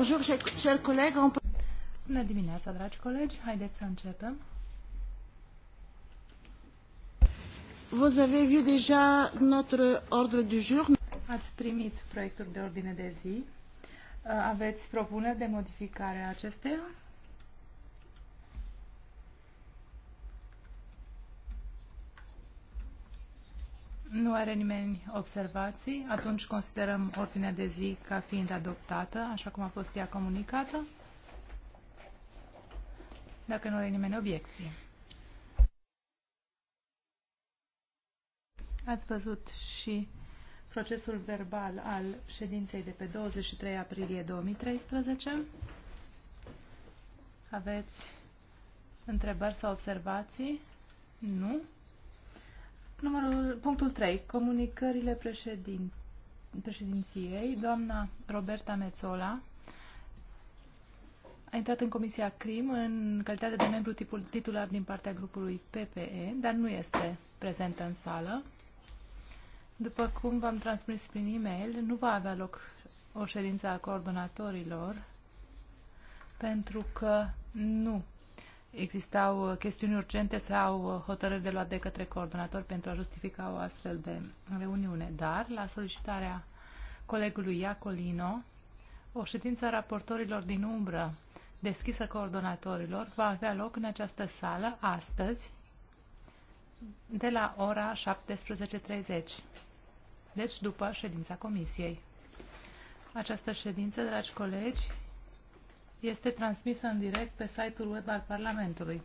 Bonjour, chers collègues. On... Bună dimineața, dragi colegi. Haideți să începem. Vous avez vu déjà notre ordre du jour. Ați primit proiectul de ordine de zi. Aveți propuneri de modificare a acesteia? Nu are nimeni observații. Atunci considerăm ordinea de zi ca fiind adoptată, așa cum a fost ea comunicată. Dacă nu are nimeni obiecții. Ați văzut și procesul verbal al ședinței de pe 23 aprilie 2013. Aveți întrebări sau observații? Nu. Numărul, punctul 3. Comunicările președin, președinției. Doamna Roberta Mețola a intrat în Comisia CRIM în calitate de membru tipul, titular din partea grupului PPE, dar nu este prezentă în sală. După cum v-am transmis prin e-mail, nu va avea loc o ședință a coordonatorilor pentru că nu existau uh, chestiuni urgente sau uh, hotărâri de luat de către coordonator pentru a justifica o astfel de reuniune. Dar, la solicitarea colegului Iacolino, o ședință a raportorilor din umbră deschisă coordonatorilor va avea loc în această sală astăzi de la ora 17.30, deci după ședința comisiei. Această ședință, dragi colegi, este transmisă în direct pe site-ul web al Parlamentului.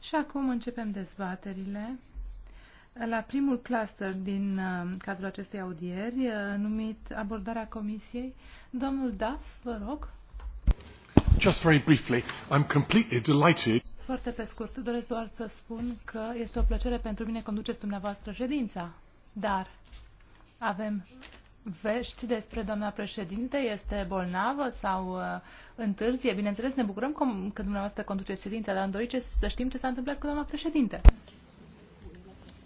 Și acum începem dezbaterile. La primul cluster din uh, cadrul acestei audieri, uh, numit abordarea comisiei, domnul Duff, vă rog. Just very briefly, I'm completely delighted. Foarte pe scurt, doresc doar să spun că este o plăcere pentru mine conduceți dumneavoastră ședința, dar avem vești despre doamna președinte? Este bolnavă sau uh, întârzie? Bineînțeles, ne bucurăm că dumneavoastră conduceți ședința, dar am dorit să știm ce s-a întâmplat cu doamna președinte.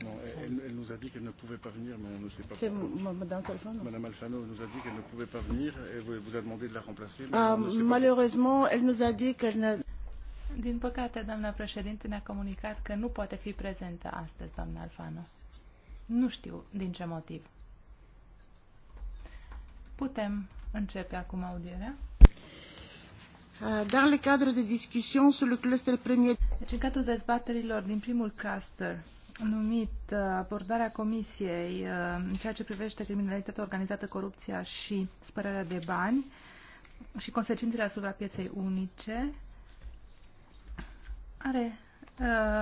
Non, elle, elle nous a dit qu'elle ne pouvait pas venir, mais on ne sait pas Madame Alfano. Madame Alfano nous a dit qu'elle ne pouvait pas venir et vous, vous a demandé de la remplacer. Ah, malheureusement, elle nous a dit qu'elle din păcate, doamna președinte ne-a comunicat că nu poate fi prezentă astăzi, doamna Alfano. Nu știu din ce motiv. Putem începe acum audierea. Uh, Dans le cadre de discussion sur le cluster premier... Deci, în cadrul dezbaterilor din primul cluster, numit uh, abordarea Comisiei uh, în ceea ce privește criminalitatea organizată, corupția și spărarea de bani și consecințele asupra pieței unice, are.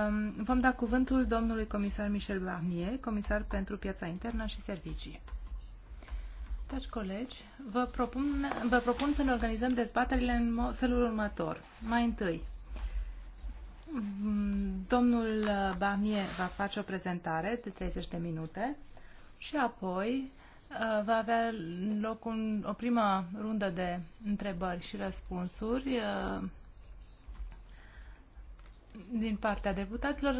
Um, vom da cuvântul domnului comisar Michel Barnier, comisar pentru piața internă și servicii. Dragi colegi, vă propun, vă propun să ne organizăm dezbaterile în felul următor. Mai întâi, domnul Barnier va face o prezentare de 30 de minute și apoi uh, va avea loc un, o primă rundă de întrebări și răspunsuri uh, din partea deputaților.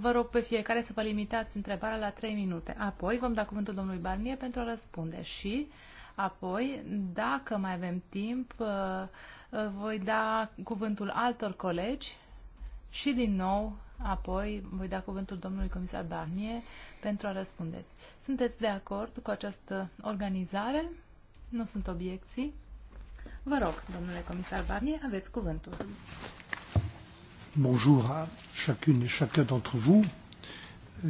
Vă rog pe fiecare să vă limitați întrebarea la 3 minute. Apoi vom da cuvântul domnului Barnier pentru a răspunde și apoi, dacă mai avem timp, voi da cuvântul altor colegi și din nou apoi voi da cuvântul domnului comisar Barnier pentru a răspundeți. Sunteți de acord cu această organizare? Nu sunt obiecții? Vă rog, domnule comisar Barnier, aveți cuvântul. Bonjour à chacune et chacun d'entre vous. Eh,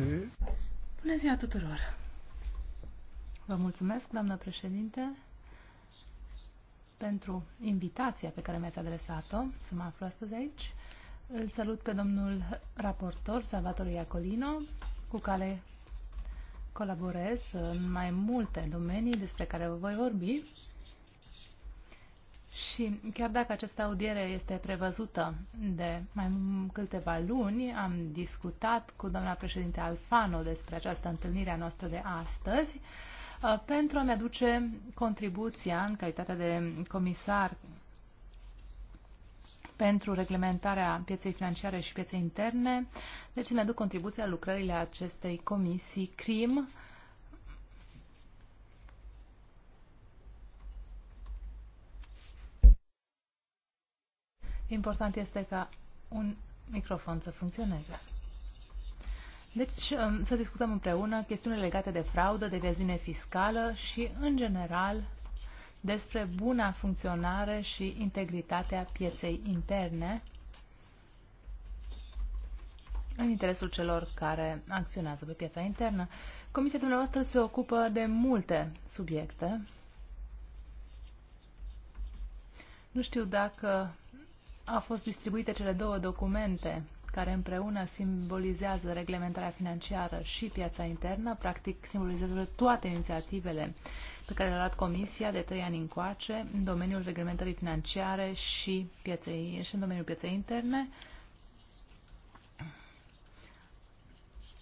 bună ziua tuturor! Vă mulțumesc, doamnă președinte, pentru invitația pe care mi-ați adresat-o să mă aflu astăzi aici. Îl salut pe domnul raportor Salvatore Iacolino, cu care colaborez în mai multe domenii despre care vă voi vorbi și chiar dacă această audiere este prevăzută de mai câteva luni, am discutat cu doamna președinte Alfano despre această întâlnire a noastră de astăzi uh, pentru a-mi aduce contribuția în calitate de comisar pentru reglementarea pieței financiare și pieței interne. Deci ne aduc contribuția lucrările acestei comisii CRIM Important este ca un microfon să funcționeze. Deci um, să discutăm împreună chestiuni legate de fraudă, de viziune fiscală și, în general, despre buna funcționare și integritatea pieței interne în interesul celor care acționează pe piața internă. Comisia dumneavoastră se ocupă de multe subiecte. Nu știu dacă a fost distribuite cele două documente care împreună simbolizează reglementarea financiară și piața internă, practic simbolizează toate inițiativele pe care le-a luat Comisia de trei ani încoace în domeniul reglementării financiare și, pieței, și în domeniul pieței interne.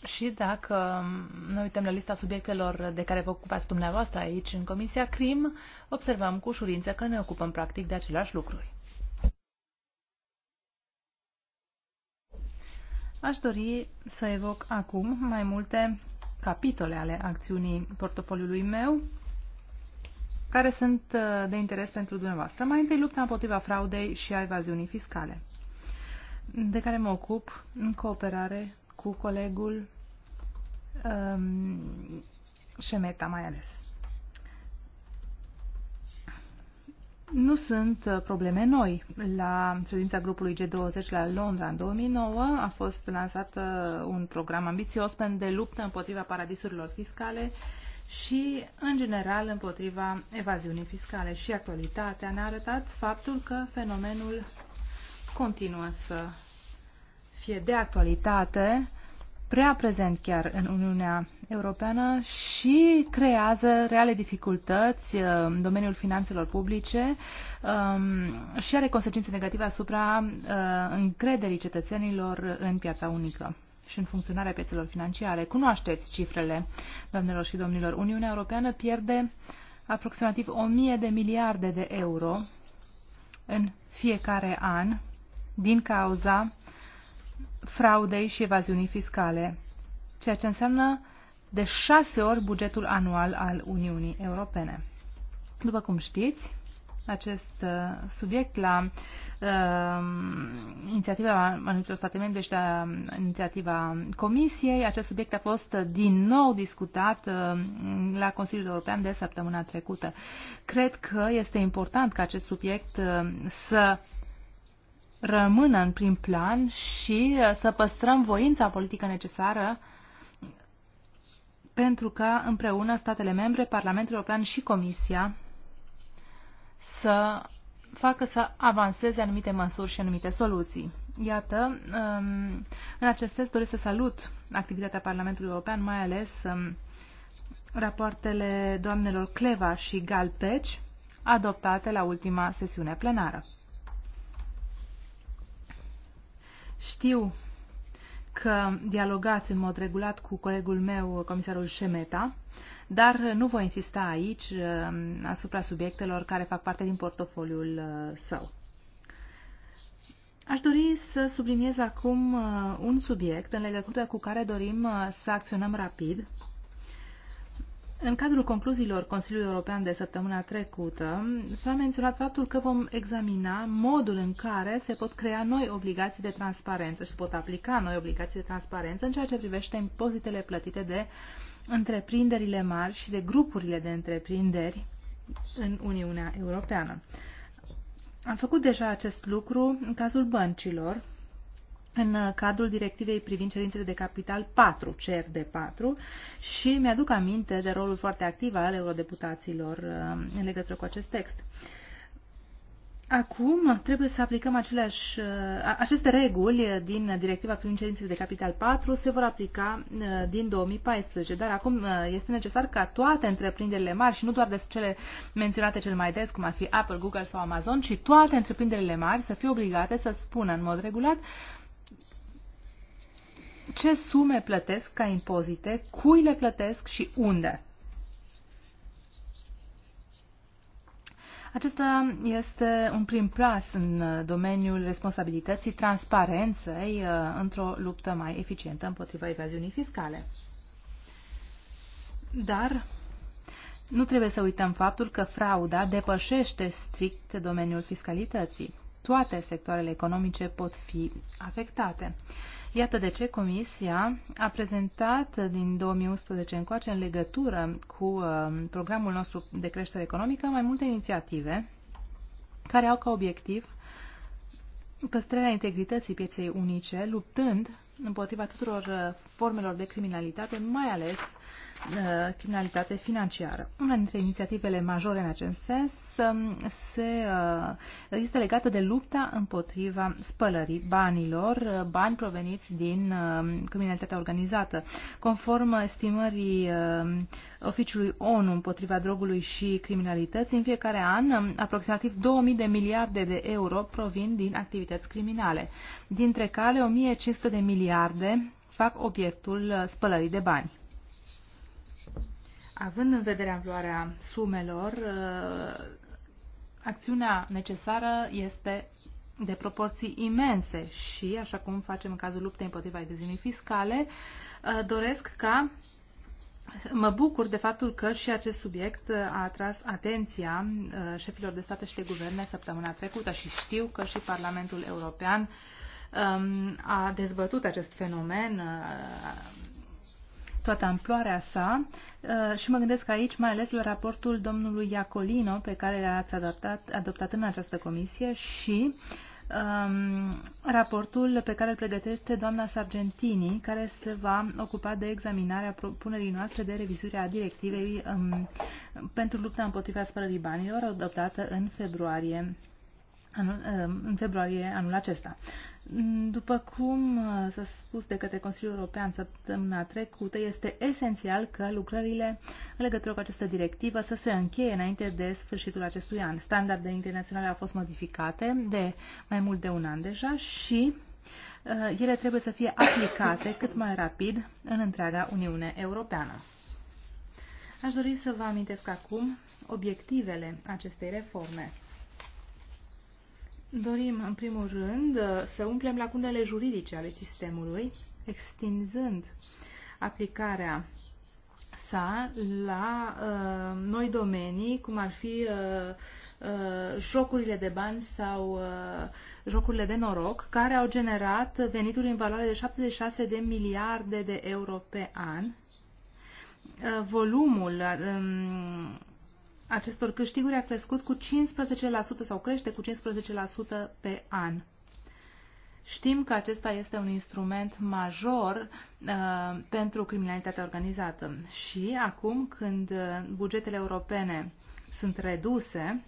Și dacă noi, uităm la lista subiectelor de care vă ocupați dumneavoastră aici în Comisia CRIM, observăm cu ușurință că ne ocupăm practic de aceleași lucruri. Aș dori să evoc acum mai multe capitole ale acțiunii portofoliului meu care sunt uh, de interes pentru dumneavoastră. Mai întâi, lupta împotriva fraudei și a evaziunii fiscale, de care mă ocup în cooperare cu colegul um, Șemeta mai ales. Nu sunt uh, probleme noi. La ședința grupului G20 la Londra în 2009 a fost lansat uh, un program ambițios de luptă împotriva paradisurilor fiscale și, în general, împotriva evaziunii fiscale. Și actualitatea ne-a arătat faptul că fenomenul continuă să fie de actualitate prea prezent chiar în Uniunea Europeană și creează reale dificultăți uh, în domeniul finanțelor publice um, și are consecințe negative asupra uh, încrederii cetățenilor în piața unică și în funcționarea piețelor financiare. Cunoașteți cifrele, doamnelor și domnilor. Uniunea Europeană pierde aproximativ 1000 de miliarde de euro în fiecare an din cauza fraudei și evaziunii fiscale, ceea ce înseamnă de șase ori bugetul anual al Uniunii Europene. După cum știți, acest uh, subiect la uh, inițiativa anumitor state membre și la um, inițiativa Comisiei. Acest subiect a fost din nou discutat uh, la Consiliul European de săptămâna trecută. Cred că este important ca acest subiect uh, să rămână în prim plan și uh, să păstrăm voința politică necesară pentru ca împreună statele membre, Parlamentul European și Comisia să facă să avanseze anumite măsuri și anumite soluții. Iată, um, în acest sens doresc să salut activitatea Parlamentului European, mai ales um, rapoartele doamnelor Cleva și Galpeci, adoptate la ultima sesiune plenară. Știu că dialogați în mod regulat cu colegul meu, comisarul Șemeta, dar nu voi insista aici uh, asupra subiectelor care fac parte din portofoliul uh, său. Aș dori să subliniez acum uh, un subiect în legătură cu care dorim să acționăm rapid în cadrul concluziilor Consiliului European de săptămâna trecută s-a menționat faptul că vom examina modul în care se pot crea noi obligații de transparență și pot aplica noi obligații de transparență în ceea ce privește impozitele plătite de întreprinderile mari și de grupurile de întreprinderi în Uniunea Europeană. Am făcut deja acest lucru în cazul băncilor în cadrul directivei privind cerințele de capital 4, cer de 4, și mi-aduc aminte de rolul foarte activ al eurodeputaților uh, în legătură cu acest text. Acum trebuie să aplicăm aceleași, uh, aceste reguli din directiva privind cerințele de capital 4 se vor aplica uh, din 2014, dar acum este necesar ca toate întreprinderile mari și nu doar de cele menționate cel mai des, cum ar fi Apple, Google sau Amazon, ci toate întreprinderile mari să fie obligate să spună în mod regulat ce sume plătesc ca impozite, cui le plătesc și unde. Acesta este un prim plas în domeniul responsabilității transparenței uh, într-o luptă mai eficientă împotriva evaziunii fiscale. Dar nu trebuie să uităm faptul că frauda depășește strict domeniul fiscalității. Toate sectoarele economice pot fi afectate. Iată de ce Comisia a prezentat din 2011 încoace în legătură cu uh, programul nostru de creștere economică mai multe inițiative care au ca obiectiv păstrarea integrității pieței unice, luptând împotriva tuturor uh, formelor de criminalitate, mai ales uh, Uh, criminalitate financiară. Una dintre inițiativele majore în acest sens um, se, uh, este legată de lupta împotriva spălării banilor, uh, bani proveniți din um, criminalitatea organizată. Conform estimării um, oficiului ONU împotriva drogului și criminalității, în fiecare an aproximativ 2000 de miliarde de euro provin din activități criminale, dintre care 1500 de miliarde fac obiectul spălării de bani. Având în vedere amploarea sumelor, uh, acțiunea necesară este de proporții imense și, așa cum facem în cazul luptei împotriva evaziunii fiscale, uh, doresc ca Mă bucur de faptul că și acest subiect a atras atenția uh, șefilor de state și de guverne săptămâna trecută și știu că și Parlamentul European um, a dezbătut acest fenomen toată amploarea sa uh, și mă gândesc aici mai ales la raportul domnului Iacolino pe care l-ați adoptat, adoptat în această comisie și um, raportul pe care îl pregătește doamna Sargentini care se va ocupa de examinarea propunerii noastre de revizuire a directivei um, pentru lupta împotriva spălării banilor adoptată în februarie anul, uh, în februarie anul acesta. După cum uh, s-a spus de către Consiliul European săptămâna trecută, este esențial că lucrările în legătură cu această directivă să se încheie înainte de sfârșitul acestui an. Standardele internaționale au fost modificate de mai mult de un an deja și uh, ele trebuie să fie aplicate cât mai rapid în întreaga Uniune Europeană. Aș dori să vă amintesc acum obiectivele acestei reforme. Dorim, în primul rând, să umplem lacunele juridice ale sistemului, extinzând aplicarea sa la uh, noi domenii, cum ar fi uh, uh, jocurile de bani sau uh, jocurile de noroc, care au generat venituri în valoare de 76 de miliarde de euro pe an. Uh, volumul Uh, acestor câștiguri a crescut cu 15% sau crește cu 15% pe an. Știm că acesta este un instrument major uh, pentru criminalitatea organizată și acum când uh, bugetele europene sunt reduse,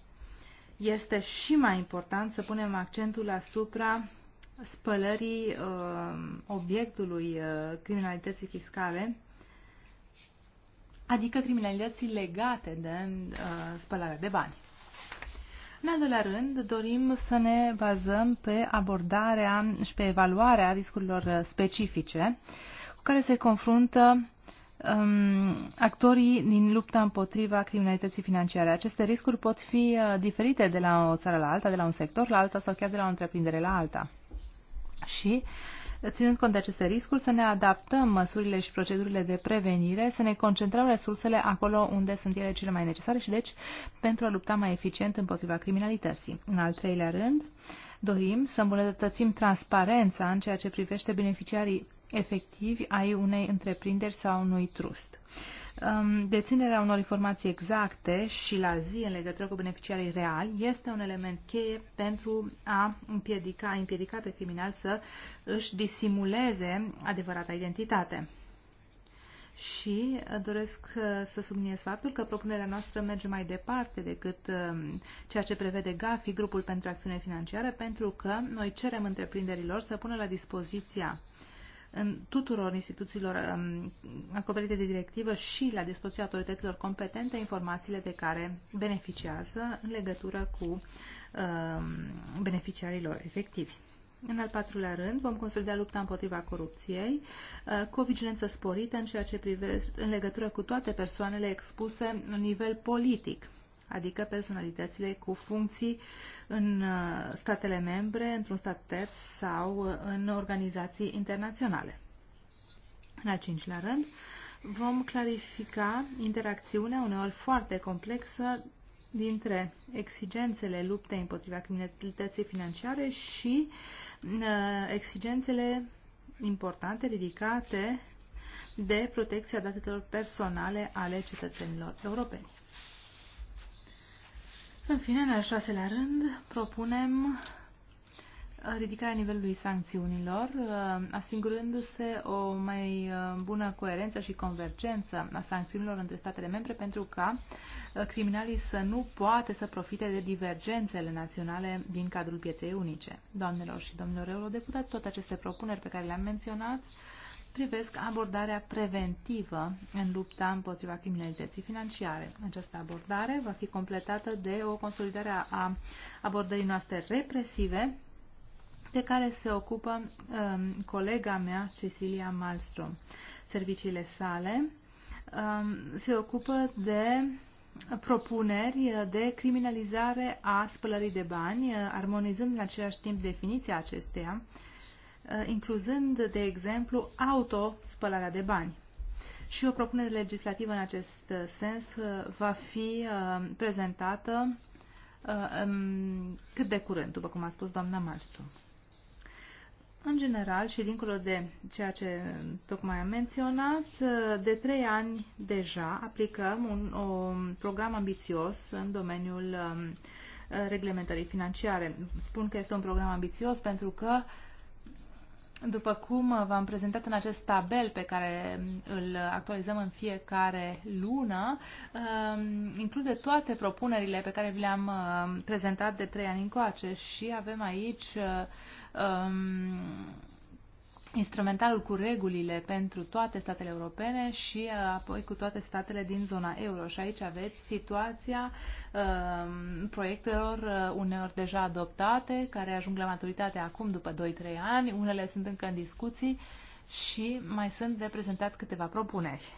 este și mai important să punem accentul asupra spălării uh, obiectului uh, criminalității fiscale adică criminalității legate de uh, spălarea de bani. În al doilea rând, dorim să ne bazăm pe abordarea și pe evaluarea riscurilor uh, specifice cu care se confruntă um, actorii din lupta împotriva criminalității financiare. Aceste riscuri pot fi uh, diferite de la o țară la alta, de la un sector la alta sau chiar de la o întreprindere la alta. Și uh, ținând cont de aceste riscuri, să ne adaptăm măsurile și procedurile de prevenire, să ne concentrăm resursele acolo unde sunt ele cele mai necesare și, deci, pentru a lupta mai eficient împotriva criminalității. În al treilea rând, dorim să îmbunătățim transparența în ceea ce privește beneficiarii efectivi ai unei întreprinderi sau unui trust deținerea unor informații exacte și la zi în legătură cu beneficiarii reali este un element cheie pentru a împiedica, a împiedica pe criminal să își disimuleze adevărata identitate. Și doresc uh, să subliniez faptul că propunerea noastră merge mai departe decât uh, ceea ce prevede GAFI, Grupul pentru Acțiune Financiară, pentru că noi cerem întreprinderilor să pună la dispoziția în tuturor instituțiilor um, acoperite de directivă și la dispoziția autorităților competente informațiile de care beneficiază în legătură cu um, beneficiarilor efectivi. În al patrulea rând, vom consolida lupta împotriva corupției uh, cu o vigilență sporită în ceea ce privește în legătură cu toate persoanele expuse în nivel politic adică personalitățile cu funcții în uh, statele membre, într-un stat terț sau uh, în organizații internaționale. În al cincilea rând, vom clarifica interacțiunea uneori foarte complexă dintre exigențele luptei împotriva criminalității financiare și uh, exigențele importante ridicate de protecția datelor personale ale cetățenilor europeni. În fine, în al șaselea rând, propunem uh, ridicarea nivelului sancțiunilor, uh, asigurându-se o mai uh, bună coerență și convergență a sancțiunilor între statele membre pentru ca criminalii să nu poate să profite de divergențele naționale din cadrul pieței unice. Doamnelor și domnilor eurodeputați, toate aceste propuneri pe care le-am menționat privesc abordarea preventivă în lupta împotriva criminalității financiare. Această abordare va fi completată de o consolidare a abordării noastre represive, de care se ocupă um, colega mea, Cecilia Malmström. Serviciile sale um, se ocupă de propuneri de criminalizare a spălării de bani, uh, armonizând în același timp definiția acesteia, Uh, incluzând, de exemplu, autospălarea de bani. Și o propunere legislativă în acest uh, sens uh, va fi prezentată um, cât de curând, după cum a spus doamna Malmström. În general și dincolo de ceea ce tocmai am menționat, de trei ani deja aplicăm un, un program ambițios în domeniul um, reglementării financiare. Spun că este un program ambițios pentru că uh, după cum v-am prezentat în acest tabel pe care îl actualizăm în fiecare lună, um, include toate propunerile pe care vi le-am um, prezentat de trei ani încoace și avem aici uh, um, instrumentarul cu regulile pentru toate statele europene și uh, apoi cu toate statele din zona euro. Și aici aveți situația um, proiectelor uh, uneori deja adoptate, care ajung la maturitate acum după 2-3 ani, unele sunt încă în discuții și mai sunt de prezentat câteva propuneri.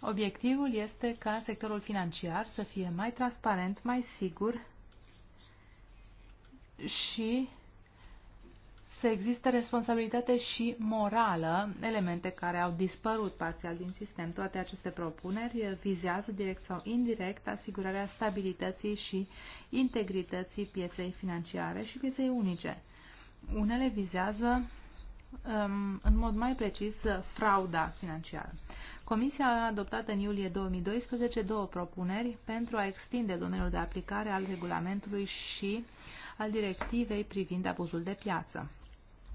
Obiectivul este ca sectorul financiar să fie mai transparent, mai sigur și să existe responsabilitate și morală, elemente care au dispărut parțial din sistem. Toate aceste propuneri vizează direct sau indirect asigurarea stabilității și integrității pieței financiare și pieței unice. Unele vizează um, în mod mai precis frauda financiară. Comisia a adoptat în iulie 2012 două propuneri pentru a extinde domeniul de aplicare al regulamentului și al directivei privind abuzul de piață.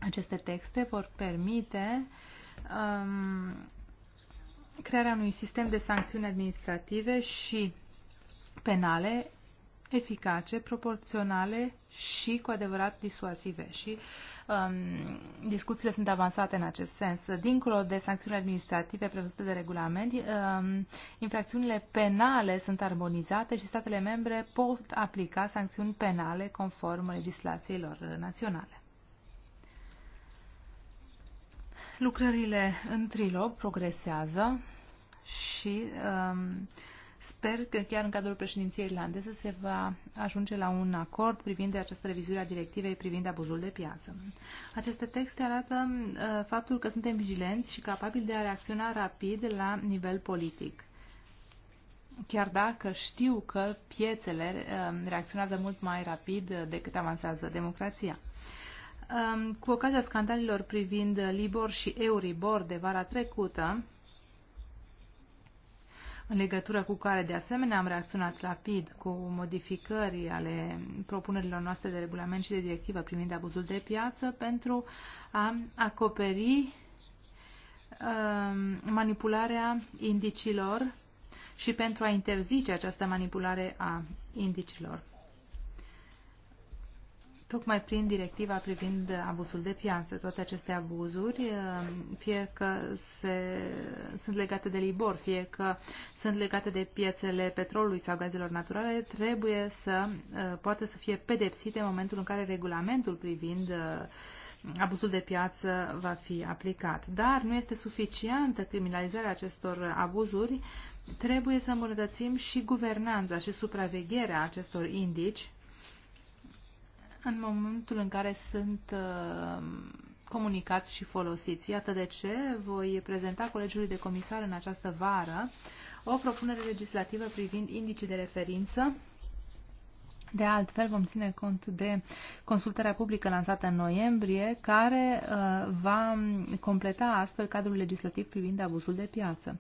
Aceste texte vor permite um, crearea unui sistem de sancțiuni administrative și penale eficace, proporționale și cu adevărat disuasive. Și um, discuțiile sunt avansate în acest sens. Dincolo de sancțiunile administrative prevăzute de regulament, um, infracțiunile penale sunt armonizate și statele membre pot aplica sancțiuni penale conform legislațiilor naționale. Lucrările în trilog progresează și um, sper că chiar în cadrul președinției irlandeze se va ajunge la un acord privind această revizuire a directivei privind abuzul de piață. Aceste texte arată uh, faptul că suntem vigilenți și capabili de a reacționa rapid la nivel politic. Chiar dacă știu că piețele um, reacționează mult mai rapid decât avansează democrația. Cu ocazia scandalilor privind Libor și Euribor de vara trecută, în legătură cu care de asemenea am reacționat rapid cu modificări ale propunerilor noastre de regulament și de directivă privind abuzul de piață pentru a acoperi uh, manipularea indicilor și pentru a interzice această manipulare a indicilor tocmai prin directiva privind abuzul de piață. Toate aceste abuzuri, eh, fie că se, sunt legate de libor, fie că sunt legate de piețele petrolului sau gazelor naturale, trebuie să eh, poată să fie pedepsite în momentul în care regulamentul privind eh, abuzul de piață va fi aplicat. Dar nu este suficientă criminalizarea acestor abuzuri, trebuie să îmbunătățim și guvernanța și supravegherea acestor indici în momentul în care sunt uh, comunicați și folosiți. Iată de ce voi prezenta colegiului de comisar în această vară o propunere legislativă privind indicii de referință de altfel, vom ține cont de consultarea publică lansată în noiembrie, care uh, va completa astfel cadrul legislativ privind abuzul de piață.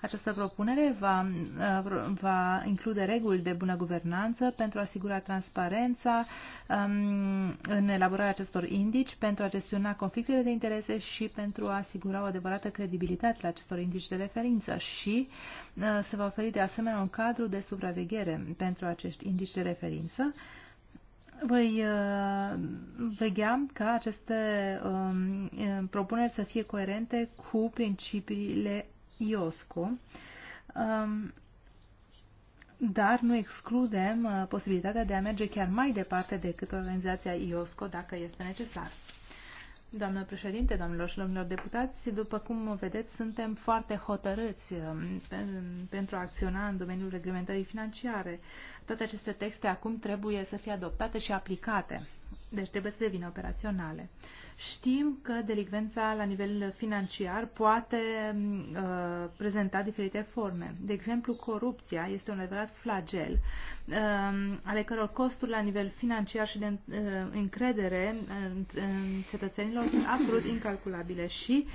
Această propunere va, uh, va include reguli de bună guvernanță pentru a asigura transparența um, în elaborarea acestor indici, pentru a gestiona conflictele de interese și pentru a asigura o adevărată credibilitate la acestor indici de referință și uh, se va oferi de asemenea un cadru de supraveghere pentru acești indici de referință voi uh, vegea ca aceste um, uh, propuneri să fie coerente cu principiile IOSCO, um, dar nu excludem uh, posibilitatea de a merge chiar mai departe decât organizația IOSCO dacă este necesar. Doamnă președinte, domnilor și domnilor deputați, după cum vedeți, suntem foarte hotărâți um, pentru a acționa în domeniul reglementării financiare. Toate aceste texte acum trebuie să fie adoptate și aplicate. Deci trebuie să devină operaționale. Știm că delicvența la nivel financiar poate uh, prezenta diferite forme. De exemplu, corupția este un adevărat flagel, uh, ale căror costuri la nivel financiar și de uh, încredere uh, în, în cetățenilor sunt absolut incalculabile și uh,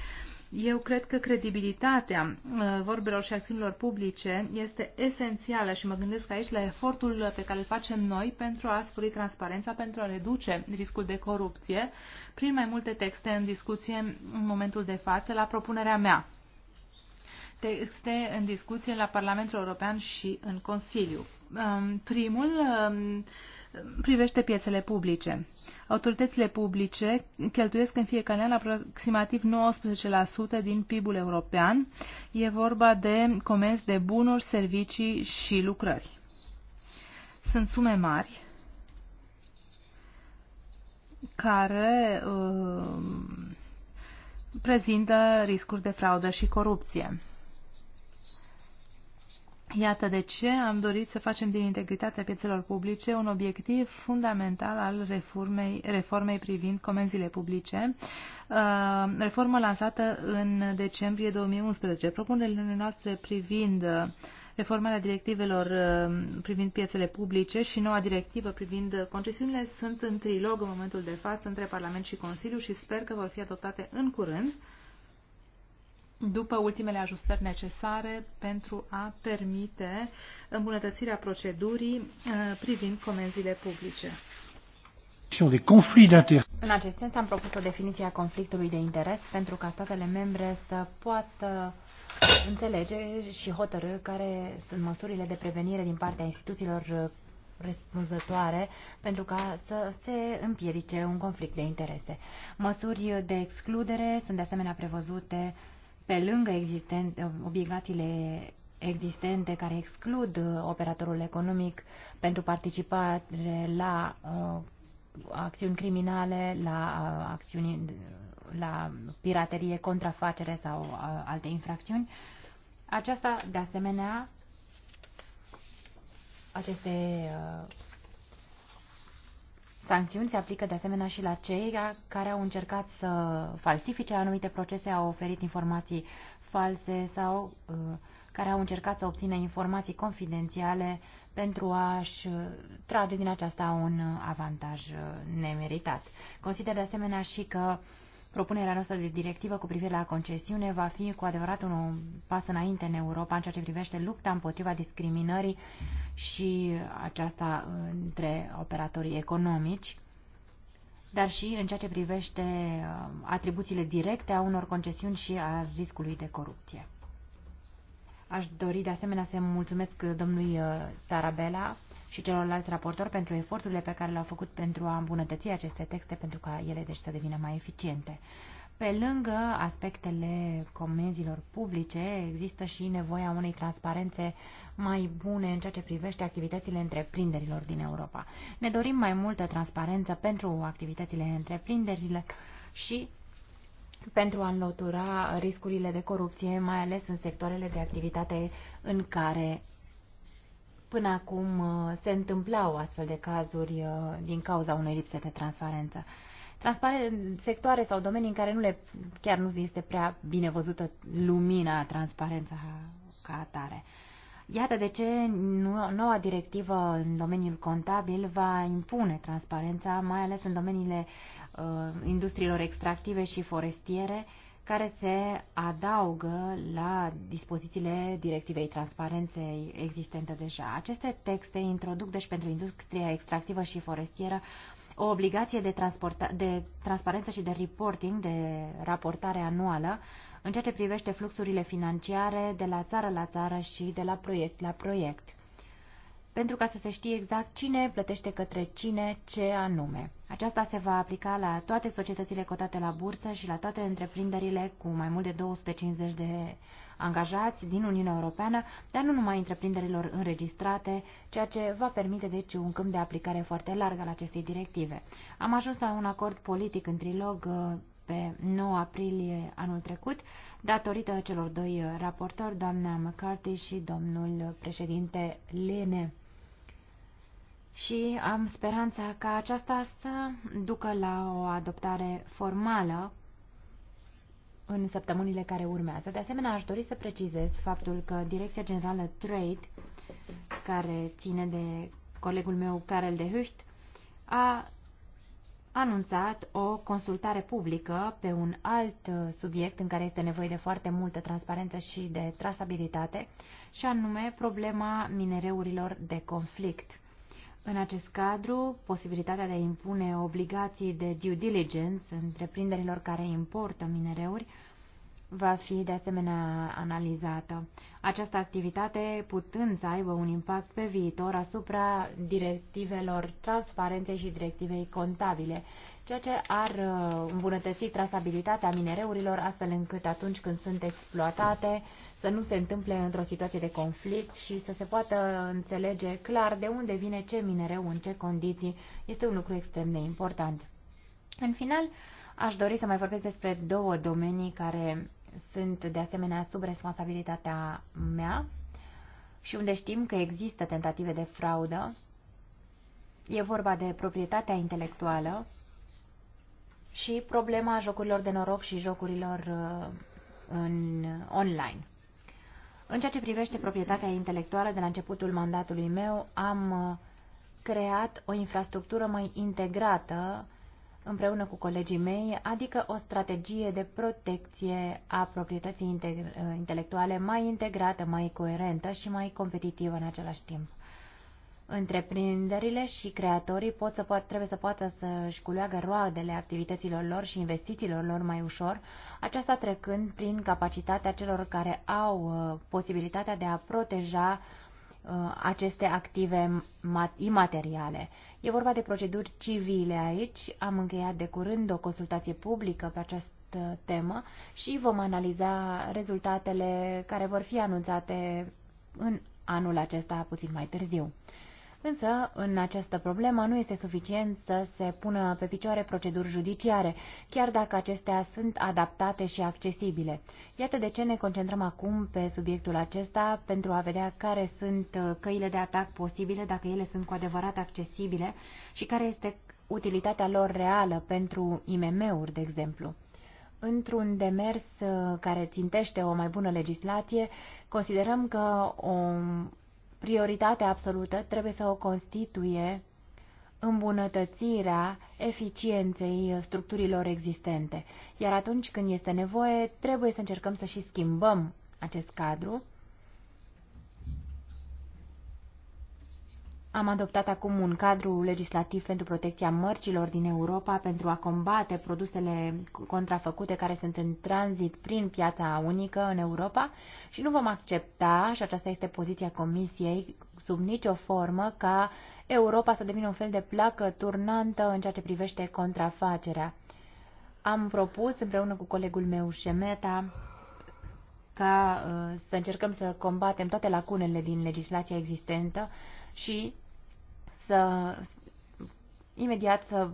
eu cred că credibilitatea uh, vorbelor și acțiunilor publice este esențială și mă gândesc aici la efortul pe care îl facem noi pentru a spori transparența, pentru a reduce riscul de corupție prin mai multe texte în discuție în momentul de față la propunerea mea. Texte în discuție la Parlamentul European și în Consiliu. Um, primul um, privește piețele publice. Autoritățile publice cheltuiesc în fiecare an aproximativ 19% din PIB-ul european. E vorba de comenzi de bunuri, servicii și lucrări. Sunt sume mari care uh, prezintă riscuri de fraudă și corupție. Iată de ce am dorit să facem din integritatea piețelor publice un obiectiv fundamental al reformei, reformei privind comenzile publice, uh, reformă lansată în decembrie 2011. Propunerile noastre privind uh, reformarea directivelor uh, privind piețele publice și noua directivă privind concesiunile sunt în trilog în momentul de față între Parlament și Consiliu și sper că vor fi adoptate în curând după ultimele ajustări necesare pentru a permite îmbunătățirea procedurii uh, privind comenzile publice. În acest sens am propus o definiție a conflictului de interes pentru ca statele membre să poată înțelege și hotărâ care sunt măsurile de prevenire din partea instituțiilor răspunzătoare pentru ca să se împiedice un conflict de interese. Măsuri de excludere sunt de asemenea prevăzute pe lângă existent, obligațiile existente care exclud uh, operatorul economic pentru participare la uh, acțiuni criminale, la uh, acțiuni la piraterie, contrafacere sau uh, alte infracțiuni. Aceasta, de asemenea, aceste uh, Sancțiuni se aplică de asemenea și la cei care au încercat să falsifice anumite procese, au oferit informații false sau uh, care au încercat să obțină informații confidențiale pentru a-și uh, trage din aceasta un uh, avantaj uh, nemeritat. Consider de asemenea și că uh, Propunerea noastră de directivă cu privire la concesiune va fi cu adevărat un pas înainte în Europa în ceea ce privește lupta împotriva discriminării și aceasta între operatorii economici, dar și în ceea ce privește uh, atribuțiile directe a unor concesiuni și a riscului de corupție. Aș dori de asemenea să mulțumesc domnului uh, Tarabela și celorlalți raportori pentru eforturile pe care le-au făcut pentru a îmbunătăți aceste texte, pentru ca ele deci să devină mai eficiente. Pe lângă aspectele comenzilor publice, există și nevoia unei transparențe mai bune în ceea ce privește activitățile întreprinderilor din Europa. Ne dorim mai multă transparență pentru activitățile întreprinderilor și pentru a înlătura riscurile de corupție, mai ales în sectoarele de activitate în care Până acum uh, se întâmplau astfel de cazuri uh, din cauza unei lipse de transparență. sectoare sau domenii în care nu le, chiar nu este prea bine văzută lumina, transparența ca atare. Iată de ce noua directivă în domeniul contabil va impune transparența, mai ales în domeniile uh, industriilor extractive și forestiere, uh, care se adaugă la dispozițiile directivei transparenței existente deja. Aceste texte introduc deci pentru industria extractivă și forestieră o obligație de, de transparență și de reporting, de raportare anuală, în ceea ce privește fluxurile financiare de la țară la țară și de la proiect la proiect pentru ca să se știe exact cine plătește către cine ce anume. Aceasta se va aplica la toate societățile cotate la bursă și la toate întreprinderile cu mai mult de 250 de angajați din Uniunea Europeană, dar nu numai întreprinderilor înregistrate, ceea ce va permite deci un câmp de aplicare foarte larg al acestei directive. Am ajuns la un acord politic în trilog uh, pe 9 aprilie anul trecut, datorită celor doi raportori, doamna McCarthy și domnul președinte Lene și am speranța ca aceasta să ducă la o adoptare formală în săptămânile care urmează. De asemenea, aș dori să precizez faptul că Direcția Generală Trade, care ține de colegul meu Karel de Hucht, a anunțat o consultare publică pe un alt subiect în care este nevoie de foarte multă transparență și de trasabilitate, și anume problema minereurilor de conflict. În acest cadru, posibilitatea de a impune obligații de due diligence întreprinderilor care importă minereuri va fi de asemenea analizată. Această activitate putând să aibă un impact pe viitor asupra directivelor transparenței și directivei contabile, ceea ce ar uh, îmbunătăți trasabilitatea minereurilor astfel încât atunci când sunt exploatate să nu se întâmple într-o situație de conflict și să se poată înțelege clar de unde vine ce minereu, în ce condiții, este un lucru extrem de important. În final, aș dori să mai vorbesc despre două domenii care sunt de asemenea sub responsabilitatea mea și unde știm că există tentative de fraudă. E vorba de proprietatea intelectuală și problema jocurilor de noroc și jocurilor uh, în online. În ceea ce privește proprietatea intelectuală, de la începutul mandatului meu am uh, creat o infrastructură mai integrată împreună cu colegii mei, adică o strategie de protecție a proprietății uh, intelectuale mai integrată, mai coerentă și mai competitivă în același timp. Întreprinderile și creatorii pot să poat, trebuie să poată să-și culeagă roadele activităților lor și investițiilor lor mai ușor, aceasta trecând prin capacitatea celor care au uh, posibilitatea de a proteja uh, aceste active imateriale. E vorba de proceduri civile aici. Am încheiat de curând o consultație publică pe această temă și vom analiza rezultatele care vor fi anunțate în anul acesta puțin mai târziu. Însă, în această problemă nu este suficient să se pună pe picioare proceduri judiciare, chiar dacă acestea sunt adaptate și accesibile. Iată de ce ne concentrăm acum pe subiectul acesta pentru a vedea care sunt uh, căile de atac posibile, dacă ele sunt cu adevărat accesibile și care este utilitatea lor reală pentru IMM-uri, de exemplu. Într-un demers uh, care țintește o mai bună legislație, considerăm că o prioritatea absolută trebuie să o constituie îmbunătățirea eficienței structurilor existente. Iar atunci când este nevoie, trebuie să încercăm să și schimbăm acest cadru Am adoptat acum un cadru legislativ pentru protecția mărcilor din Europa pentru a combate produsele contrafăcute care sunt în tranzit prin piața unică în Europa și nu vom accepta, și aceasta este poziția Comisiei, sub nicio formă ca Europa să devină un fel de placă turnantă în ceea ce privește contrafacerea. Am propus împreună cu colegul meu Șemeta ca uh, să încercăm să combatem toate lacunele din legislația existentă și să imediat să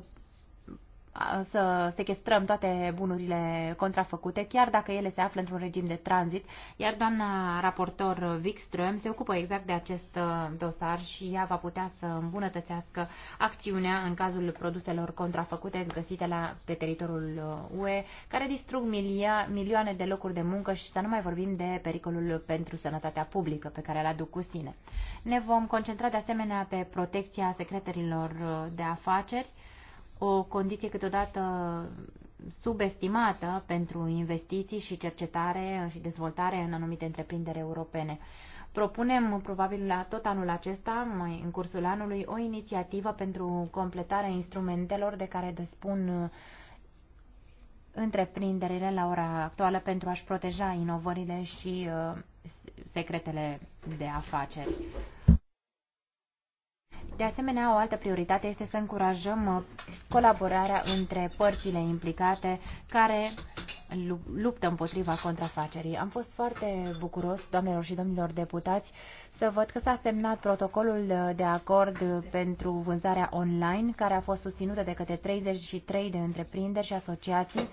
să sequestrăm toate bunurile contrafăcute, chiar dacă ele se află într-un regim de tranzit, iar doamna raportor Wikström se ocupă exact de acest uh, dosar și ea va putea să îmbunătățească acțiunea în cazul produselor contrafăcute găsite la, pe teritoriul uh, UE, care distrug milia, milioane de locuri de muncă și să nu mai vorbim de pericolul pentru sănătatea publică pe care îl aduc cu sine. Ne vom concentra de asemenea pe protecția secretărilor uh, de afaceri, o condiție câteodată subestimată pentru investiții și cercetare și dezvoltare în anumite întreprinderi europene. Propunem, probabil la tot anul acesta, mai în cursul anului, o inițiativă pentru completarea instrumentelor de care despun întreprinderile la ora actuală pentru a-și proteja inovările și uh, secretele de afaceri. De asemenea, o altă prioritate este să încurajăm uh, colaborarea între părțile implicate care luptă împotriva contrafacerii. Am fost foarte bucuros, doamnelor și domnilor deputați, să văd că s-a semnat protocolul uh, de acord pentru vânzarea online, care a fost susținută de către 33 de întreprinderi și asociații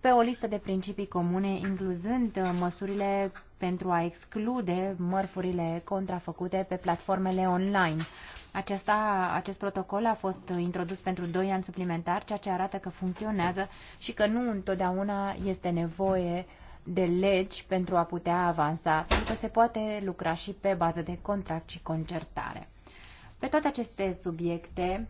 pe o listă de principii comune, incluzând uh, măsurile pentru a exclude mărfurile contrafăcute pe platformele online. Acesta, acest protocol a fost introdus pentru 2 ani suplimentar, ceea ce arată că funcționează și că nu întotdeauna este nevoie de legi pentru a putea avansa, pentru că se poate lucra și pe bază de contract și concertare. Pe toate aceste subiecte,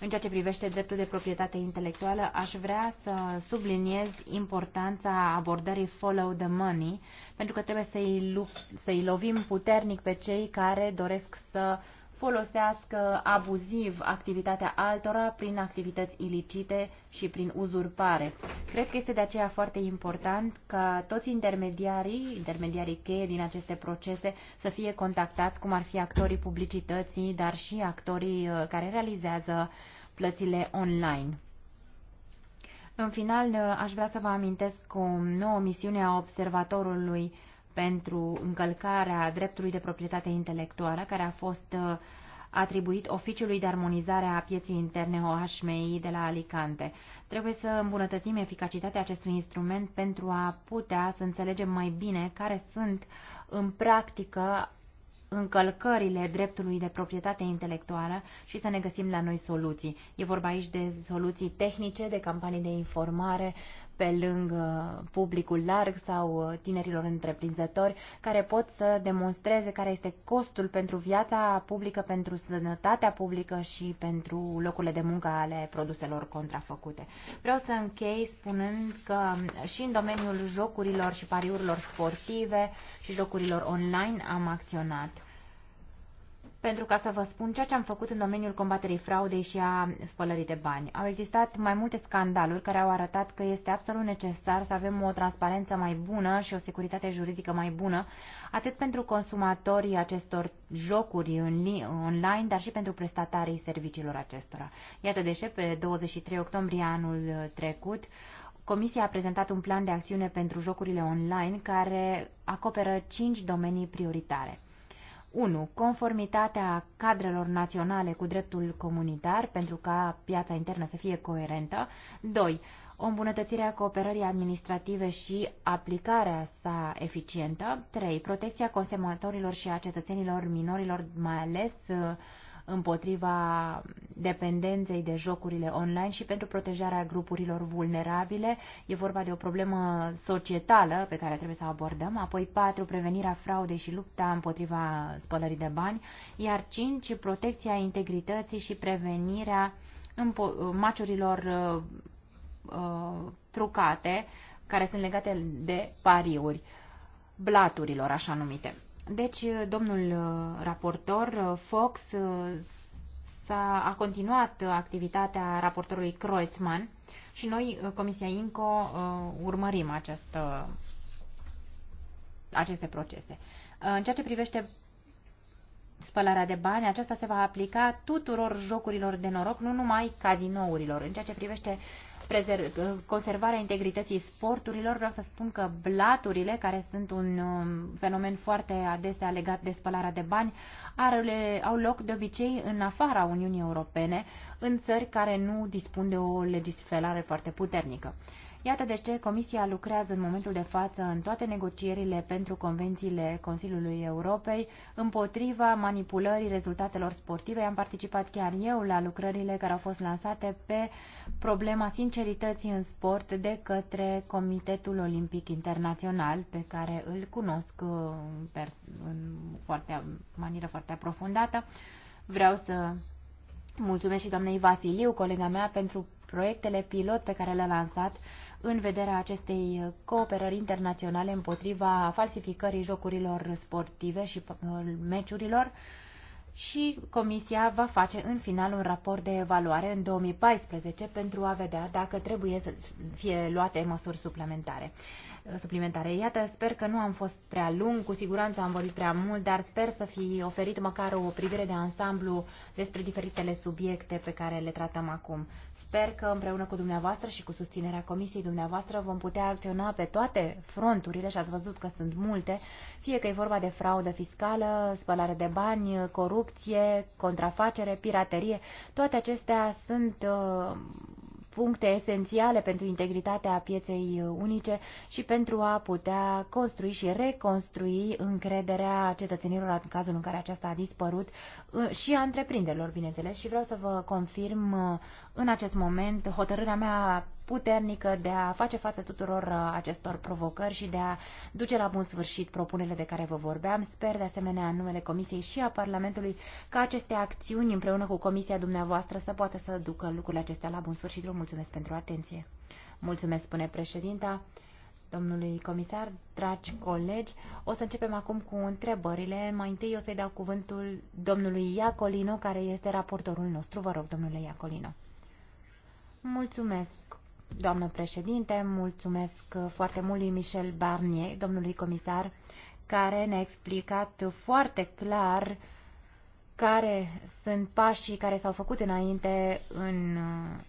în ceea ce privește dreptul de proprietate intelectuală, aș vrea să subliniez importanța abordării follow the money, pentru că trebuie să-i, să, să lovim puternic pe cei care doresc să uh, folosească abuziv activitatea altora prin activități ilicite și prin uzurpare. Cred că este de aceea foarte important ca toți intermediarii, intermediarii cheie din aceste procese să fie contactați, cum ar fi actorii publicității, dar și actorii uh, care realizează plățile online. În final, uh, aș vrea să vă amintesc o nouă misiune a observatorului pentru încălcarea dreptului de proprietate intelectuală, care a fost uh, atribuit Oficiului de Armonizare a Pieții Interne OHMI de la Alicante. Trebuie să îmbunătățim eficacitatea acestui instrument pentru a putea să înțelegem mai bine care sunt în practică încălcările dreptului de proprietate intelectuală și să ne găsim la noi soluții. E vorba aici de soluții tehnice, de campanii de informare, pe lângă publicul larg sau uh, tinerilor întreprinzători care pot să demonstreze care este costul pentru viața publică, pentru sănătatea publică și pentru locurile de muncă ale produselor contrafăcute. Vreau să închei spunând că um, și în domeniul jocurilor și pariurilor sportive și jocurilor online am acționat pentru ca să vă spun ceea ce am făcut în domeniul combaterii fraudei și a spălării de bani. Au existat mai multe scandaluri care au arătat că este absolut necesar să avem o transparență mai bună și o securitate juridică mai bună, atât pentru consumatorii acestor jocuri online, dar și pentru prestatarii serviciilor acestora. Iată de ce, pe 23 octombrie anul trecut, Comisia a prezentat un plan de acțiune pentru jocurile online care acoperă cinci domenii prioritare. 1. Conformitatea cadrelor naționale cu dreptul comunitar pentru ca piața internă să fie coerentă. 2. O îmbunătățire a cooperării administrative și aplicarea sa eficientă. 3. Protecția consumatorilor și a cetățenilor minorilor, mai ales uh, împotriva dependenței de jocurile online și pentru protejarea grupurilor vulnerabile. E vorba de o problemă societală pe care trebuie să o abordăm. Apoi 4. Prevenirea fraudei și lupta împotriva spălării de bani. Iar 5. Protecția integrității și prevenirea maciurilor uh, uh, trucate care sunt legate de pariuri, blaturilor așa numite. Deci, uh, domnul uh, raportor uh, Fox a a continuat activitatea raportorului Kreutzmann și noi, Comisia INCO, urmărim această, aceste procese. În ceea ce privește spălarea de bani, aceasta se va aplica tuturor jocurilor de noroc, nu numai cazinourilor. În ceea ce privește conservarea integrității sporturilor, vreau să spun că blaturile, care sunt un um, fenomen foarte adesea legat de spălarea de bani, are, au loc de obicei în afara Uniunii Europene, în țări care nu dispun de o legislare foarte puternică. Iată de ce Comisia lucrează în momentul de față în toate negocierile pentru convențiile Consiliului Europei împotriva manipulării rezultatelor sportive. Am participat chiar eu la lucrările care au fost lansate pe problema sincerității în sport de către Comitetul Olimpic Internațional, pe care îl cunosc uh, în, în foarte, manieră foarte aprofundată. Vreau să mulțumesc și doamnei Vasiliu, colega mea, pentru proiectele pilot pe care le-a lansat în vederea acestei cooperări internaționale împotriva falsificării jocurilor sportive și uh, meciurilor și Comisia va face în final un raport de evaluare în 2014 pentru a vedea dacă trebuie să fie luate măsuri suplimentare. Uh, suplimentare. Iată, sper că nu am fost prea lung, cu siguranță am vorbit prea mult, dar sper să fi oferit măcar o privire de ansamblu despre diferitele subiecte pe care le tratăm acum. Sper că împreună cu dumneavoastră și cu susținerea comisiei dumneavoastră vom putea acționa pe toate fronturile și ați văzut că sunt multe, fie că e vorba de fraudă fiscală, spălare de bani, corupție, contrafacere, piraterie, toate acestea sunt uh, puncte esențiale pentru integritatea pieței unice și pentru a putea construi și reconstrui încrederea cetățenilor în cazul în care aceasta a dispărut uh, și a întreprinderilor, bineînțeles. Și vreau să vă confirm uh, în acest moment hotărârea mea puternică de a face față tuturor uh, acestor provocări și de a duce la bun sfârșit propunerile de care vă vorbeam. Sper de asemenea în numele Comisiei și a Parlamentului ca aceste acțiuni împreună cu Comisia dumneavoastră să poată să ducă lucrurile acestea la bun sfârșit. Vă mulțumesc pentru atenție. Mulțumesc, spune președinta domnului comisar, dragi colegi. O să începem acum cu întrebările. Mai întâi o să-i dau cuvântul domnului Iacolino, care este raportorul nostru. Vă rog, domnule Iacolino. Mulțumesc, doamnă președinte, mulțumesc foarte mult lui Michel Barnier, domnului comisar, care ne-a explicat foarte clar care sunt pașii care s-au făcut înainte în uh,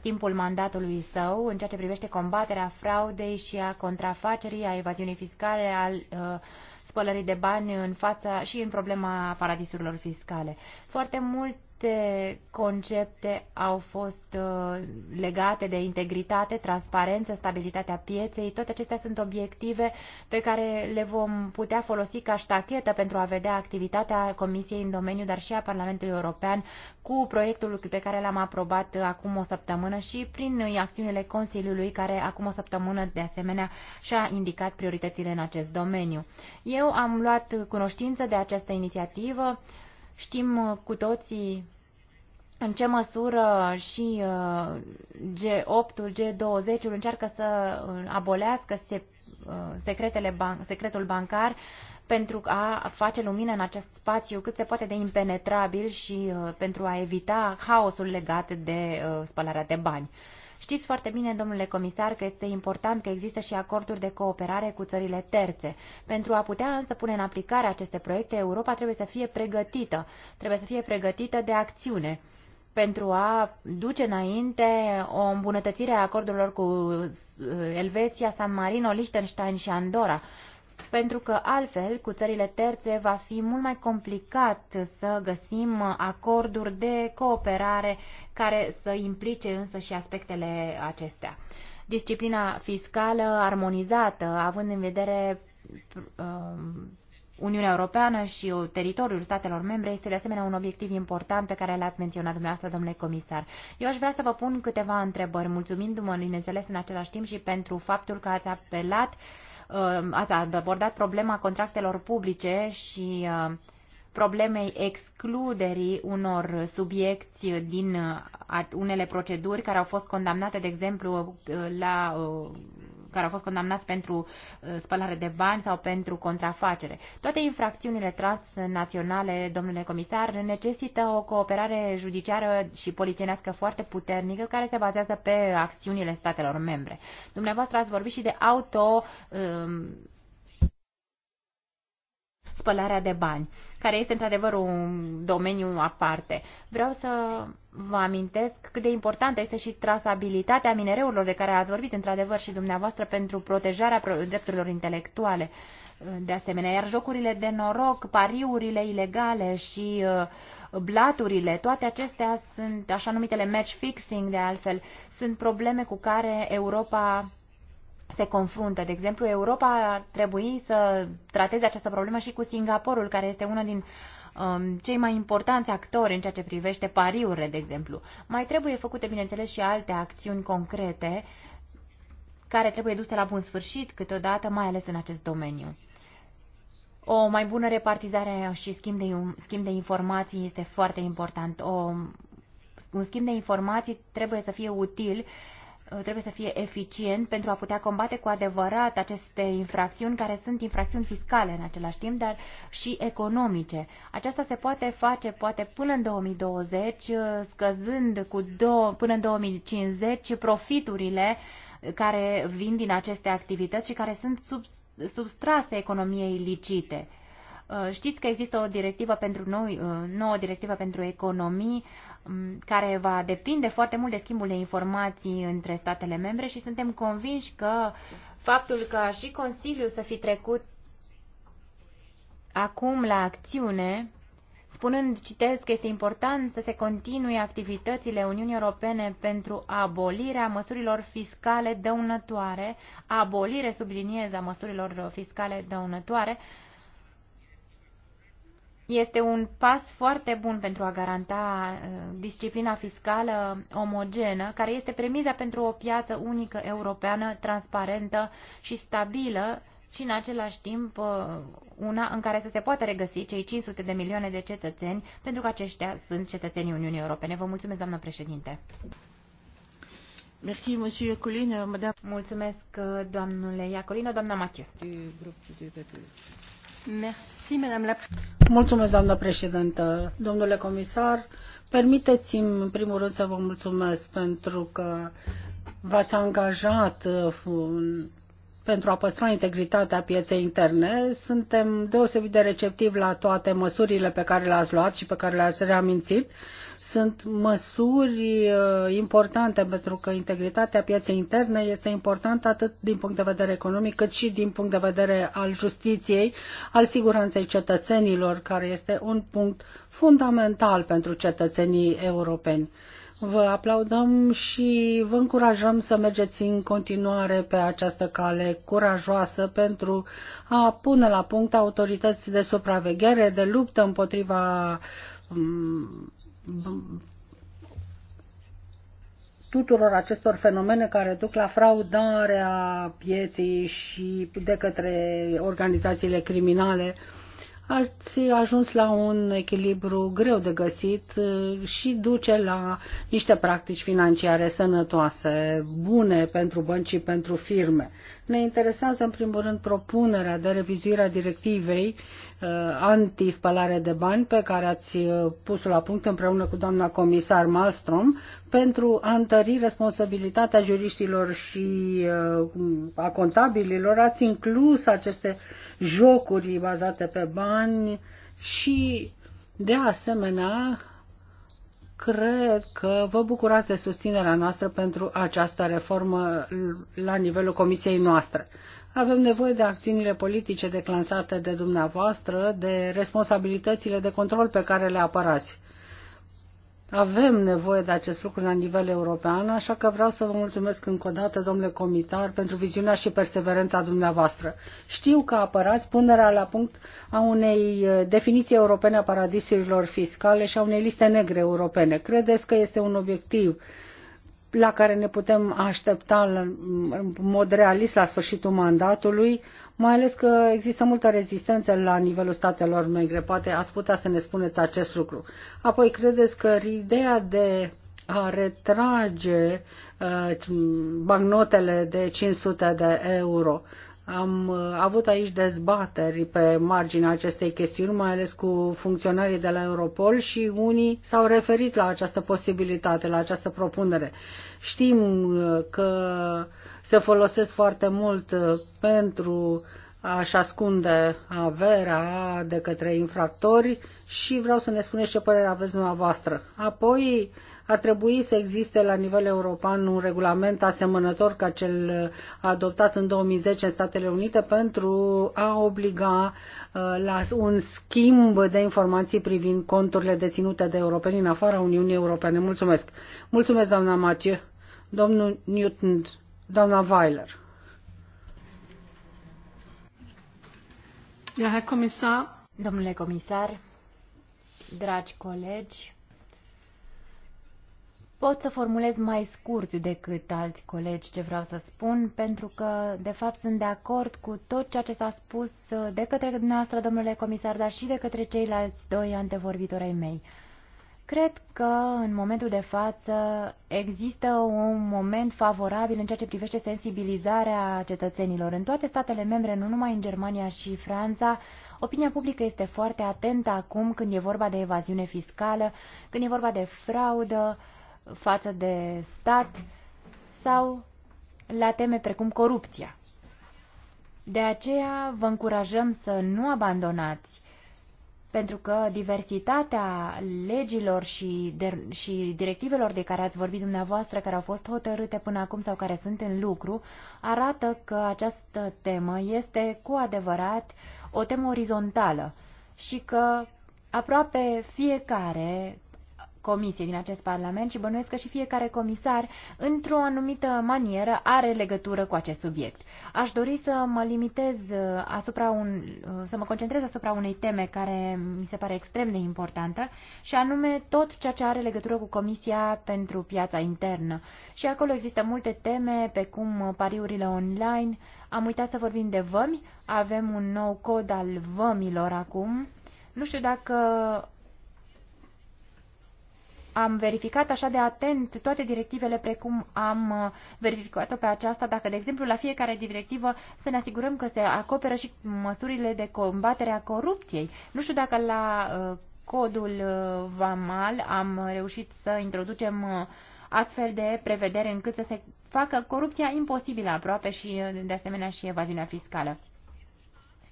timpul mandatului său în ceea ce privește combaterea fraudei și a contrafacerii, a evaziunii fiscale, al uh, spălării de bani în fața și în problema paradisurilor fiscale. Foarte mult aceste concepte au fost uh, legate de integritate, transparență, stabilitatea pieței. Toate acestea sunt obiective pe care le vom putea folosi ca ștachetă pentru a vedea activitatea Comisiei în domeniu, dar și a Parlamentului European cu proiectul pe care l-am aprobat acum o săptămână și prin acțiunile Consiliului care acum o săptămână de asemenea și-a indicat prioritățile în acest domeniu. Eu am luat cunoștință de această inițiativă Știm uh, cu toții în ce măsură și uh, G8-ul, G20-ul încearcă să uh, abolească secretele ban, secretul bancar pentru a face lumină în acest spațiu cât se poate de impenetrabil și pentru a evita haosul legat de spălarea de bani. Știți foarte bine, domnule comisar, că este important că există și acorduri de cooperare cu țările terțe. Pentru a putea însă pune în aplicare aceste proiecte, Europa trebuie să fie pregătită, trebuie să fie pregătită de acțiune pentru a duce înainte o îmbunătățire a acordurilor cu uh, Elveția, San Marino, Liechtenstein și Andorra pentru că altfel cu țările terțe va fi mult mai complicat să găsim acorduri de cooperare care să implice însă și aspectele acestea. Disciplina fiscală armonizată, având în vedere um, Uniunea Europeană și teritoriul statelor membre este de asemenea un obiectiv important pe care l-ați menționat dumneavoastră, domnule comisar. Eu aș vrea să vă pun câteva întrebări, mulțumindu-mă, bineînțeles, în același timp și pentru faptul că ați apelat Um, ați abordat problema contractelor publice și uh, problemei excluderii unor subiecti din uh, unele proceduri care au fost condamnate, de exemplu, uh, la care au fost condamnați pentru uh, spălare de bani sau pentru contrafacere. Toate infracțiunile transnaționale, domnule comisar, necesită o cooperare judiciară și polițienească foarte puternică care se bazează pe acțiunile statelor membre. Dumneavoastră ați vorbit și de auto um, spălarea de bani, care este într-adevăr un domeniu aparte. Vreau să vă amintesc cât de importantă este și trasabilitatea minereurilor de care ați vorbit într-adevăr și dumneavoastră pentru protejarea drepturilor intelectuale. De asemenea, iar jocurile de noroc, pariurile ilegale și uh, blaturile, toate acestea sunt așa numitele match fixing de altfel, sunt probleme cu care Europa se confruntă. De exemplu, Europa ar trebui să trateze această problemă și cu Singaporul, care este una din um, cei mai importanți actori în ceea ce privește pariurile, de exemplu. Mai trebuie făcute, bineînțeles, și alte acțiuni concrete care trebuie duse la bun sfârșit câteodată, mai ales în acest domeniu. O mai bună repartizare și schimb de, schimb de informații este foarte important. O, un schimb de informații trebuie să fie util uh, Uh, trebuie să fie eficient pentru a putea combate cu adevărat aceste infracțiuni, care sunt infracțiuni fiscale în același timp, dar și economice. Aceasta se poate face poate până în 2020, uh, scăzând cu două, până în 2050 profiturile care vin din aceste activități și care sunt sub, substrase economiei licite. Uh, știți că există o directivă pentru noi, nouă directivă pentru economii care va depinde foarte mult de schimbul de informații între statele membre și suntem convinși că faptul că și Consiliul să fi trecut acum la acțiune, spunând, citesc, că este important să se continue activitățile Uniunii Europene pentru abolirea măsurilor fiscale dăunătoare, abolire, subliniez, a măsurilor fiscale dăunătoare, uh, este un pas foarte bun pentru a garanta uh, disciplina fiscală omogenă, care este premiza pentru o piață unică europeană, transparentă și stabilă și în același timp uh, una în care să se poată regăsi cei 500 de milioane de cetățeni, pentru că aceștia sunt cetățenii Uniunii Europene. Vă mulțumesc, doamnă președinte. Merci, monsieur Colin, madame. Mulțumesc, uh, doamnule Iacolino, doamna Mathieu. Mulțumesc, doamnă președintă. Domnule comisar, permiteți-mi, în primul rând, să vă mulțumesc pentru că v-ați angajat uh, pentru a păstra integritatea pieței interne. Suntem deosebit de receptivi la toate măsurile pe care le-ați luat și pe care le-ați reamintit sunt măsuri uh, importante pentru că integritatea pieței interne este importantă atât din punct de vedere economic cât și din punct de vedere al justiției, al siguranței cetățenilor, care este un punct fundamental pentru cetățenii europeni. Vă aplaudăm și vă încurajăm să mergeți în continuare pe această cale curajoasă pentru a pune la punct autorități de supraveghere, de luptă împotriva mm, tuturor acestor fenomene care duc la fraudarea pieței și de către organizațiile criminale uh, ați ajuns la un echilibru greu de găsit uh, și duce la niște practici financiare sănătoase, bune pentru bănci și pentru firme. Ne interesează în primul rând propunerea de revizuire a directivei uh, antispălare de bani pe care ați uh, pus la punct împreună cu doamna comisar Malmström pentru a întări responsabilitatea juriștilor și a contabililor. Ați inclus aceste uh, jocuri bazate pe bani și, de asemenea, cred că vă bucurați de susținerea noastră pentru această reformă la nivelul comisiei noastre. Avem nevoie de acțiunile politice declansate de dumneavoastră, de responsabilitățile de control pe care le apărați. Avem nevoie de acest lucru la nivel european, așa că vreau să vă mulțumesc încă o dată, domnule comitar, pentru viziunea și perseverența dumneavoastră. Știu că apărați punerea la punct a unei eh, definiții europene a paradisurilor fiscale și a unei liste negre europene. Credeți că este un obiectiv la care ne putem aștepta în mod realist la sfârșitul mandatului, mai ales că există multă rezistență la nivelul statelor membre. Poate ați putea să ne spuneți acest lucru. Apoi, credeți că ideea de a retrage uh, bagnotele de 500 de euro am uh, avut aici dezbateri pe marginea acestei chestiuni, mai ales cu funcționarii de la Europol și unii s-au referit la această posibilitate, la această propunere. Știm uh, că uh, se folosesc foarte mult uh, pentru a-și ascunde averea de către infractori și vreau să ne spuneți ce părere aveți dumneavoastră. Apoi, ar trebui să existe la nivel european un regulament asemănător ca cel adoptat în 2010 în Statele Unite pentru a obliga uh, la un schimb de informații privind conturile deținute de europeni în afara Uniunii Europene. Mulțumesc. Mulțumesc, doamna Mathieu. Domnul Newton Doamna Weiler. Herr Domnule comisar, dragi colegi, pot să formulez mai scurt decât alți colegi ce vreau să spun, pentru că, de fapt, sunt de acord cu tot ceea ce s-a spus de către dumneavoastră, domnule comisar, dar și de către ceilalți doi antevorbitori ai mei. Cred că în momentul de față există un moment favorabil în ceea ce privește sensibilizarea cetățenilor. În toate statele membre, nu numai în Germania și Franța, opinia publică este foarte atentă acum când e vorba de evaziune fiscală, când e vorba de fraudă față de stat sau la teme precum corupția. De aceea vă încurajăm să nu abandonați pentru că diversitatea legilor și, de, și directivelor de care ați vorbit dumneavoastră, care au fost hotărâte până acum sau care sunt în lucru, arată că această temă este cu adevărat o temă orizontală și că aproape fiecare comisie din acest Parlament și bănuiesc că și fiecare comisar, într-o anumită manieră, are legătură cu acest subiect. Aș dori să mă limitez uh, asupra un, uh, să mă concentrez asupra unei teme care mi se pare extrem de importantă și anume tot ceea ce are legătură cu Comisia pentru Piața Internă. Și acolo există multe teme, pe cum pariurile online, am uitat să vorbim de vămi, avem un nou cod al vămilor acum. Nu știu dacă am verificat așa de atent toate directivele precum am uh, verificat-o pe aceasta, dacă, de exemplu, la fiecare directivă să ne asigurăm că se acoperă și măsurile de combatere a corupției. Nu știu dacă la uh, codul uh, VAMAL am reușit să introducem astfel de prevedere încât să se facă corupția imposibilă aproape și, de asemenea, și evaziunea fiscală.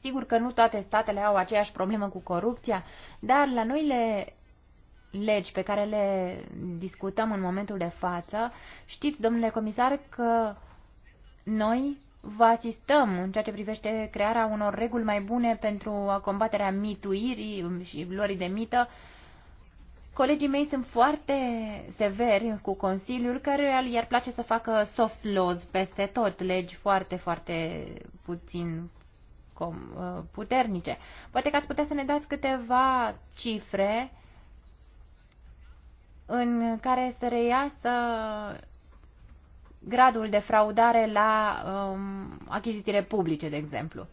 Sigur că nu toate statele au aceeași problemă cu corupția, dar la noile legi pe care le discutăm în momentul de față, știți, domnule comisar, că noi vă asistăm în ceea ce privește crearea unor reguli mai bune pentru combaterea mituirii și lorii de mită. Colegii mei sunt foarte severi cu Consiliul, care i-ar place să facă soft laws peste tot, legi foarte, foarte puțin uh, puternice. Poate că ați putea să ne dați câteva cifre în care să reiasă gradul de fraudare la um, achizițiile publice, de exemplu.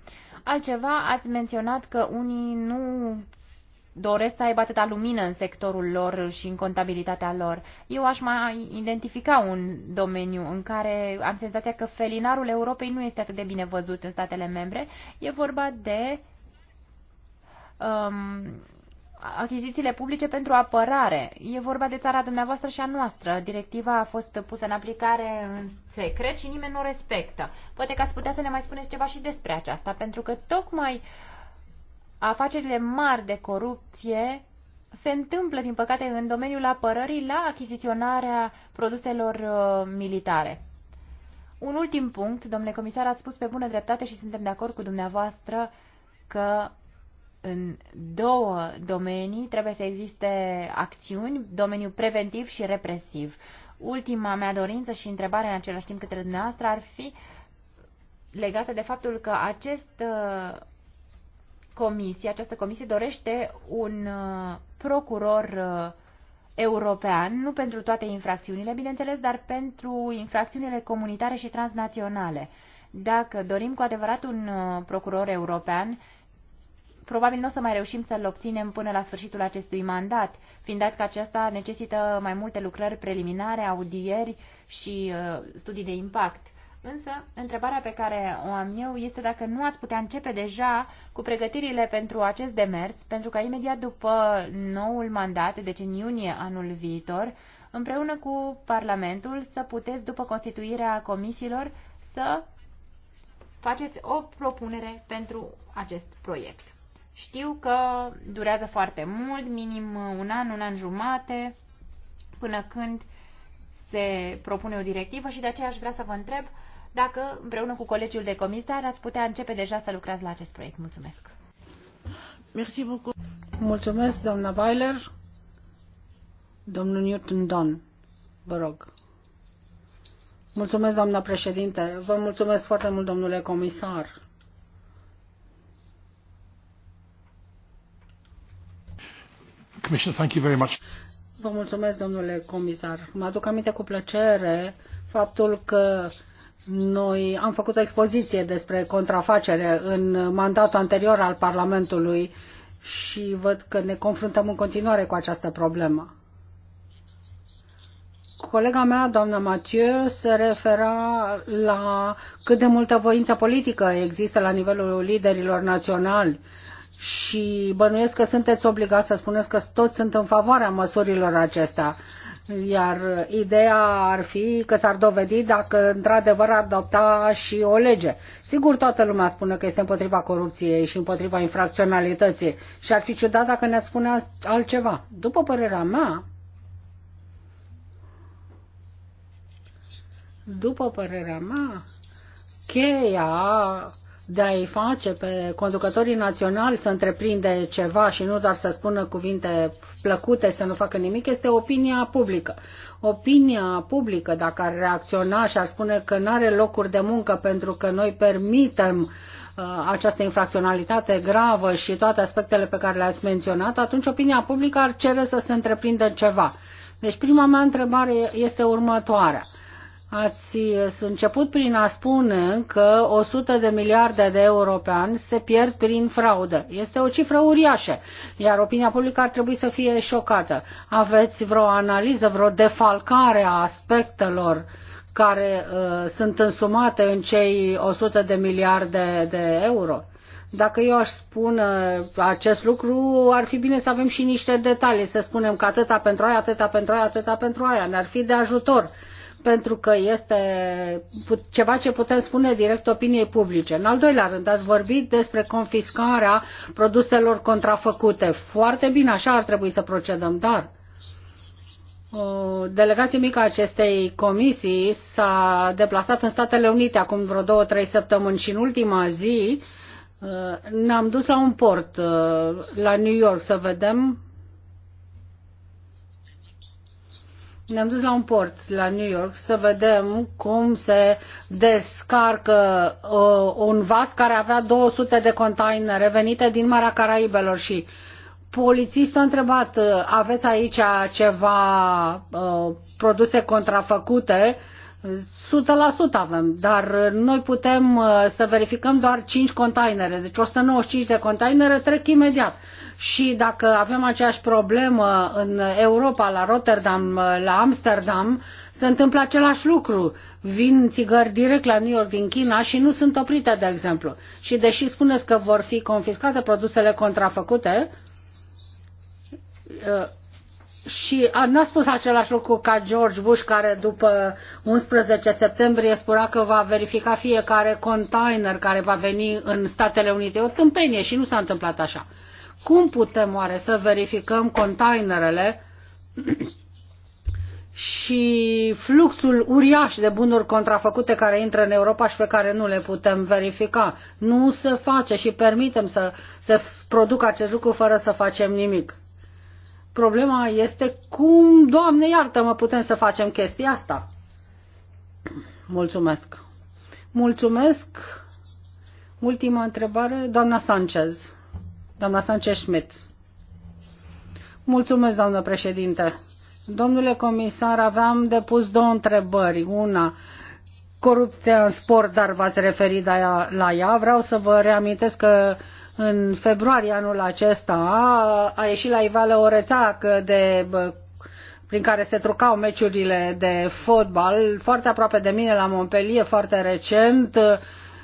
Altceva, ați menționat că unii nu doresc să aibă atâta lumină în sectorul lor și în contabilitatea lor. Eu aș mai identifica un domeniu în care am senzația că felinarul Europei nu este atât de bine văzut în statele membre. E vorba de um, achizițiile publice pentru apărare. E vorba de țara dumneavoastră și a noastră. Directiva a fost pusă în aplicare în secret și nimeni nu o respectă. Poate că ați putea să ne mai spuneți ceva și despre aceasta, pentru că tocmai afacerile mari de corupție se întâmplă, din păcate, în domeniul apărării la achiziționarea produselor uh, militare. Un ultim punct, domnule comisar, ați spus pe bună dreptate și suntem de acord cu dumneavoastră că în două domenii trebuie să existe acțiuni, domeniul preventiv și represiv. Ultima mea dorință și întrebare în același timp către dumneavoastră ar fi legată de faptul că acest uh, comisie, această comisie dorește un uh, procuror uh, european, nu pentru toate infracțiunile, bineînțeles, dar pentru infracțiunile comunitare și transnaționale. Dacă dorim cu adevărat un procuror european, probabil nu o să mai reușim să-l obținem până la sfârșitul acestui mandat, fiind dat că aceasta necesită mai multe lucrări preliminare, audieri și uh, studii de impact. Însă, întrebarea pe care o am eu este dacă nu ați putea începe deja cu pregătirile pentru acest demers, pentru că imediat după noul mandat, deci în iunie anul viitor, împreună cu Parlamentul, să puteți, după constituirea comisiilor, să faceți o propunere pentru acest proiect. Știu că durează foarte mult, minim un an, un an jumate, până când se propune o directivă și de aceea aș vrea să vă întreb dacă împreună cu colegiul de comisar ați putea începe deja să lucrați la acest proiect. Mulțumesc! Merci beaucoup. Mulțumesc, doamna Weiler. Domnul Newton Don, vă rog. Mulțumesc, doamna președinte. Vă mulțumesc foarte mult, domnule comisar Commissioner, thank you very much. Vă mulțumesc, domnule comisar. Mă aduc aminte cu plăcere faptul că noi am făcut o expoziție despre contrafacere în mandatul anterior al Parlamentului și văd că ne confruntăm în continuare cu această problemă. Colega mea, doamna Mathieu, se refera la cât de multă voință politică există la nivelul liderilor naționali și bănuiesc că sunteți obligați să spuneți că toți sunt în favoarea măsurilor acestea. Iar ideea ar fi că s-ar dovedi dacă într-adevăr ar adopta și o lege. Sigur, toată lumea spune că este împotriva corupției și împotriva infracționalității și ar fi ciudat dacă ne-ați spune altceva. După părerea mea, după părerea mea, cheia de a-i face pe conducătorii naționali să întreprinde ceva și nu doar să spună cuvinte plăcute, să nu facă nimic, este opinia publică. Opinia publică, dacă ar reacționa și ar spune că nu are locuri de muncă pentru că noi permitem uh, această infracționalitate gravă și toate aspectele pe care le-ați menționat, atunci opinia publică ar cere să se întreprindă ceva. Deci prima mea întrebare este următoarea. Uh, Ați uh, început prin a spune că 100 de miliarde de euro pe an se pierd prin fraudă. Este o cifră uriașă, iar opinia publică ar trebui să fie șocată. Aveți vreo analiză, vreo defalcare a aspectelor care uh, sunt însumate în cei 100 de miliarde de euro? Dacă eu aș spune acest lucru, ar fi bine să avem și niște detalii, să spunem că atâta pentru aia, atâta pentru aia, atâta pentru aia, ne-ar fi de ajutor pentru că este ceva ce putem spune direct opiniei publice. În al doilea rând, ați vorbit despre confiscarea produselor contrafăcute. Foarte bine, așa ar trebui să procedăm, dar delegația mică a acestei comisii s-a deplasat în Statele Unite acum vreo două, trei săptămâni și în ultima zi uh, ne-am dus la un port uh, la New York să vedem Ne-am dus la un port la New York să vedem cum se descarcă uh, un vas care avea 200 de containere venite din Marea Caraibelor și polițistul a întrebat, uh, aveți aici ceva uh, produse contrafăcute? 100% avem, dar noi putem uh, să verificăm doar 5 containere, deci 195 de containere trec imediat și dacă avem aceeași problemă în Europa, la Rotterdam, uh, la Amsterdam, se întâmplă același lucru. Vin țigări direct la New York din China și nu sunt oprite, de exemplu. Și deși spuneți că vor fi confiscate produsele contrafăcute, uh, și n-a spus același lucru ca George Bush, care după 11 septembrie spunea că va verifica fiecare container care va veni în Statele Unite. O tâmpenie și nu s-a întâmplat așa. Cum putem oare să verificăm containerele și fluxul uriaș de bunuri contrafăcute care intră în Europa și pe care nu le putem verifica. Nu se face și permitem să se producă acest lucru fără să facem nimic. Problema este cum, Doamne iartă-mă, putem să facem chestia asta. Mulțumesc. Mulțumesc. Ultima întrebare, doamna Sanchez. Doamna Sanchez-Schmidt. Mulțumesc, doamnă președinte. Domnule comisar, aveam depus două întrebări. Una, corupția în sport, dar v-ați referit la ea. Vreau să vă reamintesc că în februarie anul acesta a ieșit la iveală o rețea de prin care se trucau meciurile de fotbal, foarte aproape de mine la Montpellier, foarte recent,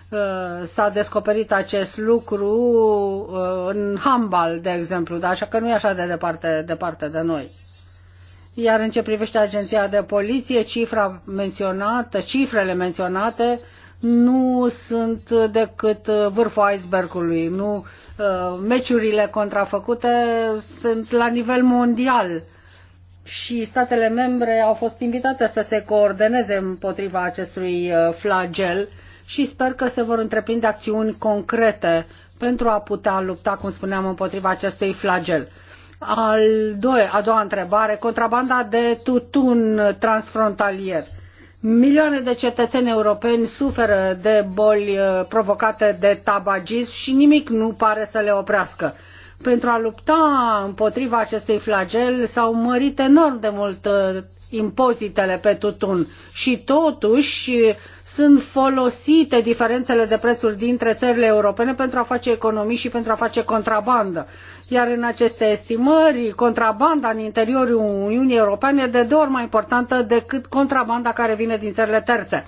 Eh, s-a descoperit acest lucru eh, în Hambal, de exemplu, dar așa că nu e așa de departe, departe de noi. Iar în ce privește agenția de poliție, cifra menționată, cifrele menționate nu sunt decât eh, vârful icebergului. Nu, meciurile contrafăcute sunt la nivel mondial și statele membre au fost invitate să se coordoneze împotriva acestui flagel și sper că se vor întreprinde acțiuni concrete pentru a putea lupta, cum spuneam, împotriva acestui flagel. Al doi, a doua întrebare, contrabanda de tutun transfrontalier. Milioane de cetățeni europeni suferă de boli uh, provocate de tabagism și nimic nu pare să le oprească. Pentru a lupta împotriva acestui flagel s-au mărit enorm de mult uh, impozitele pe tutun și totuși sunt folosite diferențele de prețuri dintre țările europene pentru a face economii și pentru a face contrabandă. Iar în aceste estimări, contrabanda în interiorul Uniunii Europene e de două ori mai importantă decât contrabanda care vine din țările terțe.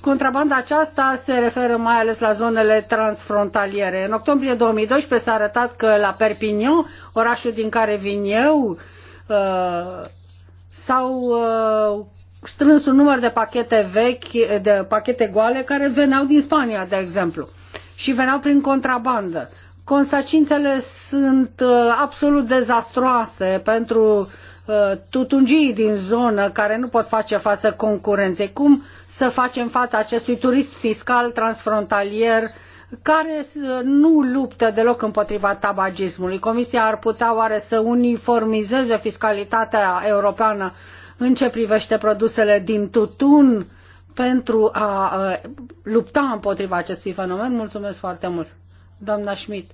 Contrabanda aceasta se referă mai ales la zonele transfrontaliere. În octombrie 2012 s-a arătat că la Perpignan, orașul din care vin eu, uh, s-au uh, strâns un număr de pachete vechi, de pachete goale care veneau din Spania, de exemplu, și veneau prin contrabandă. Consecințele sunt uh, absolut dezastroase pentru uh, tutungii din zonă care nu pot face față concurenței. Cum să facem față acestui turist fiscal transfrontalier care uh, nu luptă deloc împotriva tabagismului. Comisia ar putea oare să uniformizeze fiscalitatea europeană în ce privește produsele din tutun pentru a lupta împotriva acestui fenomen. Mulțumesc foarte mult, doamna Schmidt.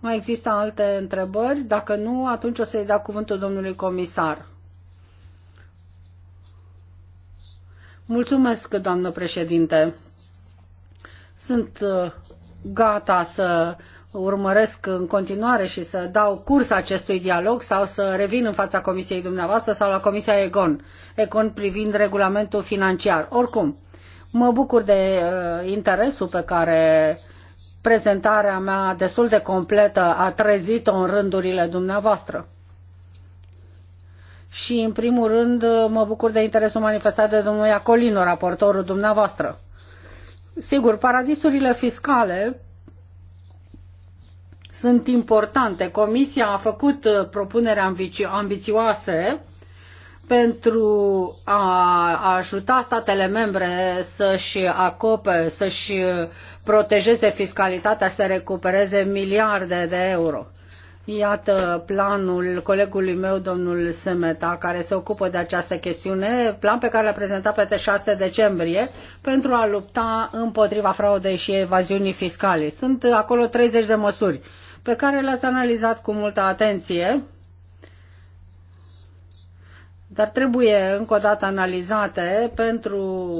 Mai există alte întrebări? Dacă nu, atunci o să-i dau cuvântul domnului comisar. Mulțumesc, doamnă președinte. Sunt uh, gata să urmăresc în continuare și să dau curs acestui dialog sau să revin în fața comisiei dumneavoastră sau la comisia Econ, Econ privind regulamentul financiar. Oricum, mă bucur de uh, interesul pe care prezentarea mea destul de completă a trezit-o în rândurile dumneavoastră. Și, în primul rând, mă bucur de interesul manifestat de domnul Iacolino, raportorul dumneavoastră. Sigur, paradisurile fiscale sunt importante. Comisia a făcut uh, propuneri ambici- ambițioase pentru a ajuta statele membre să-și acope, să-și uh, protejeze fiscalitatea și să recupereze miliarde de euro. Iată planul colegului meu, domnul Semeta, care se ocupă de această chestiune, plan pe care l-a prezentat pe 6 decembrie pentru a lupta împotriva fraudei și evaziunii fiscale. Sunt acolo 30 de măsuri pe care l-ați analizat cu multă atenție, dar trebuie încă o dată analizate pentru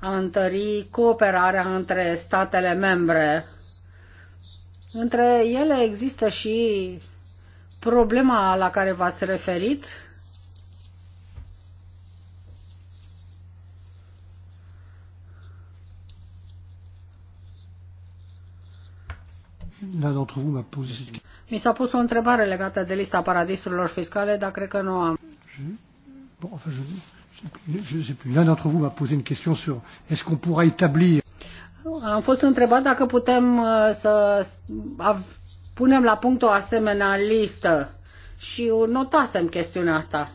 a întări cooperarea între statele membre. Între ele există și problema la care v-ați referit, Mi s-a pus o întrebare legată de lista paradisurilor fiscale, dar cred că nu am. Bon, enfin, je, je sais plus. L'un d'entre vous m'a posé une question sur est-ce qu'on pourra établir. Am fost întrebat dacă putem uh, să punem la punct o asemenea listă și notasem chestiunea asta.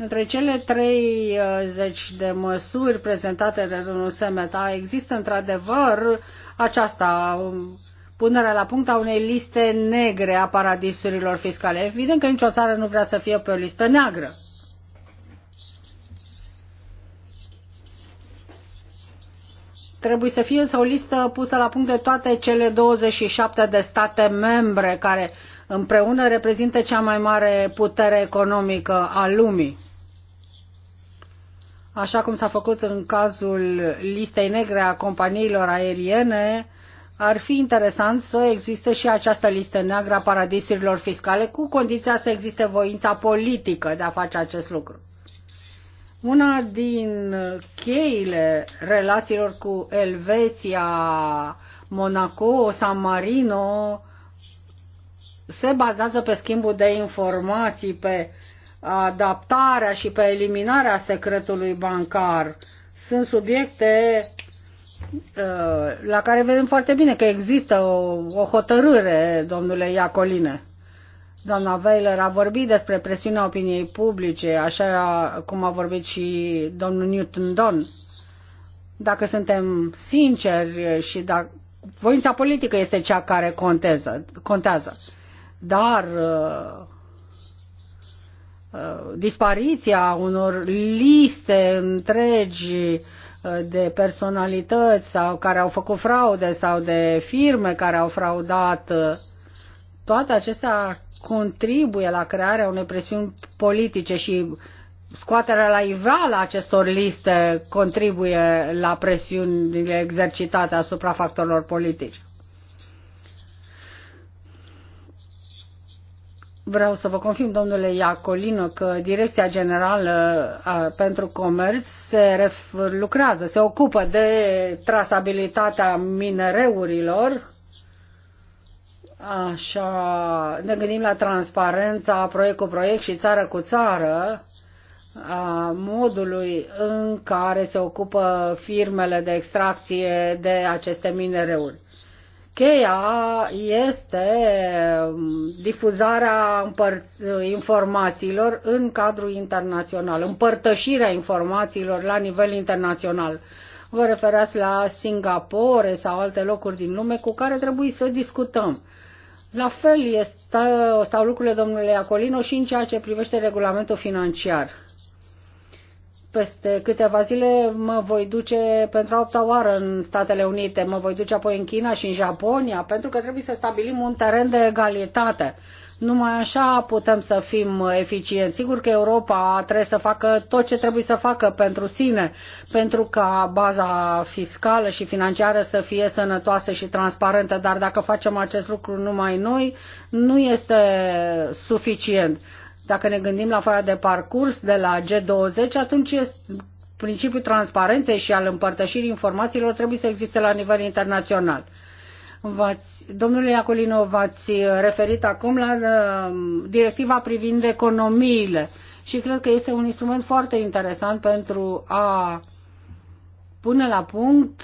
Între cele 30 de măsuri prezentate de domnul Semeta există într-adevăr aceasta, um, punerea la punct a unei liste negre a paradisurilor fiscale. Evident că nicio țară nu vrea să fie pe o listă neagră. Trebuie să fie însă o listă pusă la punct de toate cele 27 de state membre care împreună reprezintă cea mai mare putere economică a lumii așa cum s-a făcut în cazul listei negre a companiilor aeriene, ar fi interesant să existe și această listă neagră a paradisurilor fiscale, cu condiția să existe voința politică de a face acest lucru. Una din cheile relațiilor cu Elveția, Monaco, San Marino se bazează pe schimbul de informații, pe adaptarea și pe eliminarea secretului bancar sunt subiecte uh, la care vedem foarte bine că există o, o hotărâre, domnule Iacoline. Doamna Weiler a vorbit despre presiunea opiniei publice, așa cum a vorbit și domnul Newton Don. Dacă suntem sinceri și dacă voința politică este cea care contează, contează. Dar uh, Uh, dispariția unor liste întregi uh, de personalități sau care au făcut fraude sau de firme care au fraudat, uh, toate acestea contribuie la crearea unei presiuni politice și scoaterea la iveală acestor liste contribuie la presiunile exercitate asupra factorilor politici. Vreau să vă confirm, domnule Iacolino, că Direcția Generală pentru Comerț se lucrează, se ocupă de trasabilitatea minereurilor. Așa, ne gândim la transparența proiect cu proiect și țară cu țară a modului în care se ocupă firmele de extracție de aceste minereuri. Cheia este um, difuzarea informațiilor în cadrul internațional, împărtășirea informațiilor la nivel internațional. Vă referați la Singapore sau alte locuri din lume cu care trebuie să discutăm. La fel este, stau lucrurile domnule Iacolino și în ceea ce privește regulamentul financiar. Peste câteva zile mă voi duce pentru a opta oară în Statele Unite, mă voi duce apoi în China și în Japonia, pentru că trebuie să stabilim un teren de egalitate. Numai așa putem să fim eficienți. Sigur că Europa trebuie să facă tot ce trebuie să facă pentru sine, pentru ca baza fiscală și financiară să fie sănătoasă și transparentă, dar dacă facem acest lucru numai noi, nu este suficient. Dacă ne gândim la foaia de parcurs de la G20, atunci principiul transparenței și al împărtășirii informațiilor trebuie să existe la nivel internațional. Domnule Iacolino, v-ați referit acum la uh, directiva privind economiile și cred că este un instrument foarte interesant pentru a pune la punct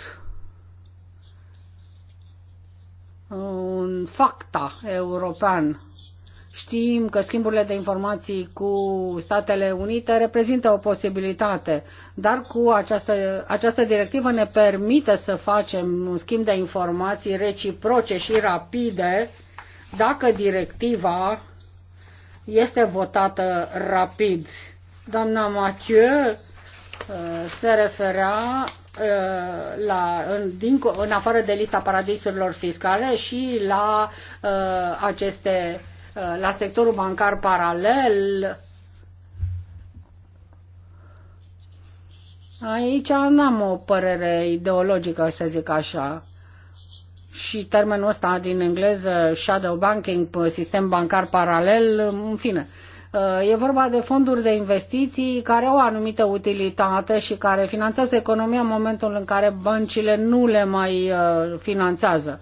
un facta european Știm că schimburile de informații cu Statele Unite reprezintă o posibilitate, dar cu această, această directivă ne permite să facem un schimb de informații reciproce și rapide dacă directiva este votată rapid. Doamna Mathieu uh, se referea uh, la, în, din, în afară de lista paradisurilor fiscale și la uh, aceste Uh, la sectorul bancar paralel. Aici n-am o părere ideologică, să zic așa. Și termenul ăsta din engleză, shadow banking, sistem bancar paralel, în fine. Uh, e vorba de fonduri de investiții care au o anumită utilitate și care finanțează economia în momentul în care băncile nu le mai uh, finanțează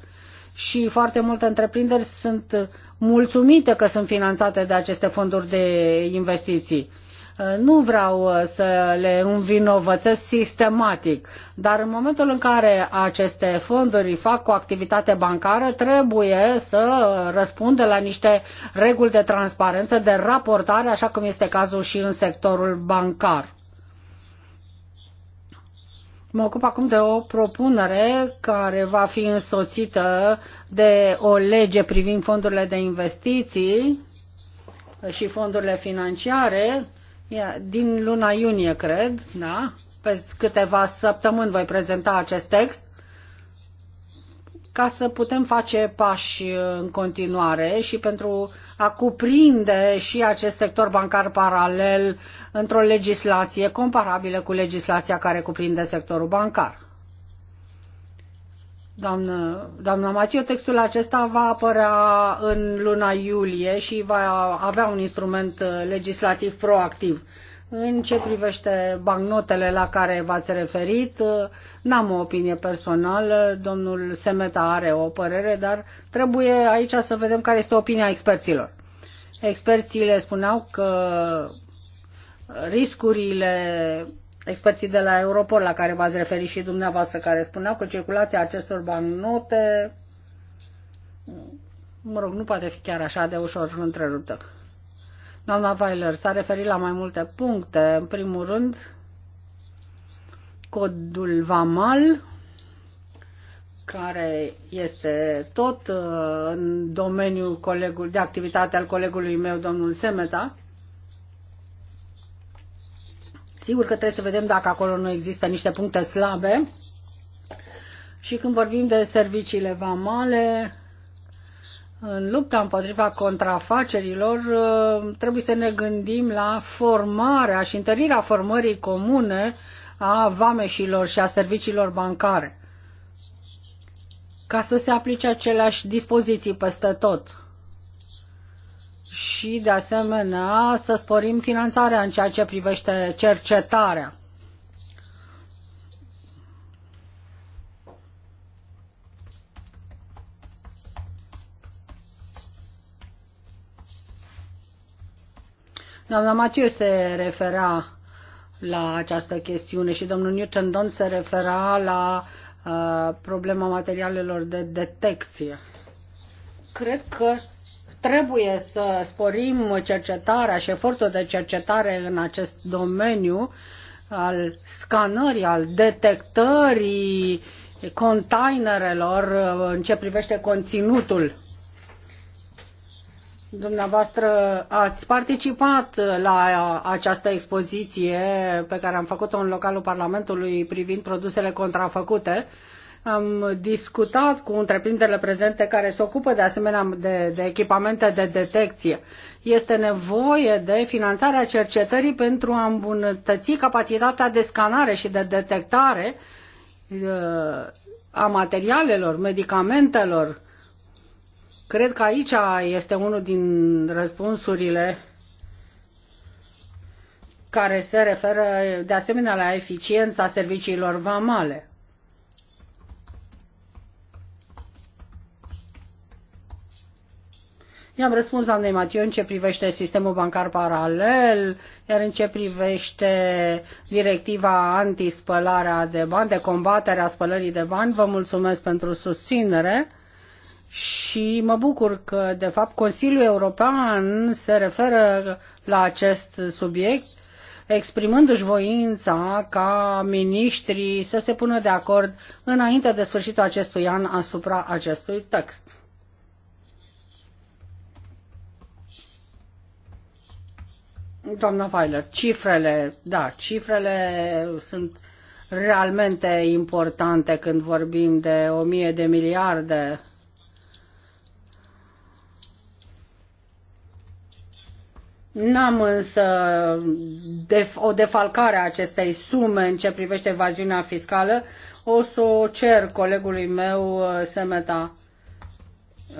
și foarte multe întreprinderi sunt mulțumite că sunt finanțate de aceste fonduri de investiții. Uh, nu vreau uh, să le învinovățesc sistematic, dar în momentul în care aceste fonduri fac o activitate bancară, trebuie să răspundă la niște reguli de transparență, de raportare, așa cum este cazul și în sectorul bancar. Mă ocup acum de o propunere care va fi însoțită de o lege privind fondurile de investiții și fondurile financiare din luna iunie, cred, da? Pe câteva săptămâni voi prezenta acest text ca să putem face pași în continuare și pentru a cuprinde și acest sector bancar paralel într-o legislație comparabilă cu legislația care cuprinde sectorul bancar. Doamnă, doamna Matiu, textul acesta va apărea în luna iulie și va avea un instrument legislativ proactiv. În ce privește bancnotele la care v-ați referit, n-am o opinie personală, domnul Semeta are o părere, dar trebuie aici să vedem care este opinia experților. Experții spuneau că riscurile experții de la Europol la care v-ați referit și dumneavoastră care spuneau că circulația acestor bancnote mă rog, nu poate fi chiar așa de ușor întreruptă. Doamna Weiler s-a referit la mai multe puncte. În primul rând, codul VAMAL, care este tot uh, în domeniul colegul, de activitate al colegului meu, domnul Semeta. Sigur că trebuie să vedem dacă acolo nu există niște puncte slabe. Și când vorbim de serviciile vamale, în lupta împotriva contrafacerilor uh, trebuie să ne gândim la formarea și întărirea formării comune a vameșilor și a serviciilor bancare ca să se aplice aceleași dispoziții peste tot. Și, de asemenea, să sporim finanțarea în ceea ce privește cercetarea. Doamna Matiu se refera la această chestiune și domnul Newton Don se refera la uh, problema materialelor de detecție. Cred că trebuie să sporim cercetarea și efortul de cercetare în acest domeniu al scanării, al detectării containerelor uh, în ce privește conținutul Dumneavoastră ați participat la această expoziție pe care am făcut-o în localul Parlamentului privind produsele contrafăcute. Am discutat cu întreprinderile prezente care se ocupă de asemenea de, de echipamente de detecție. Este nevoie de finanțarea cercetării pentru a îmbunătăți capacitatea de scanare și de detectare uh, a materialelor, medicamentelor, Cred că aici este unul din răspunsurile care se referă de asemenea la eficiența serviciilor vamale. I-am răspuns doamnei Matiu în ce privește sistemul bancar paralel, iar în ce privește directiva antispălarea de bani, de combaterea spălării de bani. Vă mulțumesc pentru susținere și mă bucur că, de fapt, Consiliul European se referă la acest subiect, exprimându-și voința ca miniștrii să se pună de acord înainte de sfârșitul acestui an asupra acestui text. Doamna Weiler, cifrele, da, cifrele sunt realmente importante când vorbim de o mie de miliarde N-am însă def- o defalcare a acestei sume în ce privește evaziunea fiscală. O să o cer colegului meu, uh, Semeta,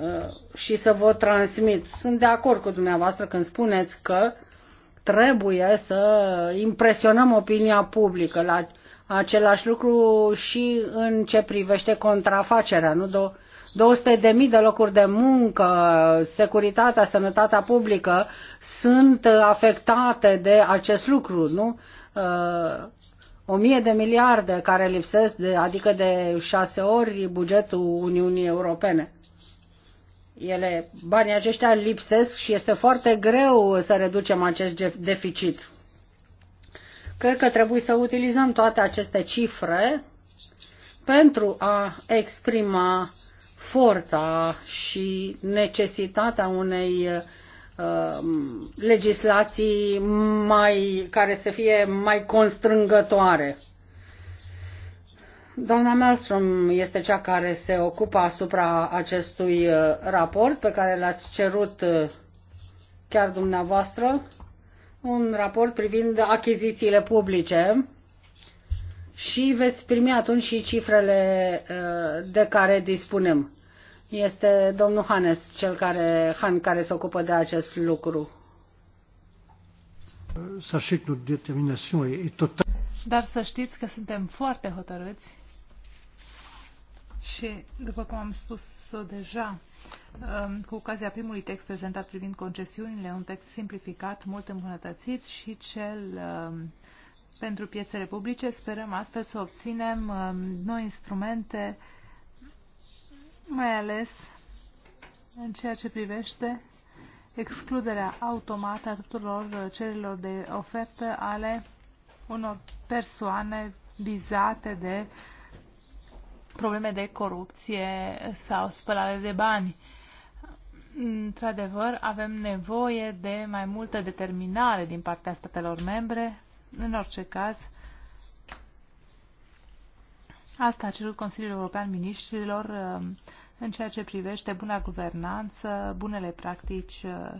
uh, și să vă transmit. Sunt de acord cu dumneavoastră când spuneți că trebuie să impresionăm opinia publică la același lucru și în ce privește contrafacerea. Nu, do- sute de mii de locuri de muncă, securitatea, sănătatea publică sunt afectate de acest lucru, nu? Uh, o mie de miliarde care lipsesc, de, adică de șase ori bugetul Uniunii Europene. Ele, banii aceștia lipsesc și este foarte greu să reducem acest deficit. Cred că trebuie să utilizăm toate aceste cifre pentru a exprima uh, forța și necesitatea unei uh, legislații mai, care să fie mai constrângătoare. Doamna Malmström este cea care se ocupă asupra acestui uh, raport pe care l-ați cerut uh, chiar dumneavoastră, un raport privind achizițiile publice și veți primi atunci și cifrele de care dispunem. Este domnul Hannes, cel care, Han, care se ocupă de acest lucru. Dar să știți că suntem foarte hotărâți și, după cum am spus deja, um, cu ocazia primului text prezentat privind concesiunile, un text simplificat, mult îmbunătățit și cel um, pentru piețele publice, sperăm astfel să obținem um, noi instrumente mai ales în ceea ce privește excluderea automată a tuturor uh, cererilor de ofertă ale unor persoane vizate de probleme de corupție sau spălare de bani. Într-adevăr, avem nevoie de mai multă determinare din partea statelor membre. În orice caz, Asta a cerut Consiliul European Ministrilor uh, în ceea ce privește buna guvernanță, bunele practici uh,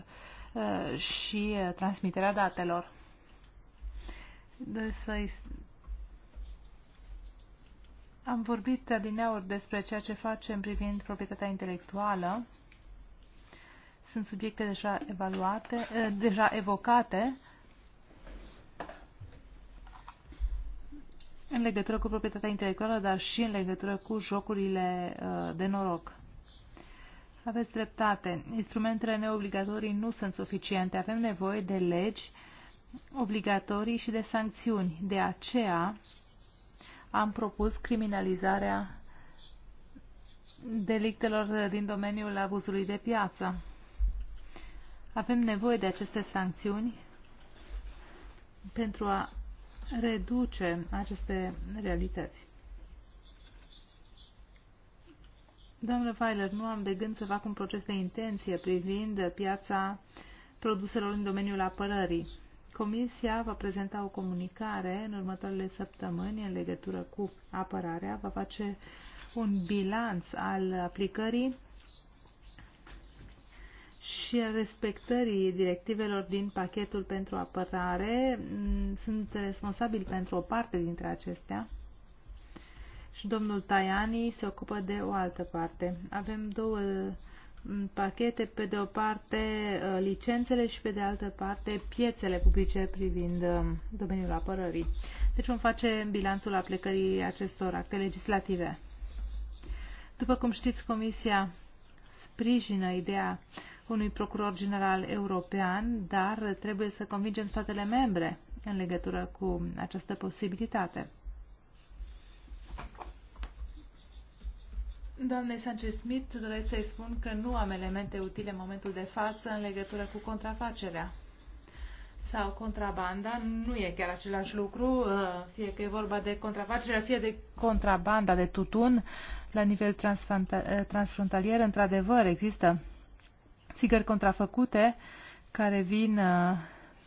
uh, și transmiterea datelor. Deci, am vorbit adineauri despre ceea ce facem privind proprietatea intelectuală. Sunt subiecte deja evaluate, deja evocate în legătură cu proprietatea intelectuală, dar și în legătură cu jocurile uh, de noroc. Aveți dreptate. Instrumentele neobligatorii nu sunt suficiente. Avem nevoie de legi obligatorii și de sancțiuni. De aceea am propus criminalizarea delictelor din domeniul abuzului de piață. Avem nevoie de aceste sancțiuni pentru a reduce aceste realități. Domnule Feiler, nu am de gând să fac un proces de intenție privind piața produselor în domeniul apărării. Comisia va prezenta o comunicare în următoarele săptămâni în legătură cu apărarea, va face un bilanț al aplicării și a respectării directivelor din pachetul pentru apărare. Mm, sunt responsabili pentru o parte dintre acestea și domnul Tajani se ocupă de o altă parte. Avem două mm, pachete, pe de o parte uh, licențele și pe de altă parte piețele publice privind um, domeniul apărării. Deci vom face bilanțul aplicării acestor acte legislative. După cum știți, Comisia sprijină ideea unui procuror general european, dar trebuie să convingem statele membre în legătură cu această posibilitate. Doamne Sanchez-Smith, doresc să-i spun că nu am elemente utile în momentul de față în legătură cu contrafacerea sau contrabanda. Nu e chiar același lucru, uh, fie că e vorba de contrafacerea, fie de contrabanda de tutun la nivel eh, transfrontalier. Într-adevăr, există țigări contrafăcute care vin uh,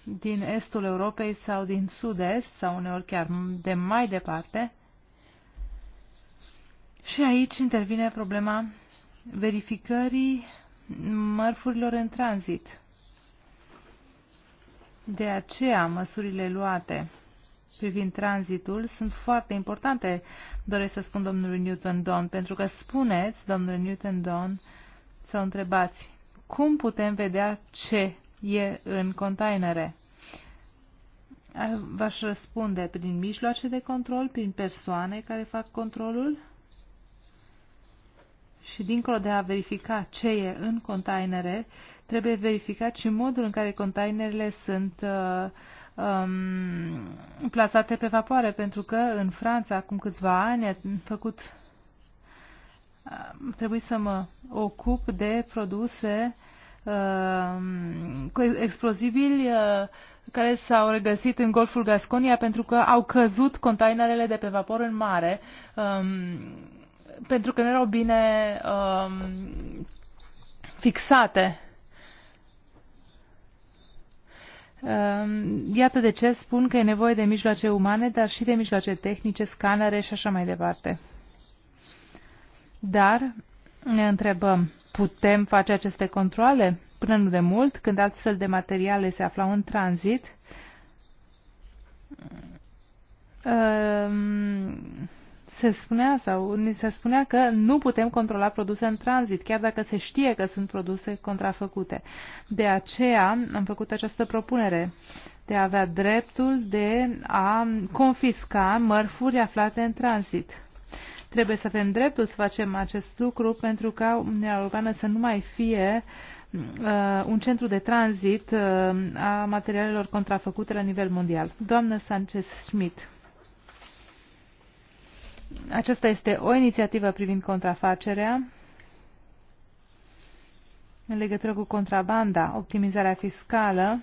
din estul Europei sau din sud-est sau uneori chiar de mai departe. Și aici intervine problema verificării mărfurilor în tranzit. De aceea, măsurile luate privind tranzitul sunt foarte importante, doresc să spun domnului Newton Don, pentru că spuneți, domnule Newton Don, să întrebați cum putem vedea ce e în containere? V-aș răspunde prin mijloace de control, prin persoane care fac controlul și dincolo de a verifica ce e în containere, trebuie verificat și modul în care containerele sunt uh, um, plasate pe vapoare, pentru că în Franța, acum câțiva ani, a făcut Trebuie să mă ocup de produse uh, cu explozibili uh, care s-au regăsit în Golful Gasconia pentru că au căzut containerele de pe vapor în mare um, pentru că nu erau bine um, fixate. Um, iată de ce spun că e nevoie de mijloace umane, dar și de mijloace tehnice, scanere și așa mai departe. Dar ne întrebăm, putem face aceste controle? Până nu de mult, când astfel de materiale se aflau în tranzit, ehm, se spunea sau ni se spunea că nu putem controla produse în tranzit, chiar dacă se știe că sunt produse contrafăcute. De aceea am făcut această propunere de a avea dreptul de a confisca mărfuri aflate în tranzit. Trebuie să avem dreptul să facem acest lucru pentru ca Uniunea Europeană să nu mai fie uh, un centru de tranzit uh, a materialelor contrafăcute la nivel mondial. Doamnă Sanchez-Schmidt. Aceasta este o inițiativă privind contrafacerea în legătură cu contrabanda, optimizarea fiscală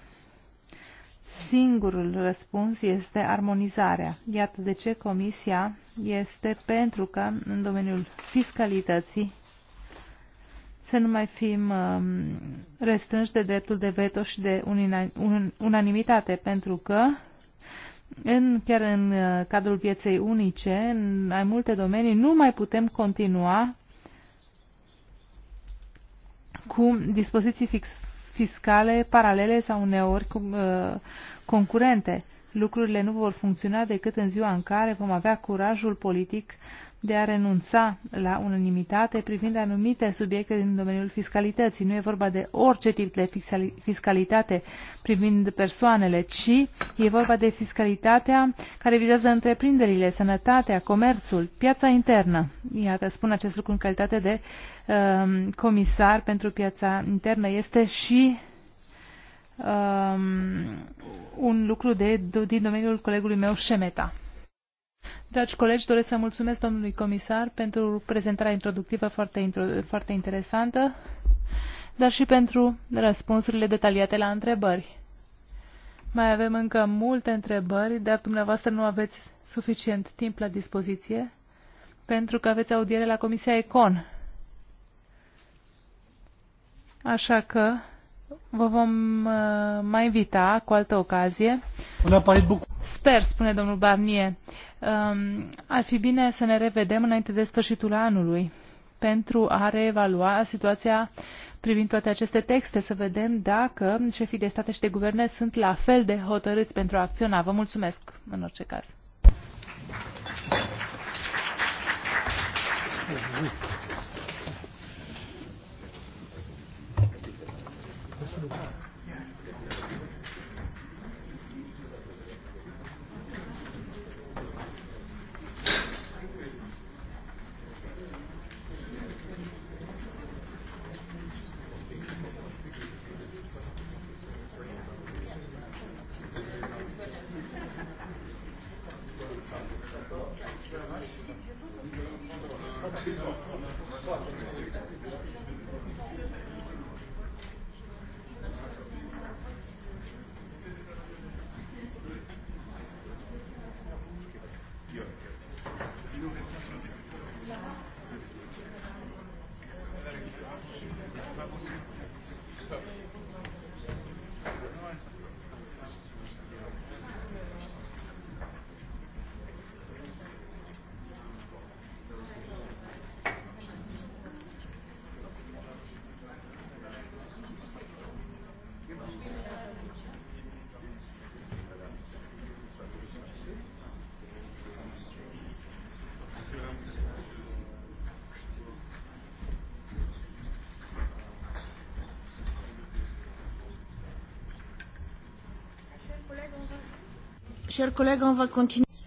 singurul răspuns este armonizarea. Iată de ce Comisia este pentru că în domeniul fiscalității să nu mai fim um, restrânși de dreptul de veto și de unanimitate, pentru că în, chiar în uh, cadrul pieței unice, în mai multe domenii, nu mai putem continua cu dispoziții fixe fiscale paralele sau uneori uh, concurente. Lucrurile nu vor funcționa decât în ziua în care vom avea curajul politic de a renunța la unanimitate privind anumite subiecte din domeniul fiscalității. Nu e vorba de orice tip de fiscalitate privind persoanele, ci e vorba de fiscalitatea care vizează întreprinderile, sănătatea, comerțul, piața internă. Iată, spun acest lucru în calitate de um, comisar pentru piața internă. Este și um, un lucru de, din domeniul colegului meu Șemeta. Dragi colegi, doresc să mulțumesc domnului comisar pentru prezentarea introductivă foarte, foarte interesantă, dar și pentru răspunsurile detaliate la întrebări. Mai avem încă multe întrebări, dar dumneavoastră nu aveți suficient timp la dispoziție pentru că aveți audiere la Comisia Econ. Așa că Vă vom uh, mai invita cu altă ocazie. Sper, spune domnul Barnier, um, ar fi bine să ne revedem înainte de sfârșitul anului pentru a reevalua situația privind toate aceste texte, să vedem dacă șefii de state și de guverne sunt la fel de hotărâți pentru a acționa. Vă mulțumesc în orice caz.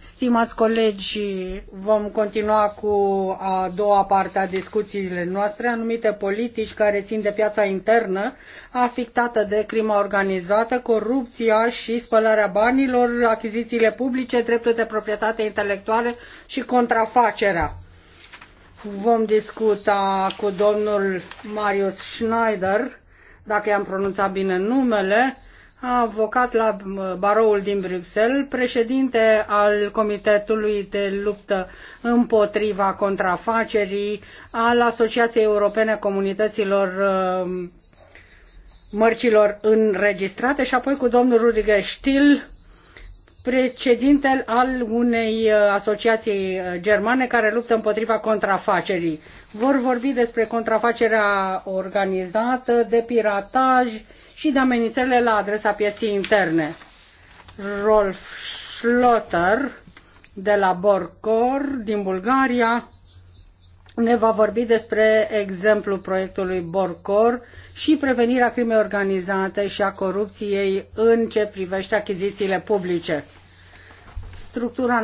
Stimați colegi, vom continua cu a doua parte a discuțiile noastre, anumite politici care țin de piața internă afectată de crima organizată, corupția și spălarea banilor, achizițiile publice, dreptul de proprietate intelectuală și contrafacerea. Vom discuta cu domnul Marius Schneider, dacă i-am pronunțat bine numele, a avocat la uh, baroul din Bruxelles, președinte al Comitetului de Luptă împotriva contrafacerii, al Asociației Europene Comunităților uh, Mărcilor Înregistrate și apoi cu domnul Rudiger Stil, președintel al unei uh, asociații germane care luptă împotriva contrafacerii. Vor vorbi despre contrafacerea organizată, de pirataj, și de amenințările la adresa pieții interne. Rolf Schlotter de la Borcor din Bulgaria ne va vorbi despre exemplul proiectului Borcor și prevenirea crimei organizate și a corupției în ce privește achizițiile publice. Structura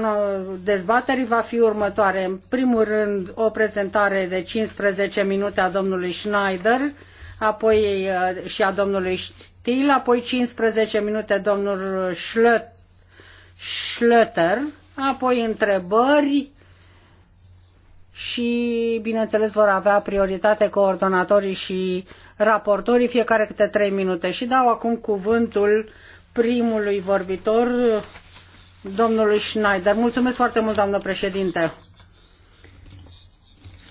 dezbaterii va fi următoare. În primul rând, o prezentare de 15 minute a domnului Schneider, apoi uh, și a domnului Stil, apoi 15 minute domnul Schlöter, apoi întrebări și, bineînțeles, vor avea prioritate coordonatorii și raportorii, fiecare câte trei minute. Și dau acum cuvântul primului vorbitor, domnului Schneider. Mulțumesc foarte mult, doamnă președinte.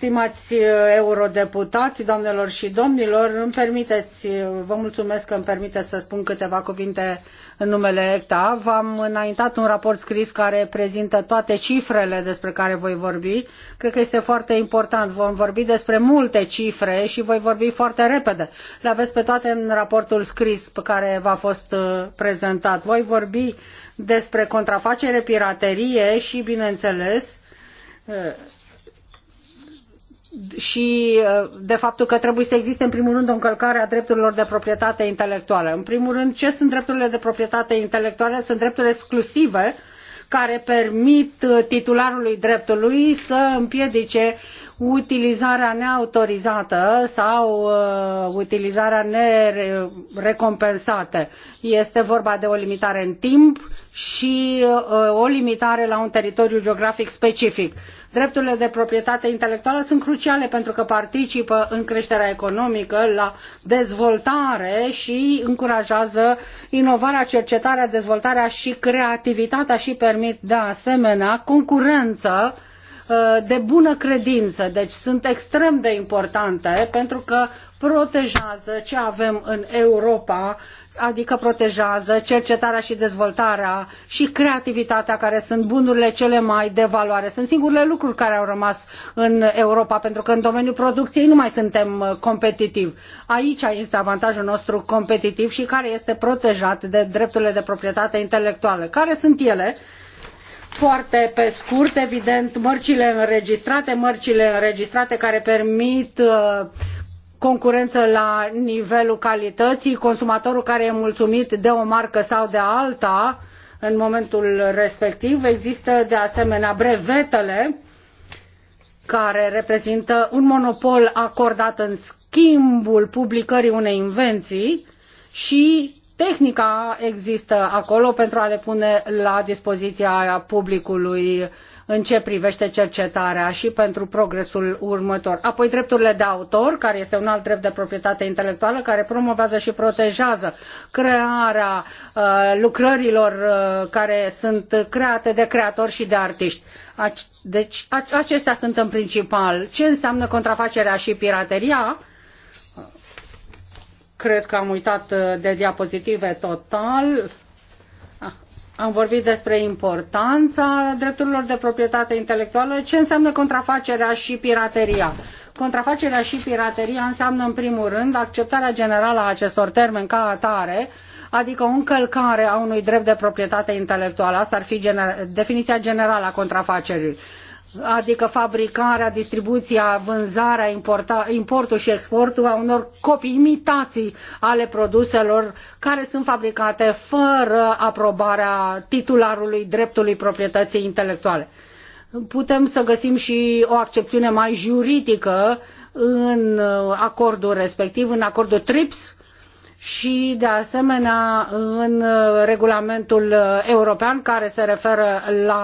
Stimați uh, eurodeputați, doamnelor și domnilor, îmi permiteți, uh, vă mulțumesc că îmi permiteți să spun câteva cuvinte în numele ECTA. V-am înaintat un raport scris care prezintă toate cifrele despre care voi vorbi. Cred că este foarte important. Vom vorbi despre multe cifre și voi vorbi foarte repede. Le aveți pe toate în raportul scris pe care v-a fost uh, prezentat. Voi vorbi despre contrafacere, piraterie și, bineînțeles, și uh, de faptul că trebuie să existe în primul rând o încălcare a drepturilor de proprietate intelectuală. În primul rând, ce sunt drepturile de proprietate intelectuală? Sunt drepturi exclusive care permit uh, titularului dreptului să împiedice utilizarea neautorizată sau uh, utilizarea nerecompensată. Este vorba de o limitare în timp și uh, o limitare la un teritoriu geografic specific. Drepturile de proprietate intelectuală sunt cruciale pentru că participă în creșterea economică, la dezvoltare și încurajează inovarea, cercetarea, dezvoltarea și creativitatea și permit de asemenea concurență uh, Uh, de bună credință, deci sunt extrem de importante pentru că protejează ce avem în Europa, adică protejează cercetarea și dezvoltarea și creativitatea care sunt bunurile cele mai de valoare. Sunt singurele lucruri care au rămas în Europa pentru că în domeniul producției nu mai suntem uh, competitivi. Aici este avantajul nostru competitiv și care este protejat de drepturile de proprietate intelectuală. Care sunt ele? Foarte pe scurt, evident, mărcile înregistrate, mărcile înregistrate care permit uh, concurență la nivelul calității, consumatorul care e mulțumit de o marcă sau de alta în momentul respectiv. Există de asemenea brevetele care reprezintă un monopol acordat în schimbul publicării unei invenții și tehnica există acolo pentru a le pune la dispoziția publicului în ce privește cercetarea și pentru progresul următor. Apoi drepturile de autor, care este un alt drept de proprietate intelectuală, care promovează și protejează crearea uh, lucrărilor uh, care sunt create de creatori și de artiști. Deci acestea sunt în principal. Ce înseamnă contrafacerea și pirateria? Cred că am uitat uh, de diapozitive total. Ah, am vorbit despre importanța drepturilor de proprietate intelectuală, ce înseamnă contrafacerea și pirateria. Contrafacerea și pirateria înseamnă, în primul rând, acceptarea generală a acestor termeni ca atare, adică o încălcare a unui drept de proprietate intelectuală. Asta ar fi gener- definiția generală a contrafacerii adică fabricarea, distribuția, vânzarea, importa, importul și exportul a unor copii imitații ale produselor care sunt fabricate fără aprobarea titularului dreptului proprietății intelectuale. Putem să găsim și o accepțiune mai juridică în acordul respectiv, în acordul TRIPS, și de asemenea în regulamentul european care se referă la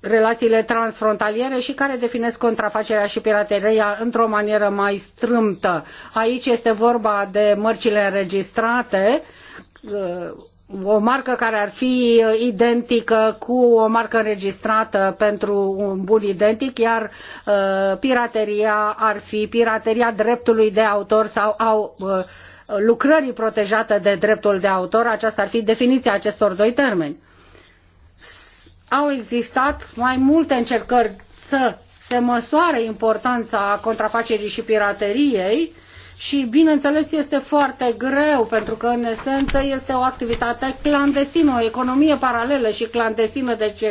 relațiile transfrontaliere și care definesc contrafacerea și pirateria într-o manieră mai strâmtă. Aici este vorba de mărcile înregistrate, uh, o marcă care ar fi identică cu o marcă înregistrată pentru un bun identic, iar uh, pirateria ar fi pirateria dreptului de autor sau au uh, lucrării protejate de dreptul de autor. Aceasta ar fi definiția acestor doi termeni au existat mai multe încercări să se măsoare importanța contrafacerii și pirateriei și, bineînțeles, este foarte greu, pentru că, în esență, este o activitate clandestină, o economie paralelă și clandestină, deci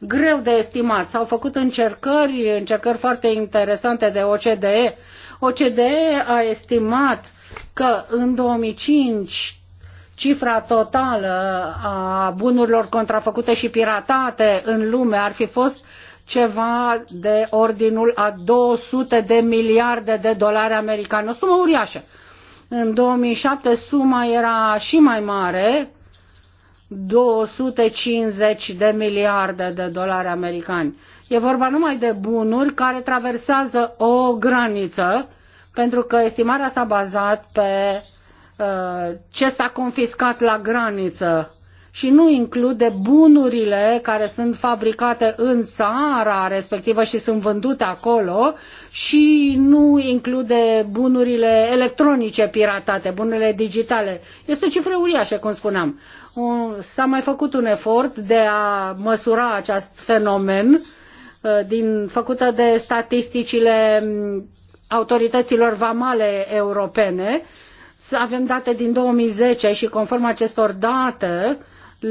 greu de estimat. S-au făcut încercări, încercări foarte interesante de OCDE. OCDE a estimat că în 2005 cifra totală a bunurilor contrafăcute și piratate în lume ar fi fost ceva de ordinul a 200 de miliarde de dolari americani, o sumă uriașă. În 2007 suma era și mai mare, 250 de miliarde de dolari americani. E vorba numai de bunuri care traversează o graniță, pentru că estimarea s-a bazat pe uh, Uh, ce s-a confiscat la graniță și nu include bunurile care sunt fabricate în țara respectivă și sunt vândute acolo și nu include bunurile electronice piratate, bunurile digitale. Este o cifră uriașă, cum spuneam. S-a mai făcut un efort de a măsura acest fenomen uh, din, făcută de statisticile mm, autorităților vamale europene să avem date din 2010 și conform acestor date,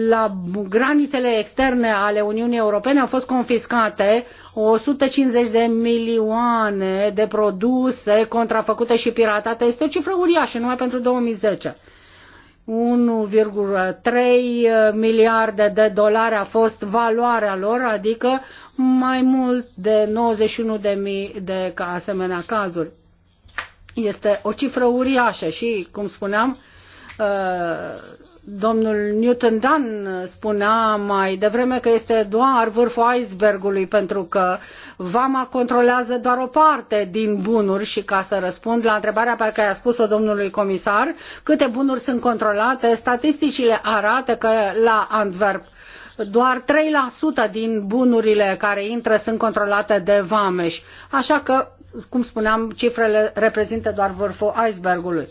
la granițele externe ale Uniunii Europene au fost confiscate 150 de milioane de produse contrafăcute și piratate. Este o cifră uriașă, numai pentru 2010. 1,3 miliarde de dolari a fost valoarea lor, adică mai mult de 91 de mii de asemenea cazuri. Este o cifră uriașă și, cum spuneam, uh, domnul Newton Dan spunea mai devreme că este doar vârful icebergului pentru că vama controlează doar o parte din bunuri și ca să răspund la întrebarea pe care a spus-o domnului comisar, câte bunuri sunt controlate, statisticile arată că la Antwerp doar 3% din bunurile care intră sunt controlate de vameși. Așa că cum spuneam, cifrele reprezintă doar vârful icebergului.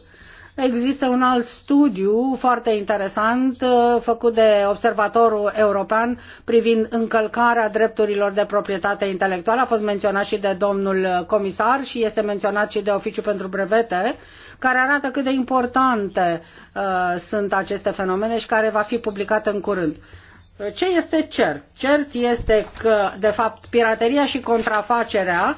Există un alt studiu foarte interesant uh, făcut de Observatorul European privind încălcarea drepturilor de proprietate intelectuală. A fost menționat și de domnul comisar și este menționat și de Oficiul pentru Brevete, care arată cât de importante uh, sunt aceste fenomene și care va fi publicat în curând. Ce este cert? Cert este că, de fapt, pirateria și contrafacerea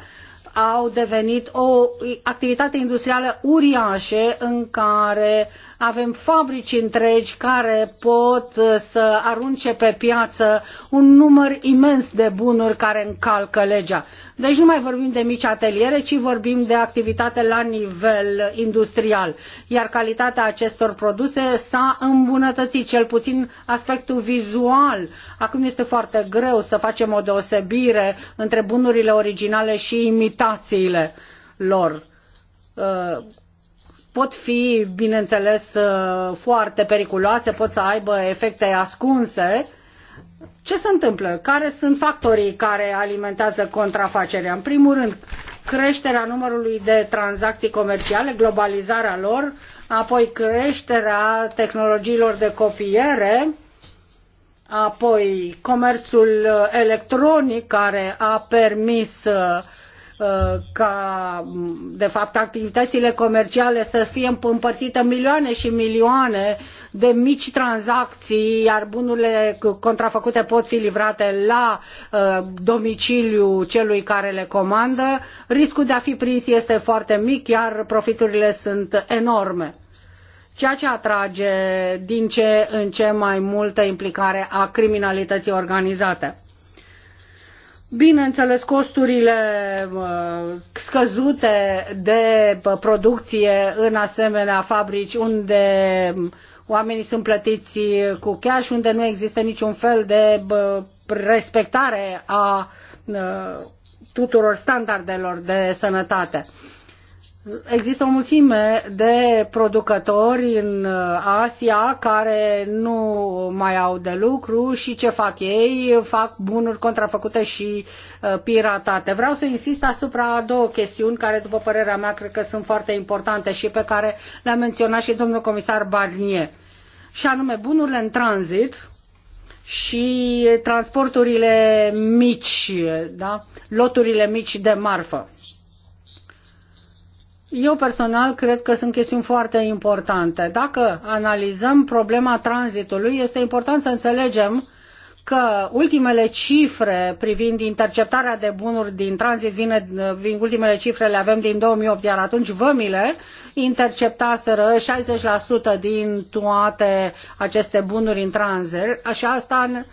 au devenit o activitate industrială uriașe în care avem fabrici întregi care pot uh, să arunce pe piață un număr imens de bunuri care încalcă legea. Deci nu mai vorbim de mici ateliere, ci vorbim de activitate la nivel industrial. Iar calitatea acestor produse s-a îmbunătățit, cel puțin aspectul vizual. Acum este foarte greu să facem o deosebire între bunurile originale și imitațiile lor uh, pot fi, bineînțeles, uh, foarte periculoase, pot să aibă efecte ascunse. Ce se întâmplă? Care sunt factorii care alimentează contrafacerea? În primul rând, creșterea numărului de tranzacții comerciale, globalizarea lor, apoi creșterea tehnologiilor de copiere, apoi comerțul electronic care a permis uh, ca, de fapt, activitățile comerciale să fie împărțite în milioane și milioane de mici tranzacții, iar bunurile contrafăcute pot fi livrate la uh, domiciliu celui care le comandă, riscul de a fi prins este foarte mic, iar profiturile sunt enorme ceea ce atrage din ce în ce mai multă implicare a criminalității organizate. Bineînțeles, costurile uh, scăzute de uh, producție în asemenea fabrici unde um, oamenii sunt plătiți uh, cu cash, unde nu există niciun fel de respectare a tuturor standardelor de sănătate. Există o mulțime de producători în uh, Asia care nu mai au de lucru și ce fac ei? Fac bunuri contrafăcute și uh, piratate. Vreau să insist asupra două chestiuni care, după părerea mea, cred că sunt foarte importante și pe care le-a menționat și domnul comisar Barnier. Și anume, bunurile în tranzit, și transporturile mici, da? loturile mici de marfă. Eu personal cred că sunt chestiuni foarte importante. Dacă analizăm problema tranzitului, este important să înțelegem că ultimele cifre privind interceptarea de bunuri din tranzit, vine, vin ultimele cifre le avem din 2008, iar atunci vămile interceptaseră 60% din toate aceste bunuri în tranzit și asta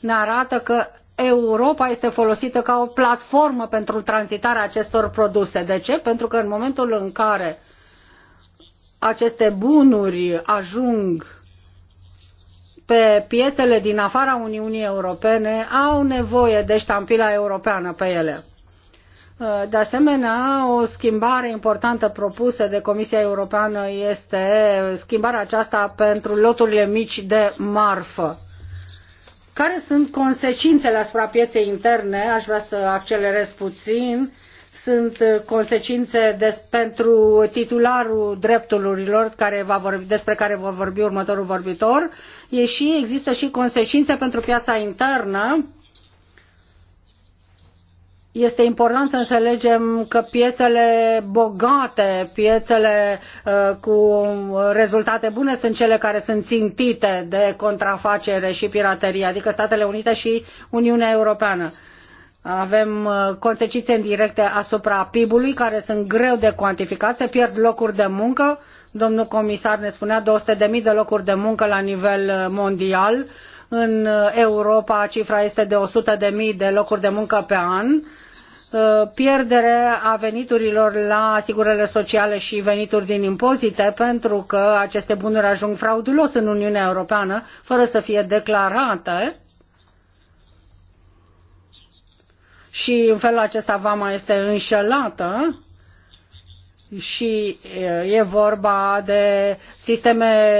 ne arată că Europa este folosită ca o platformă pentru tranzitarea acestor produse. De ce? Pentru că în momentul în care aceste bunuri ajung pe piețele din afara Uniunii Europene, au nevoie de ștampila europeană pe ele. De asemenea, o schimbare importantă propusă de Comisia Europeană este schimbarea aceasta pentru loturile mici de marfă. Care sunt consecințele asupra pieței interne? Aș vrea să accelerez puțin. Sunt uh, consecințe des, pentru titularul drepturilor care va vorbi, despre care va vorbi următorul vorbitor. E și, există și consecințe pentru piața internă este important să înțelegem că piețele bogate, piețele uh, cu rezultate bune sunt cele care sunt țintite de contrafacere și piraterie, adică Statele Unite și Uniunea Europeană. Avem uh, consecințe indirecte asupra PIB-ului care sunt greu de cuantificat, se pierd locuri de muncă, domnul comisar ne spunea 200.000 de locuri de muncă la nivel uh, mondial, uh, în uh, Europa cifra este de 100.000 de, de locuri de muncă pe an uh, pierdere a veniturilor la asigurările sociale și venituri din impozite, pentru că aceste bunuri ajung fraudulos în Uniunea Europeană, fără să fie declarate. Și în felul acesta vama este înșelată și e vorba de sisteme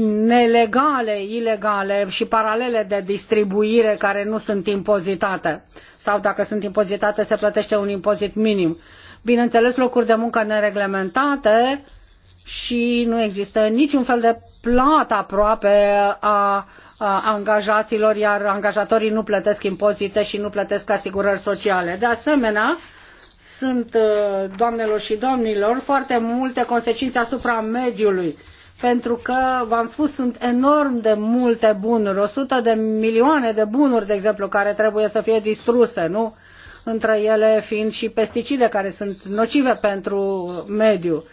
nelegale, ilegale și paralele de distribuire care nu sunt impozitate sau dacă sunt impozitate se plătește un impozit minim. Bineînțeles, locuri de muncă nereglementate și nu există niciun fel de plată aproape a, a angajaților, iar angajatorii nu plătesc impozite și nu plătesc asigurări sociale. De asemenea, sunt, uh, doamnelor și domnilor, foarte multe consecințe asupra mediului. Pentru că, v-am spus, sunt enorm de multe bunuri, 100 de milioane de bunuri, de exemplu, care trebuie să fie distruse, nu? Între ele fiind și pesticide care sunt nocive pentru mediu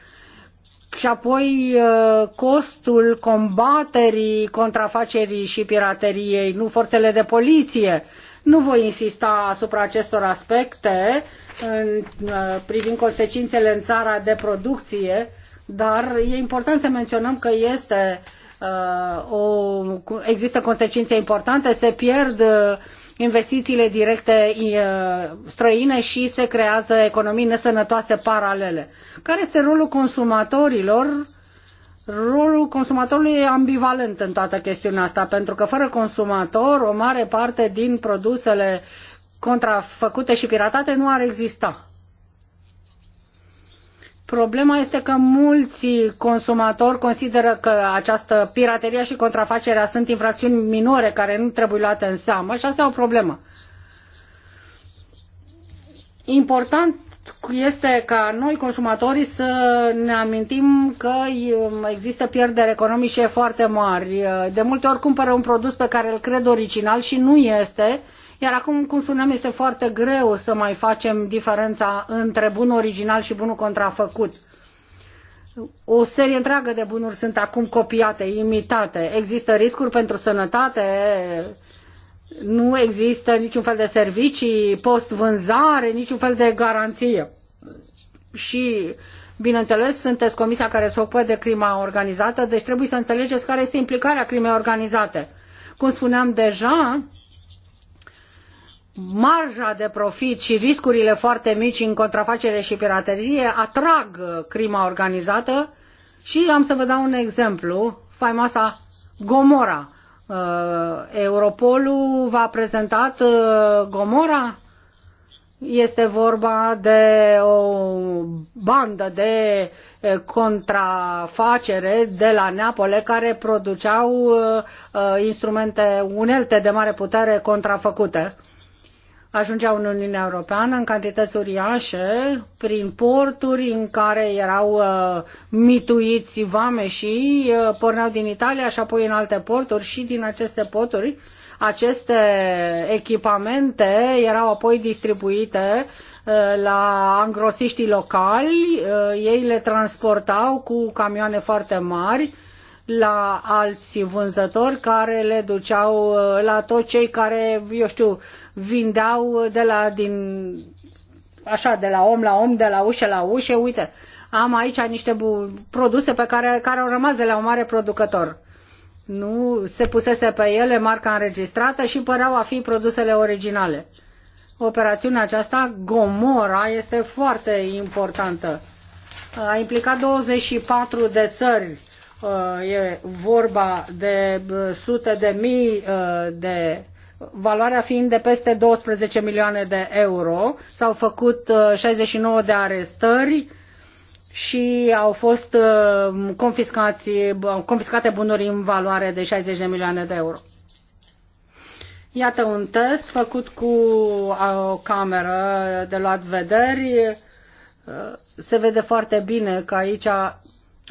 și apoi uh, costul combaterii contrafacerii și pirateriei, nu forțele de poliție. Nu voi insista asupra acestor aspecte, în, uh, privind consecințele în țara de producție, dar e important să menționăm că este uh, o, există consecințe importante, se pierd uh, investițiile directe uh, străine și se creează economii nesănătoase paralele. Care este rolul consumatorilor? Rolul consumatorului e ambivalent în toată chestiunea asta, pentru că fără consumator o mare parte din produsele uh, contrafăcute și piratate nu ar exista. Problema este că mulți consumatori consideră că această pirateria și contrafacerea sunt infracțiuni minore care nu trebuie luate în seamă și asta e o problemă. Important este ca noi, consumatorii, să ne amintim că există pierderi economice foarte mari. De multe ori cumpără un produs pe care îl cred original și nu este iar acum, cum spuneam, este foarte greu să mai facem diferența între bunul original și bunul contrafăcut. O serie întreagă de bunuri sunt acum copiate, imitate. Există riscuri pentru sănătate, nu există niciun fel de servicii, post-vânzare, niciun fel de garanție. Și, bineînțeles, sunteți comisia care se ocupă de crima organizată, deci trebuie să înțelegeți care este implicarea crimei organizate. Cum spuneam deja, marja de profit și riscurile foarte mici în contrafacere și piraterie atrag crima organizată și am să vă dau un exemplu, faimoasa Gomora. Uh, Europolul v-a prezentat uh, Gomora? Este vorba de o bandă de uh, contrafacere de la Neapole care produceau uh, uh instrumente unelte de mare putere contrafăcute ajungeau în Uniunea Europeană în cantități uriașe, prin porturi în care erau uh, mituiți vame și uh, porneau din Italia și apoi în alte porturi și din aceste porturi aceste echipamente erau apoi distribuite uh, la angrosiștii locali, uh, ei le transportau cu camioane foarte mari la alți vânzători care le duceau uh, la toți cei care, eu știu, vindeau de la, din, așa, de la om la om, de la ușă la ușă. Uite, am aici niște produse pe care, care au rămas de la un mare producător. Nu se pusese pe ele marca înregistrată și păreau a fi produsele originale. Operațiunea aceasta, Gomora, este foarte importantă. A implicat 24 de țări uh, e vorba de uh, sute de mii uh, de valoarea fiind de peste 12 milioane de euro. S-au făcut 69 uh, de arestări și au fost uh, confiscați, confiscate bunuri în valoare de 60 de milioane de euro. Iată un test făcut cu uh, o cameră de luat vederi. Se vede foarte bine că aici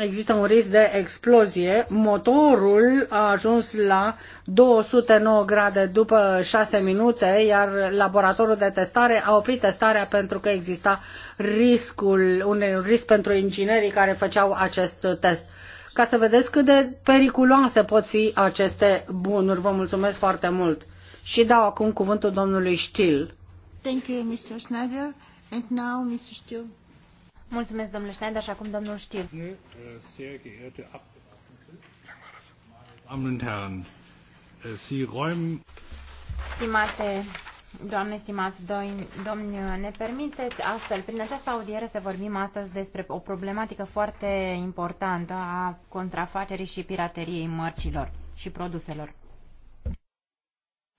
există un risc de explozie. Motorul a ajuns la 209 grade după 6 minute, iar laboratorul de testare a oprit testarea pentru că exista riscul, un risc pentru inginerii care făceau acest test. Ca să vedeți cât de periculoase pot fi aceste bunuri. Vă mulțumesc foarte mult. Și dau acum cuvântul domnului Stil. Thank you, Mr. Schneider. And now, Mr. Stil. Mulțumesc, domnule Schneider, și acum domnul Știr. Äh, Stimate doamne, stimați domni, ne permiteți astfel, prin această audiere să vorbim astăzi despre o problematică foarte importantă a contrafacerii și pirateriei mărcilor și produselor.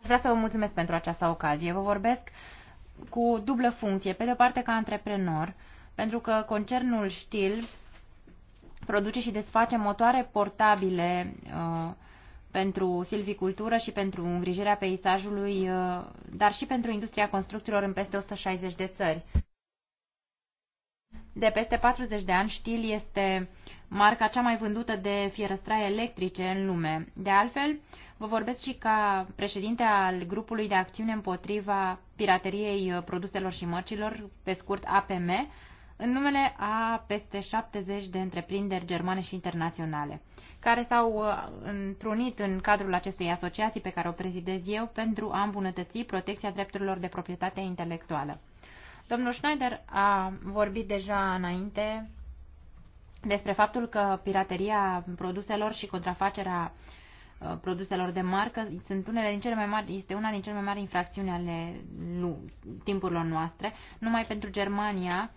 Vreau să vă mulțumesc pentru această ocazie. Vă vorbesc cu dublă funcție. Pe de o parte ca antreprenor, uh, pentru că concernul Stil produce și desface motoare portabile uh, pentru silvicultură și pentru îngrijirea peisajului, uh, dar și pentru industria construcțiilor în peste 160 de țări. De peste 40 de ani, Stil este marca cea mai vândută de fierăstraie electrice în lume. De altfel, vă vorbesc și ca președinte al grupului de acțiune împotriva pirateriei uh, produselor și mărcilor, pe scurt APM, în numele a peste 70 de întreprinderi germane și internaționale, care s-au uh, întrunit în cadrul acestei asociații pe care o prezidez eu pentru a îmbunătăți protecția drepturilor de proprietate intelectuală. Domnul Schneider a vorbit deja înainte despre faptul că pirateria produselor și contrafacerea uh, produselor de marcă sunt unele din cele mai mari, este una din cele mai mari infracțiuni ale timpurilor noastre. Numai pentru Germania,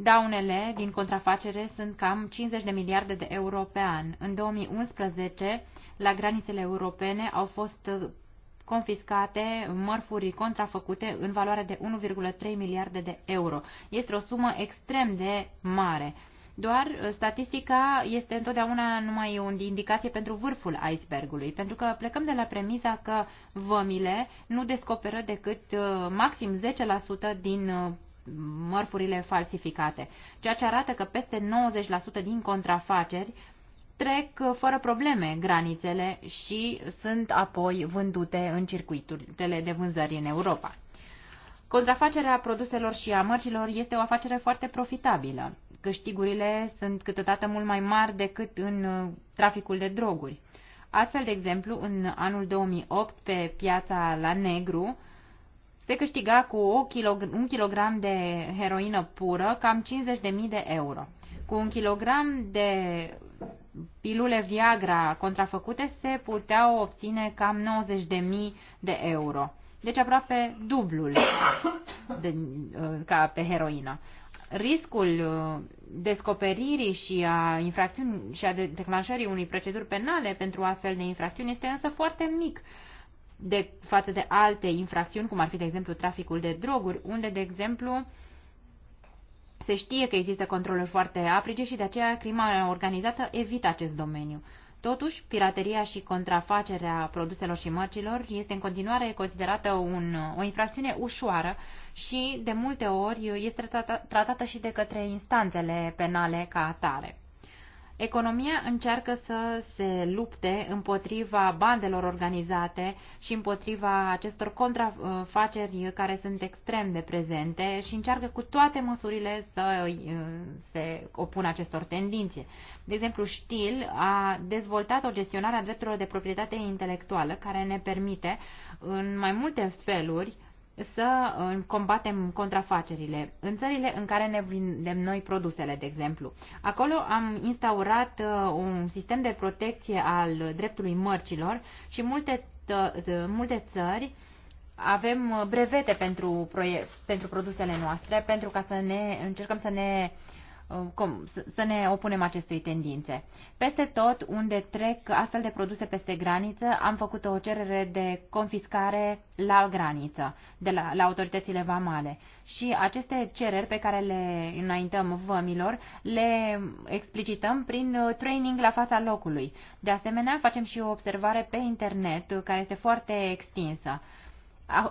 Daunele din contrafacere sunt cam 50 de miliarde de euro pe an. În 2011, la granițele europene au fost confiscate mărfuri contrafăcute în valoare de 1,3 miliarde de euro. Este o sumă extrem de mare. Doar uh, statistica este întotdeauna numai o indicație pentru vârful icebergului, pentru că plecăm de la premisa că vămile nu descoperă decât uh, maxim 10% din uh, mărfurile falsificate, ceea ce arată că peste 90% din contrafaceri trec uh, fără probleme granițele și sunt apoi vândute în circuitele de vânzări în Europa. Contrafacerea produselor și a mărcilor este o afacere foarte profitabilă. Câștigurile sunt câteodată mult mai mari decât în uh, traficul de droguri. Astfel, de exemplu, în anul 2008, pe piața la negru, se câștiga cu o kilog- un kilogram de heroină pură cam 50.000 de euro. Cu un kilogram de pilule Viagra contrafăcute se puteau obține cam 90.000 de euro. Deci aproape dublul de, uh, ca pe heroină. Riscul uh, descoperirii și a, infracțiuni, și a declanșării unui proceduri penale pentru astfel de infracțiuni este însă foarte mic de, față de alte infracțiuni, cum ar fi, de exemplu, traficul de droguri, unde, de exemplu, se știe că există controluri foarte aprige și de aceea crima organizată evită acest domeniu. Totuși, pirateria și contrafacerea produselor și mărcilor este în continuare considerată un, o infracțiune ușoară și, de multe ori, este tratată și de către instanțele penale ca atare. Economia încearcă să se lupte împotriva bandelor organizate și împotriva acestor contrafaceri care sunt extrem de prezente și încearcă cu toate măsurile să uh, se opună acestor tendințe. De exemplu, Stil a dezvoltat o gestionare a drepturilor de proprietate intelectuală care ne permite în mai multe feluri să uh, combatem contrafacerile. În țările în care ne vindem noi produsele, de exemplu, acolo am instaurat uh, un sistem de protecție al dreptului mărcilor și multe, multe țări avem uh, brevete pentru, proiect, pentru produsele noastre, pentru ca să ne încercăm să ne uh, Uh, cum, să ne opunem acestei tendințe. Peste tot unde trec astfel de produse peste graniță, am făcut o cerere de confiscare la graniță, de la, la autoritățile vamale. Și aceste cereri pe care le înaintăm vămilor, le explicităm prin uh, training la fața locului. De asemenea, facem și o observare pe internet, uh, care este foarte extinsă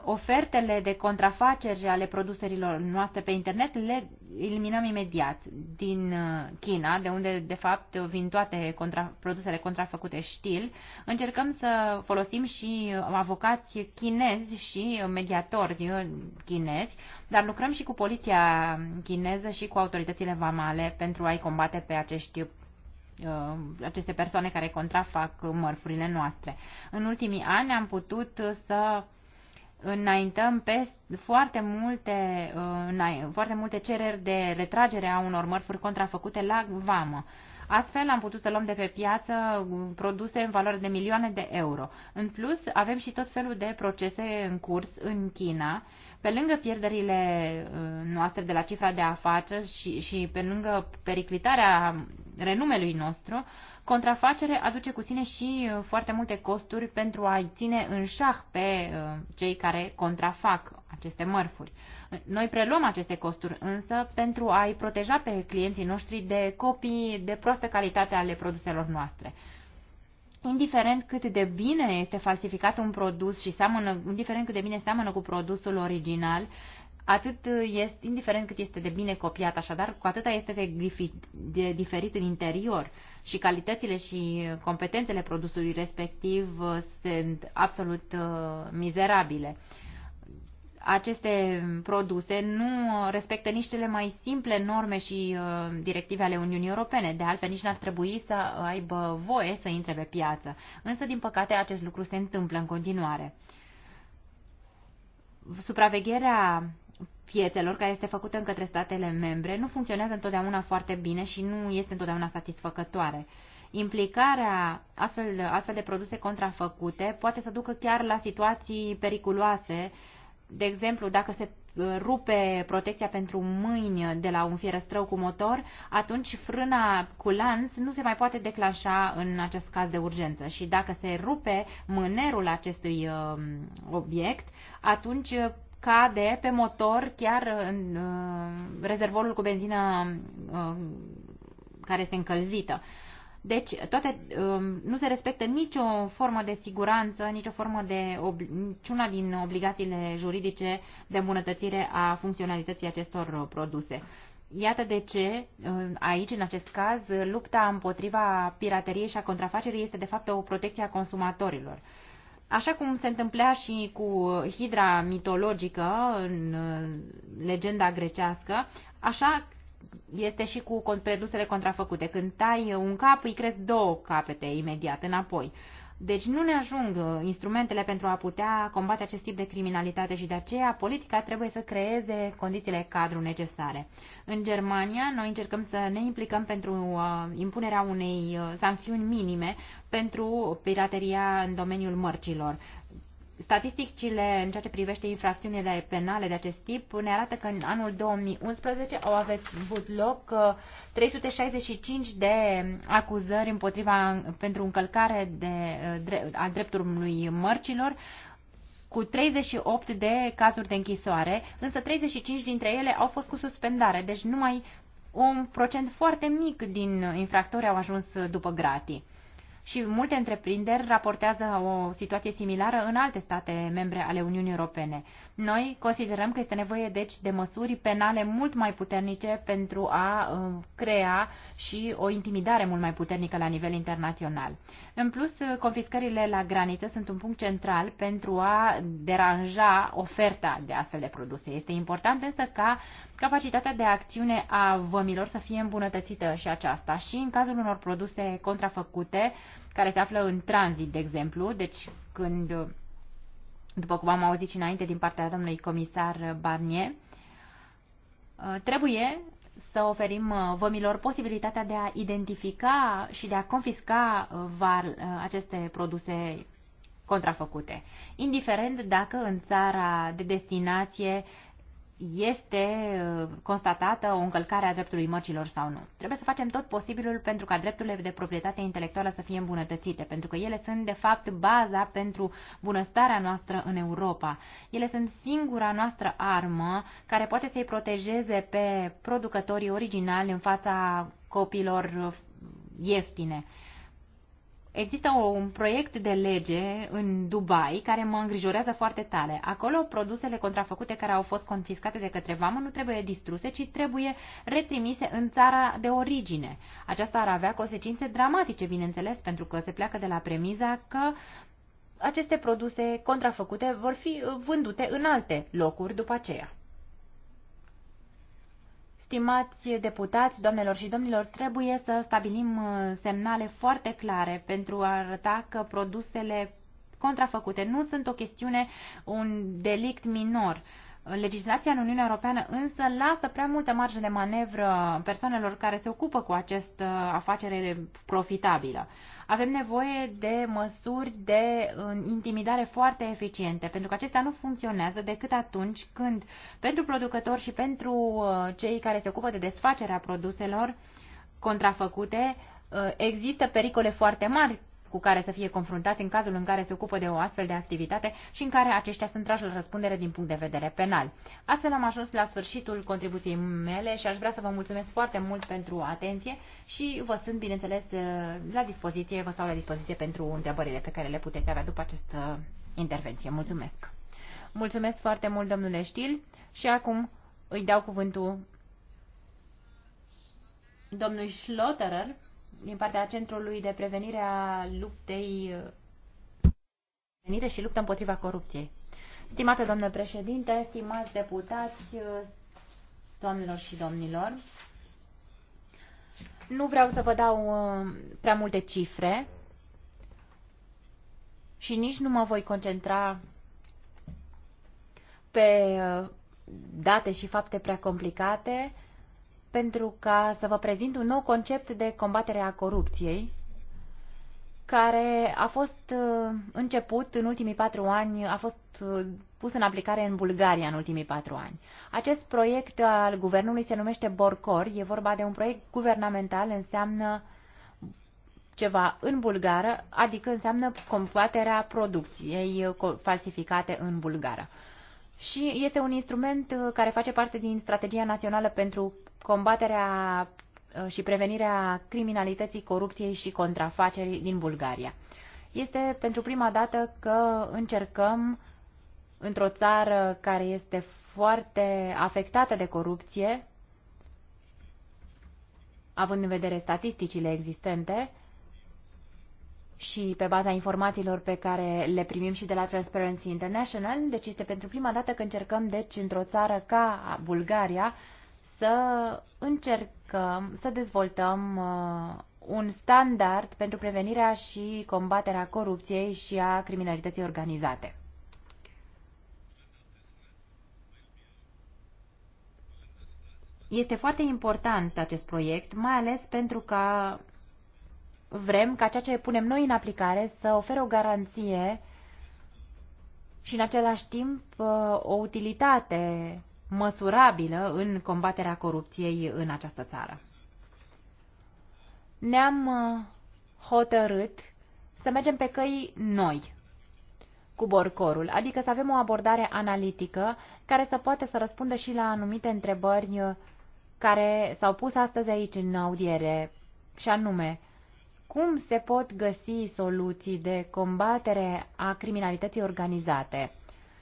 ofertele de contrafaceri ale produselor noastre pe internet le eliminăm imediat din uh, China, de unde de fapt vin toate contra, produsele contrafăcute știl. Încercăm să folosim și uh, avocați chinezi și mediatori uh, chinezi, dar lucrăm și cu poliția chineză și cu autoritățile vamale pentru a-i combate pe acești aceste persoane care contrafac mărfurile noastre. În ultimii ani am putut să înaintăm pe foarte multe, uh, foarte multe cereri de retragere a unor mărfuri contrafăcute la vamă. Astfel am putut să luăm de pe piață produse în valoare de milioane de euro. În plus, avem și tot felul de procese în curs în China. Pe lângă pierderile uh, noastre de la cifra de afaceri și, și pe lângă periclitarea renumelui nostru, Contrafacere aduce cu sine și uh, foarte multe costuri pentru a-i ține în șah pe uh, cei care contrafac aceste mărfuri. Noi preluăm aceste costuri însă pentru a-i proteja pe clienții noștri de copii de proastă calitate ale produselor noastre. Indiferent cât de bine este falsificat un produs și seamănă, indiferent cât de bine seamănă cu produsul original, atât este, indiferent cât este de bine copiat, așadar, cu atâta este de, grifit, de diferit în interior și calitățile și competențele produsului respectiv uh, sunt absolut uh, mizerabile. Aceste produse nu respectă nici cele mai simple norme și uh, directive ale Uniunii Europene, de altfel nici n-ar trebui să aibă voie să intre pe piață. Însă, din păcate, acest lucru se întâmplă în continuare. Supravegherea piețelor care este făcută în către statele membre nu funcționează întotdeauna foarte bine și nu este întotdeauna satisfăcătoare. Implicarea astfel, astfel de produse contrafăcute poate să ducă chiar la situații periculoase, de exemplu, dacă se rupe protecția pentru mâini de la un fierăstrău cu motor, atunci frâna cu lanț nu se mai poate declanșa în acest caz de urgență. Și dacă se rupe mânerul acestui um, obiect, atunci cade pe motor chiar în uh, rezervorul cu benzină uh, care este încălzită. Deci, toate, uh, nu se respectă nicio formă de siguranță, nicio formă de, ob, niciuna din obligațiile juridice de îmbunătățire a funcționalității acestor uh, produse. Iată de ce, uh, aici, în acest caz, lupta împotriva pirateriei și a contrafacerii este, de fapt, o protecție a consumatorilor. Așa cum se întâmplea și cu hidra mitologică în uh, legenda grecească, așa este și cu produsele contrafăcute. Când tai un cap, îi cresc două capete imediat înapoi. Deci nu ne ajung uh, instrumentele pentru a putea combate acest tip de criminalitate și de aceea politica trebuie să creeze condițiile cadru necesare. În Germania noi încercăm să ne implicăm pentru uh, impunerea unei uh, sancțiuni minime pentru pirateria în domeniul mărcilor. Statisticile în ceea ce privește infracțiunile penale de acest tip ne arată că în anul 2011 au avut loc 365 uh, de acuzări împotriva, pentru încălcare de, uh, a drepturilor mărcilor, cu 38 de cazuri de închisoare, însă 35 dintre ele au fost cu suspendare, deci numai un procent foarte mic din infractori au ajuns după gratii și multe întreprinderi raportează o situație similară în alte state membre ale Uniunii Europene. Noi considerăm că este nevoie deci de măsuri penale mult mai puternice pentru a uh, crea și o intimidare mult mai puternică la nivel internațional. În plus, uh, confiscările la graniță sunt un punct central pentru a deranja oferta de astfel de produse. Este important însă ca capacitatea de acțiune a vămilor să fie îmbunătățită și aceasta și în cazul unor produse contrafăcute, care se află în tranzit, de exemplu, deci când, după cum am auzit și înainte din partea domnului comisar Barnier, uh, trebuie să oferim uh, vămilor posibilitatea de a identifica și de a confisca uh, aceste produse contrafăcute, indiferent dacă în țara de destinație este uh, constatată o încălcare a dreptului mărcilor sau nu. Trebuie să facem tot posibilul pentru ca drepturile de proprietate intelectuală să fie îmbunătățite, pentru că ele sunt, de fapt, baza pentru bunăstarea noastră în Europa. Ele sunt singura noastră armă care poate să-i protejeze pe producătorii originali în fața copilor ieftine. Există un proiect de lege în Dubai care mă îngrijorează foarte tare. Acolo produsele contrafăcute care au fost confiscate de către vamă nu trebuie distruse, ci trebuie retrimise în țara de origine. Aceasta ar avea consecințe dramatice, bineînțeles, pentru că se pleacă de la premiza că aceste produse contrafăcute vor fi vândute în alte locuri după aceea. Stimați deputați, domnilor și domnilor, trebuie să stabilim uh, semnale foarte clare pentru a arăta că produsele contrafăcute nu sunt o chestiune, un delict minor. Legislația în Uniunea Europeană însă lasă prea multă marjă de manevră persoanelor care se ocupă cu această afacere profitabilă. Avem nevoie de măsuri de intimidare foarte eficiente, pentru că acestea nu funcționează decât atunci când, pentru producători și pentru uh, cei care se ocupă de desfacerea produselor contrafăcute, uh, există pericole foarte mari cu care să fie confruntați în cazul în care se ocupă de o astfel de activitate și în care aceștia sunt trași la răspundere din punct de vedere penal. Astfel am ajuns la sfârșitul contribuției mele și aș vrea să vă mulțumesc foarte mult pentru atenție și vă sunt, bineînțeles, uh, la dispoziție, vă stau la dispoziție pentru întrebările pe care le puteți avea după această intervenție. Mulțumesc! Mulțumesc foarte mult, domnule Știl, și acum îi dau cuvântul domnului Schlotterer, din partea Centrului de Prevenire a Luptei Prevenire și Luptă împotriva Corupției. Stimate domnule președinte, stimați deputați, doamnelor și domnilor, nu vreau să vă dau uh, prea multe cifre și nici nu mă voi concentra pe uh, date și fapte prea complicate, pentru ca să vă prezint un nou concept de combatere a corupției, care a fost uh, început în ultimii patru ani, a fost uh, pus în aplicare în Bulgaria în ultimii patru ani. Acest proiect al guvernului se numește Borcor, e vorba de un proiect guvernamental, înseamnă ceva în bulgară, adică înseamnă combaterea producției uh, falsificate în bulgară. Și este un instrument care face parte din strategia națională pentru combaterea uh, și prevenirea criminalității, corupției și contrafacerii din Bulgaria. Este pentru prima dată că încercăm într-o țară care este foarte afectată de corupție, având în vedere statisticile existente și pe baza informațiilor pe care le primim și de la Transparency International, deci este pentru prima dată că încercăm, deci, într-o țară ca Bulgaria, să încercăm să dezvoltăm uh, un standard pentru prevenirea și combaterea corupției și a criminalității organizate. Este foarte important acest proiect, mai ales pentru că vrem ca ceea ce punem noi în aplicare să ofere o garanție și în același timp uh, o utilitate măsurabilă în combaterea corupției în această țară. Ne-am uh, hotărât să mergem pe căi noi cu borcorul, adică să avem o abordare analitică care să poată să răspundă și la anumite întrebări uh, care s-au pus astăzi aici în audiere, și anume, cum se pot găsi soluții de combatere a criminalității organizate?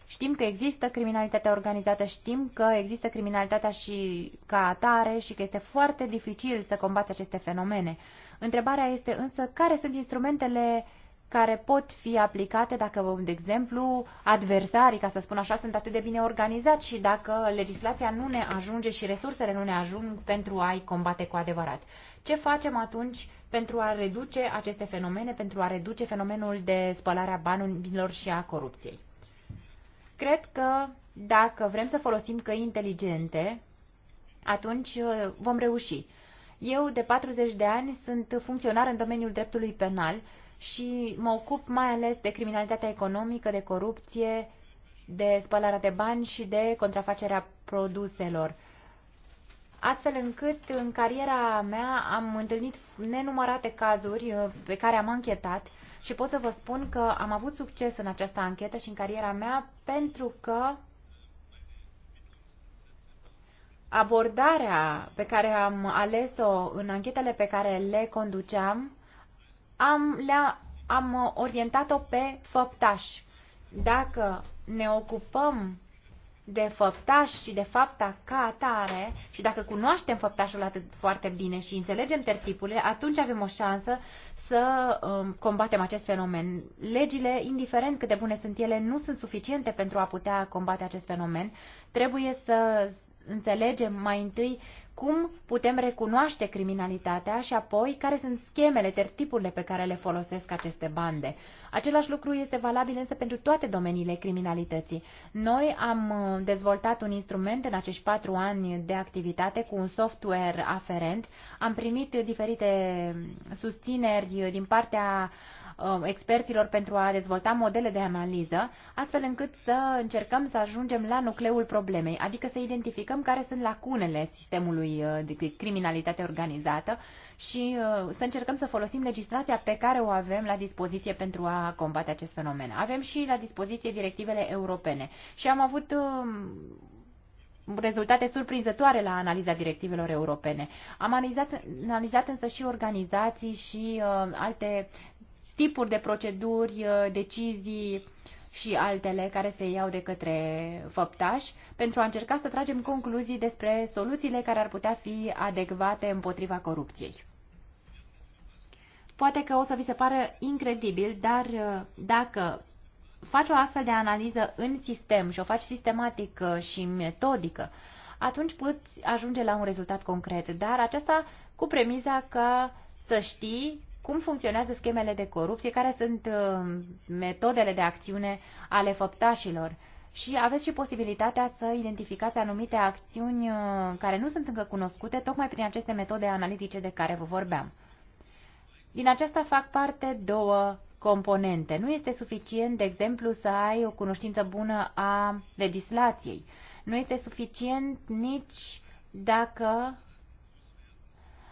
Știm că există criminalitatea organizată, știm că există criminalitatea și ca atare și că este foarte dificil să combați aceste fenomene. Întrebarea este însă care sunt instrumentele care pot fi aplicate dacă, de exemplu, adversarii, ca să spun așa, sunt atât de bine organizați și dacă legislația nu ne ajunge și resursele nu ne ajung pentru a-i combate cu adevărat. Ce facem atunci pentru a reduce aceste fenomene, pentru a reduce fenomenul de spălare a banilor și a corupției? Cred că dacă vrem să folosim căi inteligente, atunci uh, vom reuși. Eu, de 40 de ani, sunt funcționar în domeniul dreptului penal și mă ocup mai ales de criminalitatea economică, de corupție, de spălarea de bani și de contrafacerea produselor. Astfel încât în cariera mea am întâlnit nenumărate cazuri uh, pe care am anchetat și pot să vă spun că am avut succes în această anchetă și în cariera mea pentru că abordarea pe care am ales-o în anchetele pe care le conduceam, am, le-a, am orientat-o pe făptaș. Dacă ne ocupăm de făptaș și de fapta ca atare și dacă cunoaștem făptașul atât foarte bine și înțelegem tertipurile, atunci avem o șansă să um, combatem acest fenomen. Legile, indiferent cât de bune sunt ele, nu sunt suficiente pentru a putea combate acest fenomen. Trebuie să înțelegem mai întâi cum putem recunoaște criminalitatea și apoi care sunt schemele, tertipurile pe care le folosesc aceste bande. Același lucru este valabil însă pentru toate domeniile criminalității. Noi am uh, dezvoltat un instrument în acești patru ani de activitate cu un software aferent. Am primit diferite mm, susțineri din partea Um, experților pentru a dezvolta modele de analiză, astfel încât să încercăm să ajungem la nucleul problemei, adică să identificăm care sunt lacunele sistemului uh, de criminalitate organizată și uh, să încercăm să folosim legislația pe care o avem la dispoziție pentru a combate acest fenomen. Avem și la dispoziție directivele europene și am avut um, rezultate surprinzătoare la analiza directivelor europene. Am analizat, analizat însă și organizații și uh, alte tipuri de proceduri, uh, decizii și altele care se iau de către făptași pentru a încerca să tragem concluzii despre soluțiile care ar putea fi adecvate împotriva corupției. Poate că o să vi se pară incredibil, dar uh, dacă faci o astfel de analiză în sistem și o faci sistematică uh, și metodică, atunci poți ajunge la un rezultat concret, dar aceasta cu premiza că să știi cum funcționează schemele de corupție, care sunt uh, metodele de acțiune ale făptașilor. Și aveți și posibilitatea să identificați anumite acțiuni uh, care nu sunt încă cunoscute, tocmai prin aceste metode analitice de care vă vorbeam. Din aceasta fac parte două componente. Nu este suficient, de exemplu, să ai o cunoștință bună a legislației. Nu este suficient nici dacă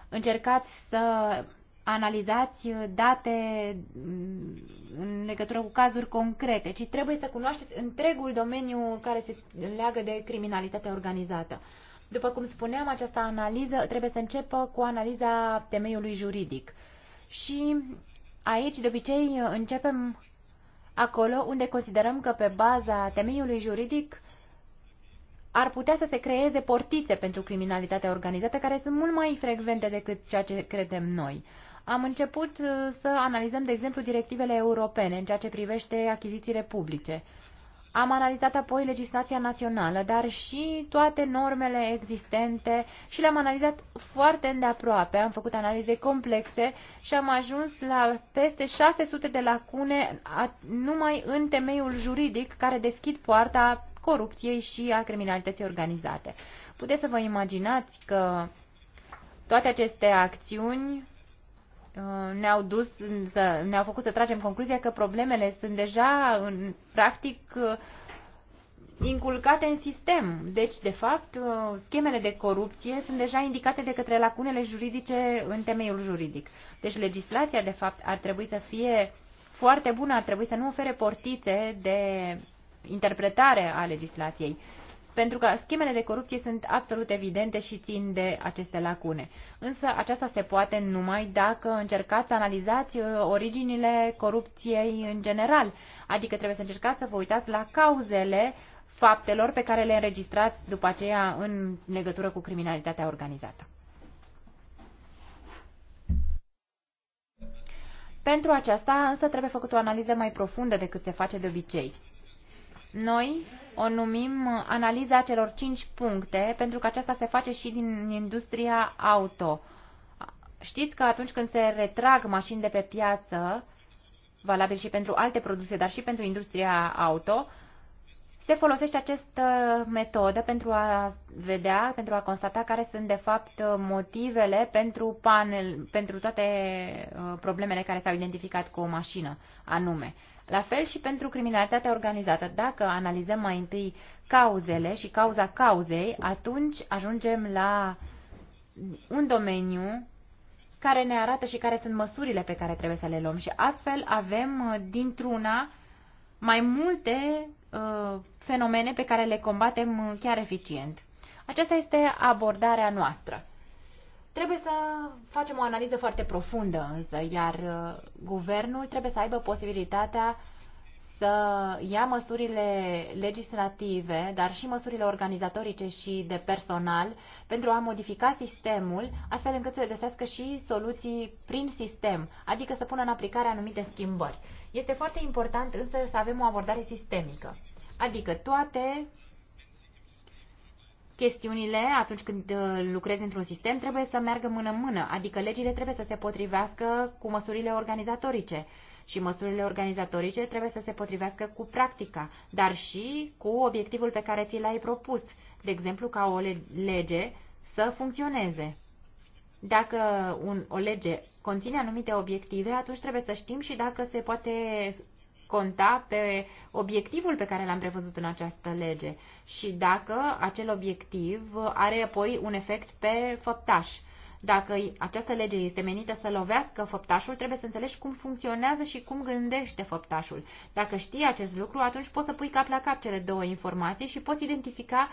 încercați să analizați uh, date mm, în legătură cu cazuri concrete, ci trebuie să cunoașteți întregul domeniu care se leagă de criminalitatea organizată. După cum spuneam, această analiză trebuie să începă cu analiza temeiului juridic. Și aici, de obicei, începem acolo unde considerăm că pe baza temeiului juridic ar putea să se creeze portițe pentru criminalitatea organizată care sunt mult mai frecvente decât ceea ce credem noi am început uh, să analizăm, de exemplu, directivele europene în ceea ce privește achizițiile publice. Am analizat apoi legislația națională, dar și toate normele existente și le-am analizat foarte îndeaproape. Am făcut analize complexe și am ajuns la peste 600 de lacune numai în temeiul juridic care deschid poarta corupției și a criminalității organizate. Puteți să vă imaginați că toate aceste acțiuni Uh, ne-au dus, să, ne-au făcut să tragem concluzia că problemele sunt deja, în, practic, uh, inculcate în sistem. Deci, de fapt, uh, schemele de corupție sunt deja indicate de către lacunele juridice în temeiul juridic. Deci, legislația, de fapt, ar trebui să fie foarte bună, ar trebui să nu ofere portițe de interpretare a legislației pentru că schemele de corupție sunt absolut evidente și țin de aceste lacune. Însă aceasta se poate numai dacă încercați să analizați uh, originile corupției în general, adică trebuie să încercați să vă uitați la cauzele faptelor pe care le înregistrați după aceea în legătură cu criminalitatea organizată. Pentru aceasta însă trebuie făcut o analiză mai profundă decât se face de obicei. Noi o numim analiza celor cinci puncte, pentru că aceasta se face și din industria auto. Știți că atunci când se retrag mașini de pe piață, valabil și pentru alte produse, dar și pentru industria auto, se folosește această metodă pentru a vedea, pentru a constata care sunt de fapt motivele pentru, panel, pentru toate uh, problemele care s-au identificat cu o mașină anume. La fel și pentru criminalitatea organizată. Dacă analizăm mai întâi cauzele și cauza cauzei, atunci ajungem la un domeniu care ne arată și care sunt măsurile pe care trebuie să le luăm. Și astfel avem uh, dintr-una mai multe uh, fenomene pe care le combatem uh, chiar eficient. Aceasta este abordarea noastră. Trebuie să facem o analiză foarte profundă însă, iar uh, guvernul trebuie să aibă posibilitatea să ia măsurile legislative, dar și măsurile organizatorice și de personal pentru a modifica sistemul, astfel încât să găsească și soluții prin sistem, adică să pună în aplicare anumite schimbări. Este foarte important însă să avem o abordare sistemică, adică toate chestiunile, atunci când uh, lucrezi într-un sistem, trebuie să meargă mână-mână, adică legile trebuie să se potrivească cu măsurile organizatorice și măsurile organizatorice trebuie să se potrivească cu practica, dar și cu obiectivul pe care ți l-ai propus, de exemplu ca o lege să funcționeze. Dacă un, o lege conține anumite obiective, atunci trebuie să știm și dacă se poate conta pe obiectivul pe care l-am prevăzut în această lege și dacă acel obiectiv are apoi un efect pe făptaș. Dacă această lege este menită să lovească făptașul, trebuie să înțelegi cum funcționează și cum gândește făptașul. Dacă știi acest lucru, atunci poți să pui cap la cap cele două informații și poți identifica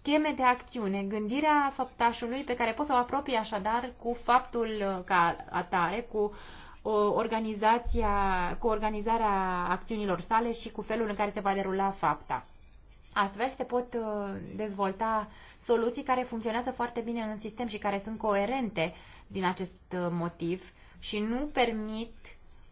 scheme de acțiune, gândirea făptașului pe care poți să o apropii așadar cu faptul ca atare, cu uh, organizația, cu organizarea acțiunilor sale și cu felul în care se va derula fapta. Astfel se pot uh, dezvolta soluții care funcționează foarte bine în sistem și care sunt coerente din acest uh, motiv și nu permit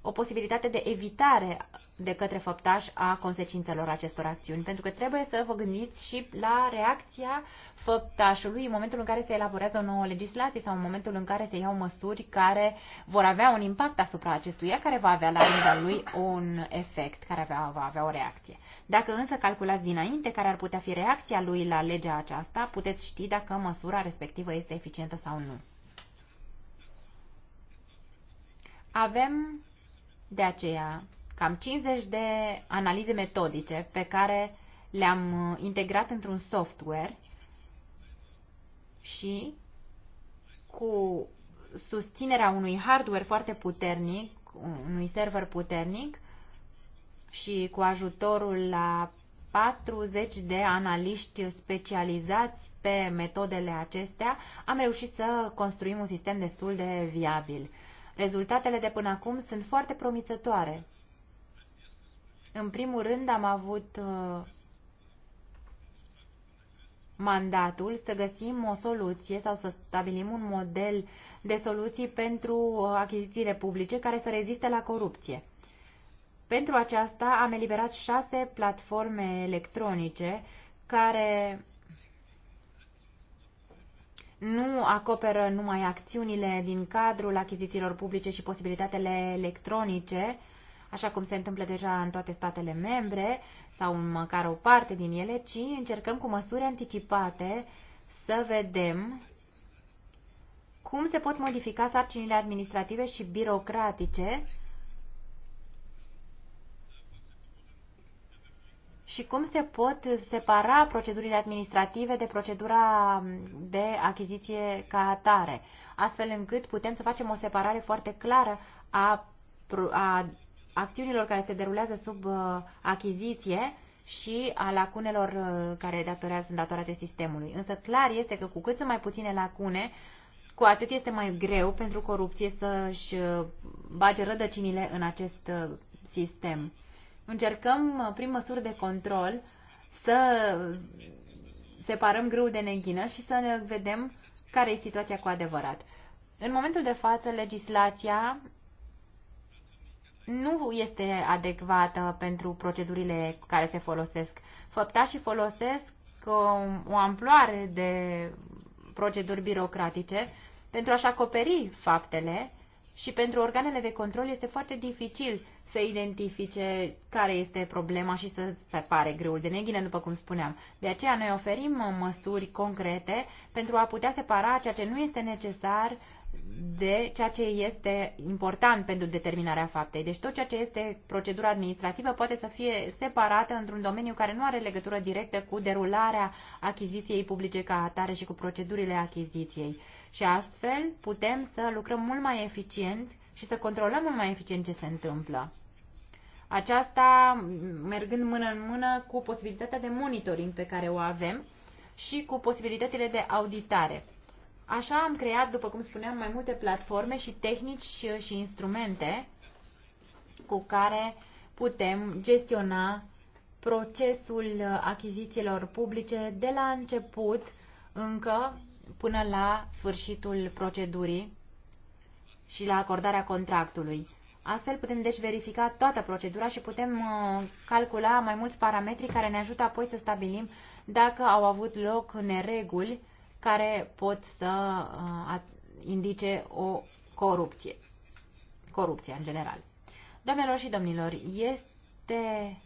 o posibilitate de evitare de către făptaș a consecințelor acestor acțiuni, pentru că trebuie să vă gândiți și la reacția făptașului în momentul în care se elaborează o nouă legislație sau în momentul în care se iau măsuri care vor avea un impact asupra acestuia, care va avea la rândul lui un efect, care avea, va avea o reacție. Dacă însă calculați dinainte care ar putea fi reacția lui la legea aceasta, puteți ști dacă măsura respectivă este eficientă sau nu. Avem de aceea cam 50 de analize metodice pe care le-am uh, integrat într-un software și cu susținerea unui hardware foarte puternic, unui server puternic și cu ajutorul la 40 de analiști specializați pe metodele acestea, am reușit să construim un sistem destul de viabil. Rezultatele de până acum sunt foarte promițătoare. În primul rând am avut uh, mandatul să găsim o soluție sau să stabilim un model de soluții pentru uh, achizițiile publice care să reziste la corupție. Pentru aceasta am eliberat șase platforme electronice care nu acoperă numai acțiunile din cadrul achizițiilor publice și posibilitatele electronice, așa cum se întâmplă deja în toate statele membre sau măcar o parte din ele, ci încercăm cu măsuri anticipate să vedem cum se pot modifica sarcinile administrative și birocratice și cum se pot separa procedurile administrative de procedura de achiziție ca atare, astfel încât putem să facem o separare foarte clară a, a acțiunilor care se derulează sub uh, achiziție și a lacunelor uh, care datorează, sunt datorate sistemului. Însă clar este că cu cât sunt mai puține lacune, cu atât este mai greu pentru corupție să-și uh, bage rădăcinile în acest sistem. Încercăm, prin măsuri de control, să separăm grâul de neghină și să ne vedem care e situația cu adevărat. În momentul de față, legislația nu este adecvată pentru procedurile care se folosesc. Făptașii folosesc o, o amploare de proceduri birocratice pentru a-și acoperi faptele și pentru organele de control este foarte dificil să identifice care este problema și să separe greul de neghină, după cum spuneam. De aceea noi oferim măsuri concrete pentru a putea separa ceea ce nu este necesar de ceea ce este important pentru determinarea faptei. Deci tot ceea ce este procedura administrativă poate să fie separată într-un domeniu care nu are legătură directă cu derularea achiziției publice ca atare și cu procedurile achiziției. Și astfel putem să lucrăm mult mai eficient și să controlăm mult mai eficient ce se întâmplă. Aceasta mergând mână în mână cu posibilitatea de monitoring pe care o avem și cu posibilitățile de auditare. Așa am creat, după cum spuneam, mai multe platforme și tehnici și, și instrumente cu care putem gestiona procesul achizițiilor publice de la început încă până la sfârșitul procedurii și la acordarea contractului. Astfel putem deci verifica toată procedura și putem uh, calcula mai mulți parametri care ne ajută apoi să stabilim dacă au avut loc nereguli care pot să uh, indice o corupție, corupția în general. Doamnelor și domnilor, este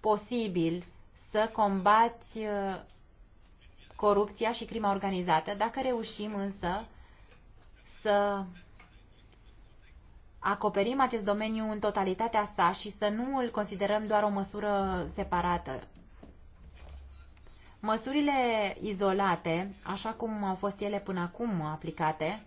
posibil să combați uh, corupția și crima organizată dacă reușim însă să acoperim acest domeniu în totalitatea sa și să nu îl considerăm doar o măsură separată, Măsurile izolate, așa cum au fost ele până acum aplicate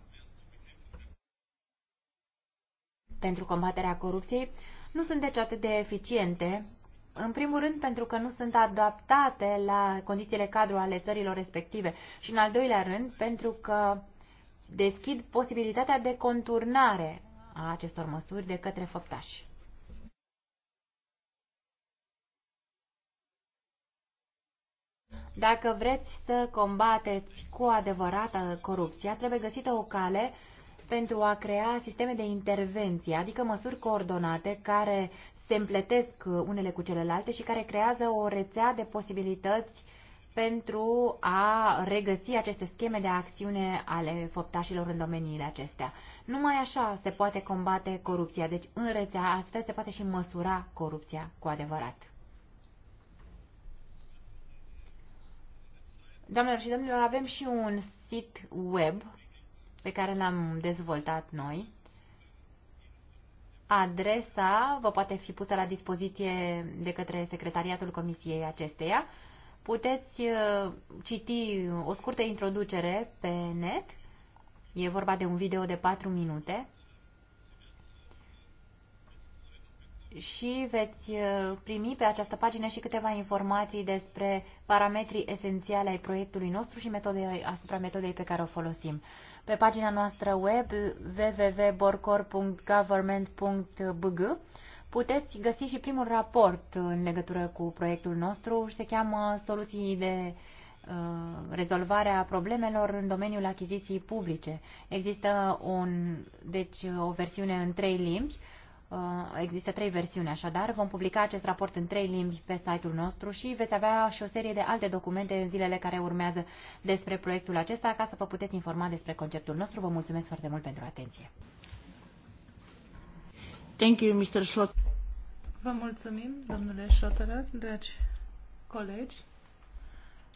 pentru combaterea corupției, nu sunt deci atât de eficiente, în primul rând pentru că nu sunt adaptate la condițiile cadru ale țărilor respective și în al doilea rând pentru că deschid posibilitatea de conturnare a acestor măsuri de către făptași. Dacă vreți să combateți cu adevărat corupția, trebuie găsită o cale pentru a crea sisteme de intervenție, adică măsuri coordonate care se împletesc unele cu celelalte și care creează o rețea de posibilități pentru a regăsi aceste scheme de acțiune ale făptașilor în domeniile acestea. Numai așa se poate combate corupția, deci în rețea astfel se poate și măsura corupția cu adevărat. Doamnelor și domnilor, avem și un sit web pe care l-am dezvoltat noi. Adresa vă poate fi pusă la dispoziție de către secretariatul comisiei acesteia. Puteți uh, citi o scurtă introducere pe net. E vorba de un video de 4 minute și veți uh, primi pe această pagină și câteva informații despre parametrii esențiale ai proiectului nostru și metode, asupra metodei pe care o folosim. Pe pagina noastră web www.borcor.government.bg puteți găsi și primul raport în legătură cu proiectul nostru și se cheamă Soluții de uh, rezolvarea problemelor în domeniul achiziției publice. Există un, deci, o versiune în trei limbi Uh, există trei versiuni, așadar. Vom publica acest raport în trei limbi pe site-ul nostru și veți avea și o serie de alte documente în zilele care urmează despre proiectul acesta, ca să vă puteți informa despre conceptul nostru. Vă mulțumesc foarte mult pentru atenție. Thank you, Mr. Schott. Vă mulțumim, domnule Schotterer, dragi colegi.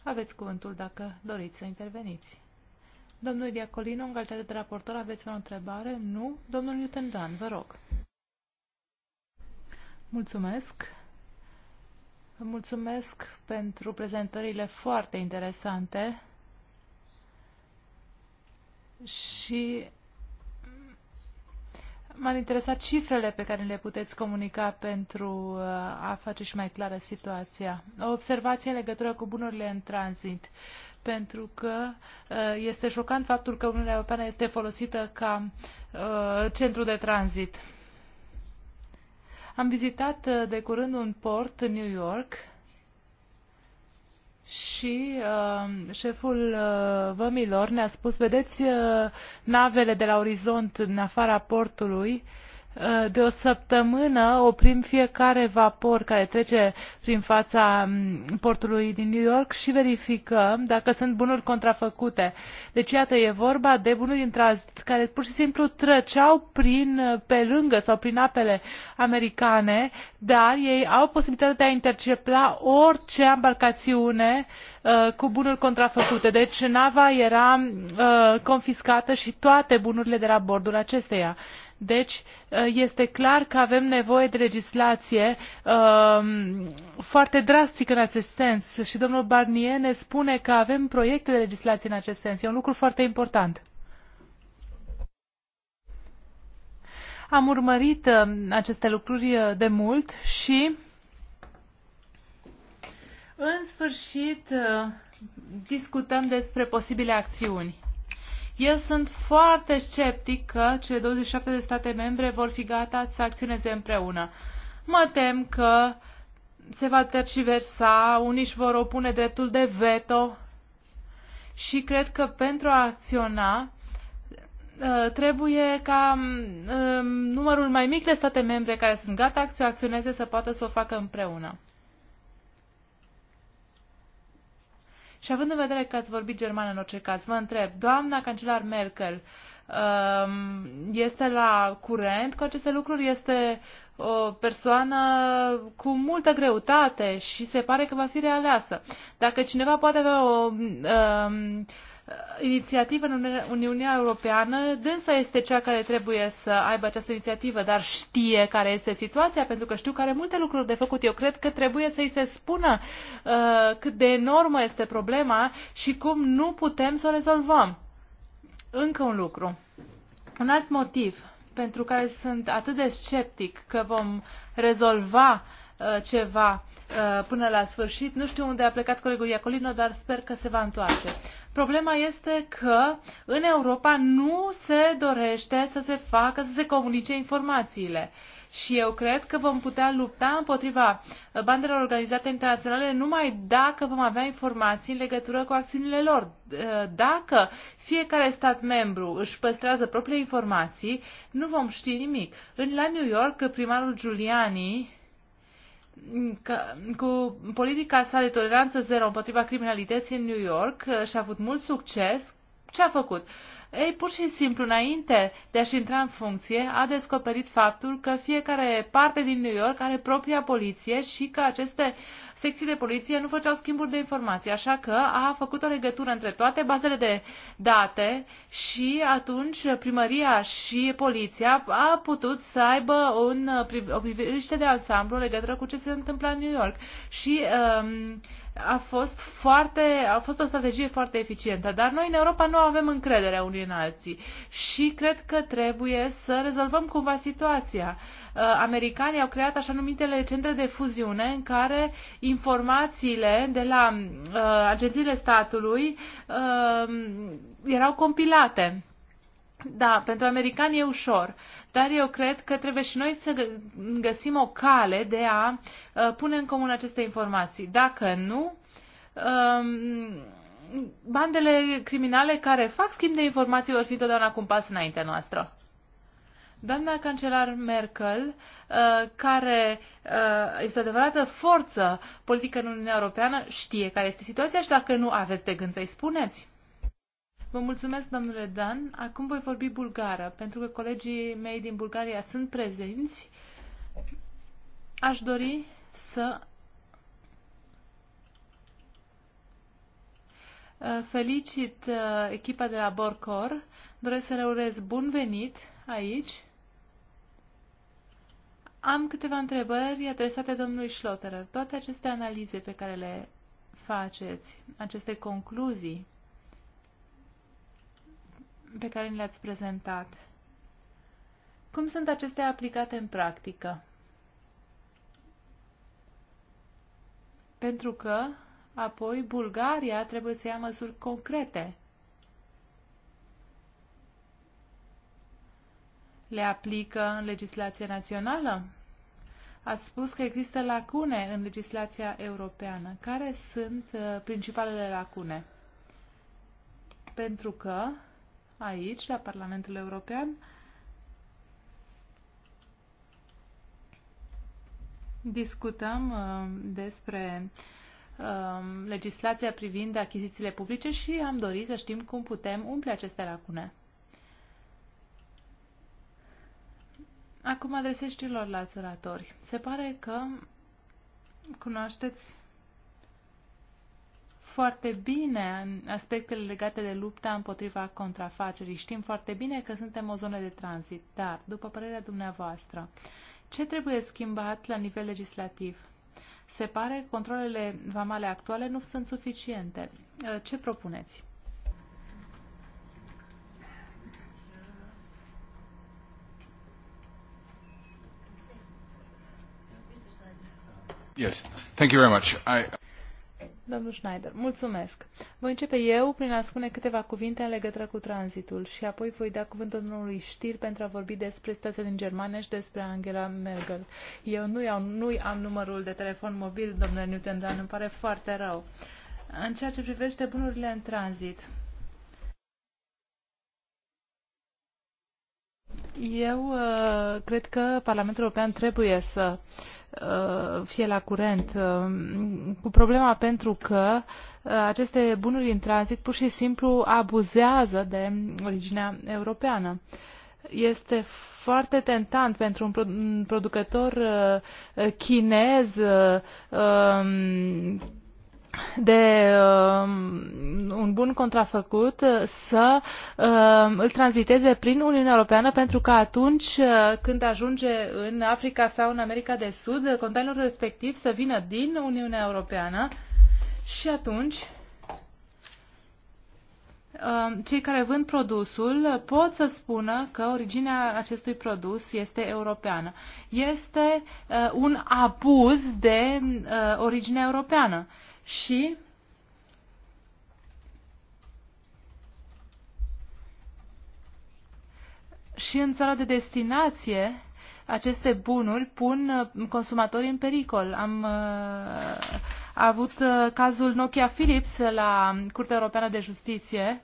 Aveți cuvântul dacă doriți să interveniți. Domnul Diacolino, în calitate de raportor, aveți vreo întrebare? Nu? Domnul Newton Dan, vă rog. Mulțumesc! Mulțumesc pentru prezentările foarte interesante și m-ar interesat cifrele pe care le puteți comunica pentru uh, a face și mai clară situația. O observație în legătură cu bunurile în tranzit, pentru că uh, este șocant faptul că Uniunea Europeană este folosită ca uh, centru de tranzit am vizitat uh, de curând un port în New York și uh, șeful uh, vămilor ne-a spus, vedeți uh, navele de la orizont în afara portului, uh, Eh, de o săptămână oprim fiecare vapor care trece prin fața mm, portului din New York și verificăm dacă sunt bunuri contrafăcute. Deci, iată, e vorba de bunuri din tranzit care pur și simplu trăceau prin, eh, pe lângă sau prin apele americane, dar ei au posibilitatea de a intercepta orice embarcațiune eh, cu bunuri contrafăcute. Deci nava era uh, confiscată și toate bunurile de la bordul acesteia. Deci uh, este clar că avem nevoie de legislație um, foarte drastică în acest sens și domnul Barnier ne spune că avem proiecte de legislație în acest sens. E un lucru foarte important. Am urmărit um, aceste lucruri uh, de mult și în sfârșit uh, discutăm despre posibile acțiuni. Eu sunt foarte sceptic că cele 27 de state membre vor fi gata să acționeze împreună. Mă tem că se va terciversa, unii își vor opune dreptul de veto și cred că pentru a acționa uh, trebuie ca um, numărul mai mic de state membre care sunt gata să acționeze să poată să o facă împreună. Și având în vedere că ați vorbit germană în orice caz, vă întreb, doamna cancelar Merkel um, este la curent cu aceste lucruri? Este o persoană cu multă greutate și se pare că va fi realeasă. Dacă cineva poate avea o um, inițiativă în Uniunea Europeană, dânsa este cea care trebuie să aibă această inițiativă, dar știe care este situația, pentru că știu că are multe lucruri de făcut. Eu cred că trebuie să-i se spună uh, cât de enormă este problema și cum nu putem să o rezolvăm. Încă un lucru. Un alt motiv pentru care sunt atât de sceptic că vom rezolva uh, ceva uh, până la sfârșit. Nu știu unde a plecat colegul Iacolino, dar sper că se va întoarce. Problema este că în Europa nu se dorește să se facă, să se comunice informațiile. Și eu cred că vom putea lupta împotriva bandelor organizate internaționale numai dacă vom avea informații în legătură cu acțiunile lor. Dacă fiecare stat membru își păstrează propriile informații, nu vom ști nimic. În la New York, primarul Giuliani că, cu politica sa de toleranță zero împotriva criminalității în New York uh, și a avut mult succes. Ce a făcut? Uh, ei, pur și simplu, înainte de a-și intra în funcție, a descoperit faptul că fiecare parte din New York are propria poliție și că aceste secții de poliție nu făceau schimburi de informații, așa că a făcut o legătură între toate bazele de date și atunci primăria și poliția a putut să aibă un, o privire de ansamblu legătură cu ce se întâmplă în New York. Și um, a fost, foarte, a fost o strategie foarte eficientă, dar noi în Europa nu avem încredere unii în alții și cred că trebuie să rezolvăm cumva situația. Uh, americanii au creat așa numitele centre de fuziune în care informațiile de la uh, agențiile statului uh, erau compilate da, pentru americani e ușor, dar eu cred că trebuie și noi să găsim o cale de a uh, pune în comun aceste informații. Dacă nu, um, bandele criminale care fac schimb de informații vor fi totdeauna cu un pas înaintea noastră. Doamna cancelar Merkel, uh, care uh, este o adevărată forță politică în Uniunea Europeană, știe care este situația și dacă nu aveți de gând să-i spuneți. Vă mulțumesc, domnule Dan. Acum voi vorbi bulgară, pentru că colegii mei din Bulgaria sunt prezenți. Aș dori să uh, felicit uh, echipa de la Borcor. Doresc să le urez bun venit aici. Am câteva întrebări adresate domnului Schlotterer. Toate aceste analize pe care le faceți, aceste concluzii pe care ni le-ați prezentat. Cum sunt acestea aplicate în practică? Pentru că apoi Bulgaria trebuie să ia măsuri concrete. Le aplică în legislația națională? Ați spus că există lacune în legislația europeană. Care sunt uh, principalele lacune? Pentru că aici, la Parlamentul European, discutăm uh, despre uh, legislația privind achizițiile publice și am dorit să știm cum putem umple aceste lacune. Acum adresez celorlalți oratori. Se pare că cunoașteți foarte bine aspectele legate de lupta împotriva contrafacerii. Știm foarte bine că suntem o zonă de tranzit, dar, după părerea dumneavoastră, ce trebuie schimbat la nivel legislativ? Se pare că controlele vamale actuale nu sunt suficiente. Uh, ce propuneți? Yes. Thank you very much. I... Domnul Schneider, mulțumesc. Voi începe eu prin a spune câteva cuvinte în legătură cu tranzitul și apoi voi da cuvântul domnului Știr pentru a vorbi despre situația din Germania și despre Angela Merkel. Eu nu, iau, nu am numărul de telefon mobil, domnule Newton, dar îmi pare foarte rău. În ceea ce privește bunurile în tranzit, eu uh, cred că Parlamentul European trebuie să uh, Uh, fie la curent uh, cu problema pentru că uh, aceste bunuri în tranzit pur și simplu abuzează de originea europeană. Este foarte tentant pentru un producător chinez um, de uh, un bun contrafăcut uh, să uh, îl tranziteze prin Uniunea Europeană pentru că atunci uh, când ajunge în Africa sau în America de Sud, uh, containerul respectiv să vină din Uniunea Europeană și atunci um, cei care vând produsul pot să spună că originea acestui produs este europeană. Este uh, un abuz de originea origine europeană și și în țara de destinație aceste bunuri pun uh, consumatorii în pericol. Am uh, avut uh, cazul Nokia Philips la Curtea Europeană de Justiție.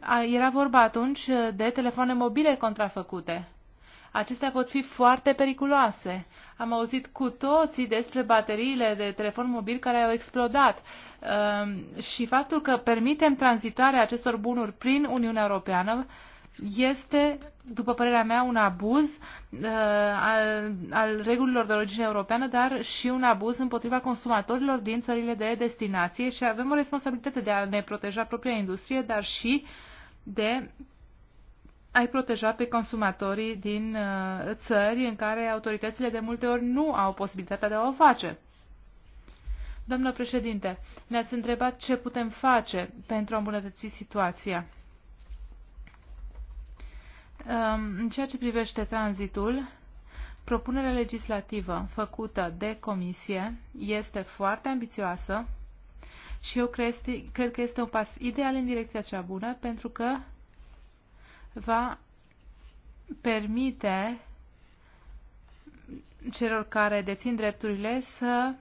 A, era vorba atunci uh, de telefoane mobile contrafăcute acestea pot fi foarte periculoase. Am auzit cu toții despre bateriile de telefon mobil care au explodat um, și faptul că permitem tranzitarea acestor bunuri prin Uniunea Europeană este, după părerea mea, un abuz uh, al, al regulilor de origine europeană, dar și un abuz împotriva consumatorilor din țările de destinație și avem o responsabilitate de a ne proteja propria industrie, dar și de ai proteja pe consumatorii din uh, țări în care autoritățile de multe ori nu au posibilitatea de a o face. Domnul președinte, ne-ați întrebat ce putem face pentru a îmbunătăți situația. Um, în ceea ce privește tranzitul, propunerea legislativă făcută de comisie este foarte ambițioasă și eu cred că este un pas ideal în direcția cea bună pentru că va permite celor care dețin drepturile să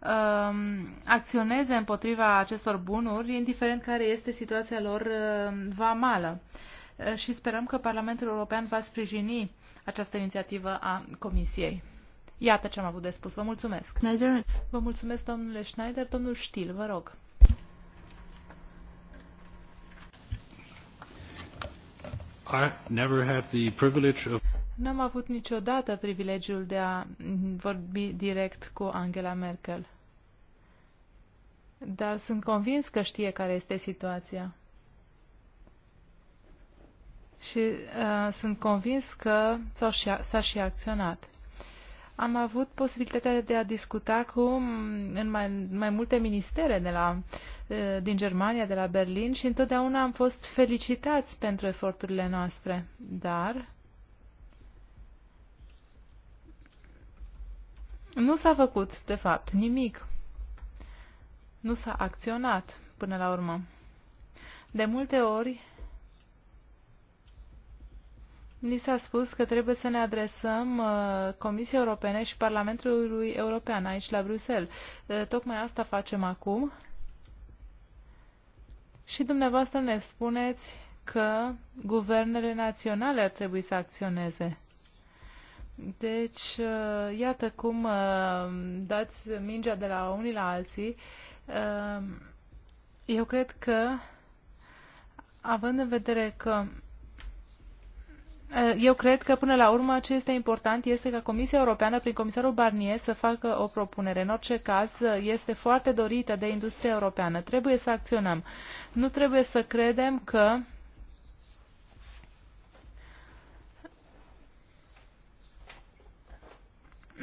um, acționeze împotriva acestor bunuri, indiferent care este situația lor um, uh, vamală. Și sperăm că Parlamentul European va sprijini această inițiativă a Comisiei. Iată ce am avut de spus. Vă mulțumesc. Vă mulțumesc, domnule Schneider. Domnul Știl, vă rog. Nu N-am avut niciodată privilegiul de a vorbi direct cu Angela Merkel. Dar sunt convins că știe care este situația. Și uh, sunt convins că s-a și, și acționat am avut posibilitatea de a discuta cu mm, în mai, mai multe ministere de la, din Germania, de la Berlin și întotdeauna am fost felicitați pentru eforturile noastre. Dar nu s-a făcut, de fapt, nimic. Nu s-a acționat până la urmă. De multe ori Ni s-a spus că trebuie să ne adresăm uh, Comisiei Europene și Parlamentului European aici la Bruxelles. Uh, tocmai asta facem acum. Și dumneavoastră ne spuneți că guvernele naționale ar trebui să acționeze. Deci, uh, iată cum dați mingea de la unii la alții. eu cred că, având în vedere că Eh, eu cred că până la urmă ce este important este ca Comisia Europeană prin comisarul Barnier să facă o propunere. În orice caz este foarte dorită de industria europeană. Trebuie să acționăm. Nu trebuie să credem că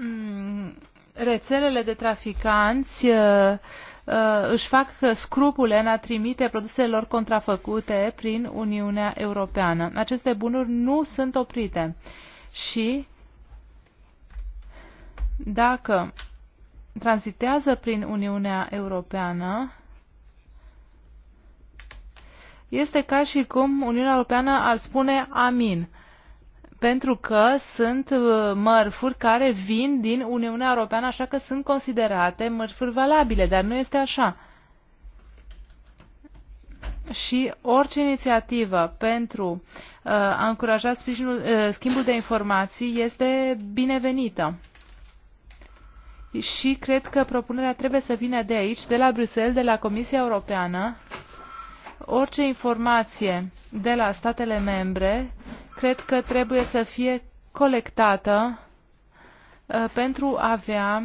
mm, rețelele de traficanți uh, Uh, își fac scrupule în a trimite produsele lor contrafăcute prin Uniunea Europeană. Aceste bunuri nu sunt oprite și dacă tranzitează prin Uniunea Europeană, este ca și cum Uniunea Europeană ar spune amin pentru că sunt uh, mărfuri care vin din Uniunea Europeană, așa că sunt considerate mărfuri valabile, dar nu este așa. Și orice inițiativă pentru uh, a încuraja sprijinul, uh, schimbul de informații este binevenită. Și cred că propunerea trebuie să vină de aici, de la Bruxelles, de la Comisia Europeană, orice informație de la statele membre cred că trebuie să fie colectată uh, pentru a avea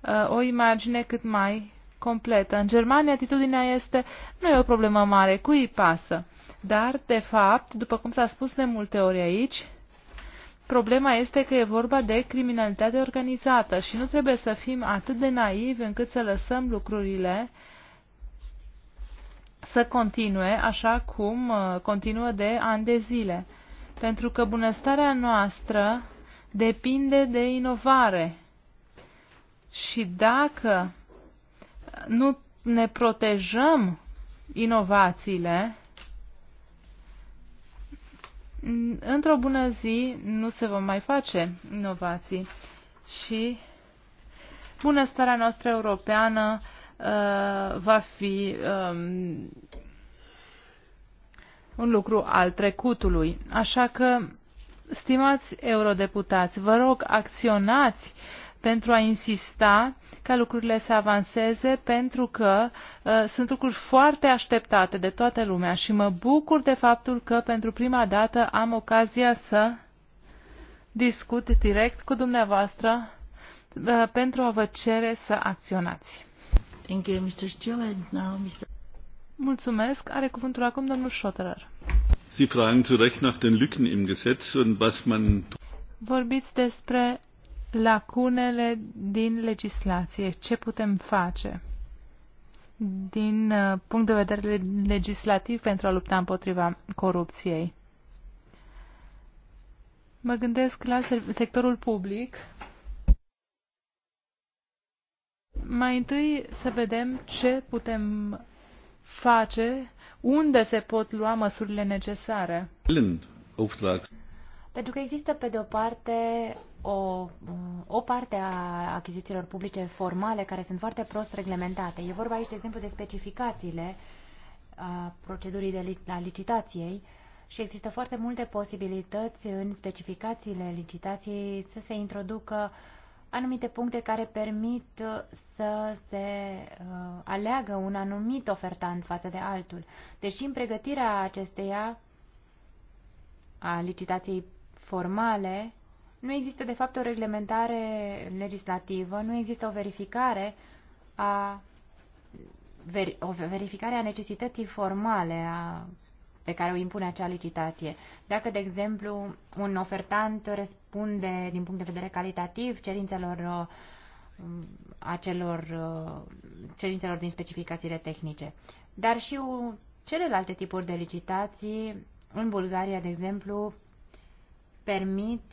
uh, o imagine cât mai completă. În Germania atitudinea este nu e o problemă mare, cui îi pasă? Dar, de fapt, după cum s-a spus de multe ori aici, problema este că e vorba de criminalitate organizată și nu trebuie să fim atât de naivi încât să lăsăm lucrurile uh, să continue așa cum uh, continuă de ani de zile. Pentru că bunăstarea noastră depinde de inovare. Și dacă nu ne protejăm inovațiile, într-o bună zi nu se vor mai face inovații. Și bunăstarea noastră europeană Uh, va fi um, un lucru al trecutului. Așa că, stimați eurodeputați, vă rog, acționați pentru a insista ca lucrurile să avanseze, pentru că uh, sunt lucruri foarte așteptate de toată lumea și mă bucur de faptul că pentru prima dată am ocazia să discut direct cu dumneavoastră uh, pentru a vă cere să acționați. Thank you, Mr. Steele. now, Mr. Mulțumesc. Are cuvântul acum domnul Schotterer. Sie fragen zu Recht nach den Lücken im Gesetz und was man... Vorbiți despre lacunele din legislație. Ce putem face din uh, punct de vedere legislativ pentru a lupta împotriva corupției? Mă gândesc la sectorul public mai întâi să vedem ce putem face, unde se pot lua măsurile necesare. Pentru că există, pe de o parte, o, o parte a achizițiilor publice formale care sunt foarte prost reglementate. E vorba aici, de exemplu, de specificațiile a procedurii de li la licitației și există foarte multe posibilități în specificațiile licitației să se introducă uh, anumite puncte care permit uh, să se uh, aleagă un anumit ofertant față de altul. Deși în pregătirea acesteia, a licitației formale, nu există de fapt o reglementare legislativă, nu există o verificare a, ver, o verificare a necesității formale a pe care o impune acea licitație. Dacă, de exemplu, un ofertant răspunde din punct de vedere calitativ cerințelor uh, acelor uh, cerințelor din specificațiile tehnice. Dar și celelalte tipuri de licitații, în Bulgaria, de exemplu, permit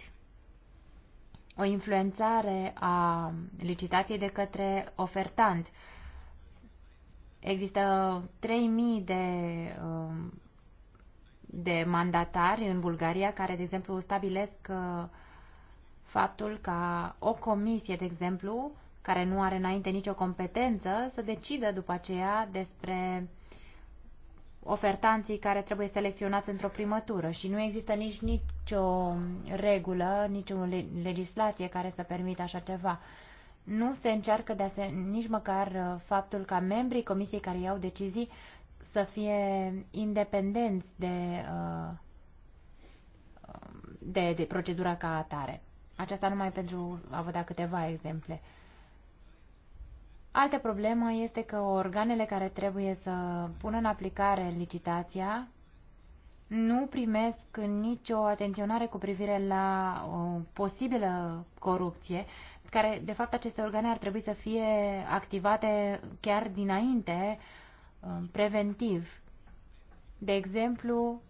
o influențare a licitației de către ofertant. Există 3.000 de uh, de mandatari în Bulgaria care, de exemplu, stabilesc uh, faptul ca o comisie, de exemplu, care nu are înainte nicio competență, să decidă după aceea despre ofertanții care trebuie selecționați într-o primătură și nu există nici nicio regulă, nicio legislație care să permită așa ceva. Nu se încearcă de asemenea, nici măcar uh, faptul ca membrii comisiei care iau decizii să fie independenți de, uh, de, de procedura ca atare. Aceasta numai pentru a vă da câteva exemple. Altă problemă este că organele care trebuie să pună în aplicare licitația nu primesc nicio atenționare cu privire la o posibilă corupție, care, de fapt, aceste organe ar trebui să fie activate chiar dinainte Um, preventiv. De exemplu,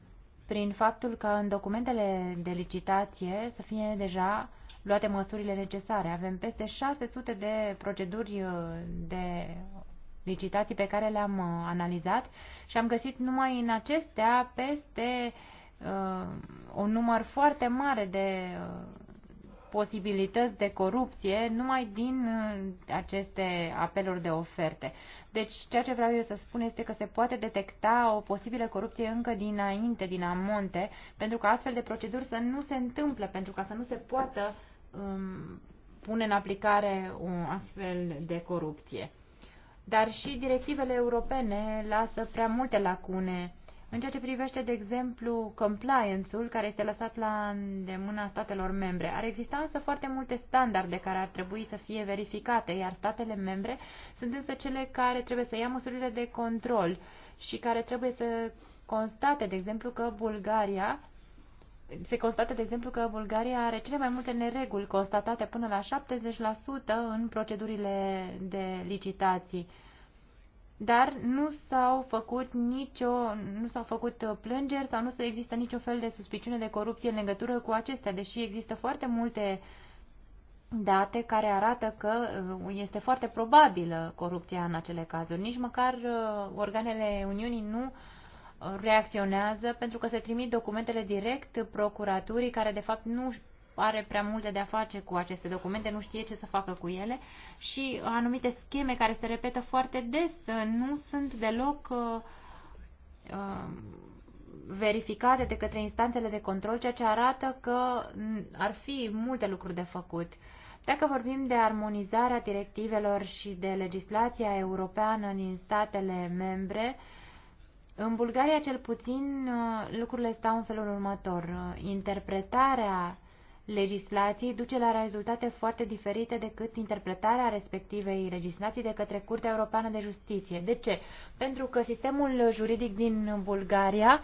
prin faptul că în documentele de licitație să fie deja luate măsurile necesare. Avem peste 600 de proceduri uh, de licitații pe care le-am uh, analizat și am găsit numai în acestea peste uh, un număr foarte mare de uh, posibilități de corupție numai din uh, aceste apeluri de oferte. Deci ceea ce vreau eu să spun este că se poate detecta o posibilă corupție încă dinainte, din amonte, pentru că astfel de proceduri să nu se întâmplă, pentru ca să nu se poată um, pune în aplicare un astfel de corupție. Dar și directivele europene lasă prea multe lacune în ceea ce privește, de exemplu, compliance-ul care este lăsat la îndemâna statelor membre, ar exista însă foarte multe standarde care ar trebui să fie verificate, iar statele membre sunt însă cele care trebuie să ia măsurile de control și care trebuie să constate, de exemplu, că Bulgaria se constată, de exemplu, că Bulgaria are cele mai multe nereguli constatate până la 70% în procedurile de licitații dar nu s-au făcut nicio, nu s-au făcut uh, plângeri sau nu să există niciun fel de suspiciune de corupție în legătură cu acestea, deși există foarte multe date care arată că uh, este foarte probabilă corupția în acele cazuri. Nici măcar uh, organele Uniunii nu reacționează pentru că se trimit documentele direct procuraturii care de fapt nu are prea multe de a face cu aceste documente, nu știe ce să facă cu ele și anumite scheme care se repetă foarte des nu sunt deloc uh, uh, verificate de către instanțele de control, ceea ce arată că ar fi multe lucruri de făcut. Dacă vorbim de armonizarea directivelor și de legislația europeană în statele membre, în Bulgaria cel puțin uh, lucrurile stau în felul următor. Uh, interpretarea legislației duce la rezultate foarte diferite decât interpretarea respectivei legislații de către Curtea Europeană de Justiție. De ce? Pentru că sistemul juridic din Bulgaria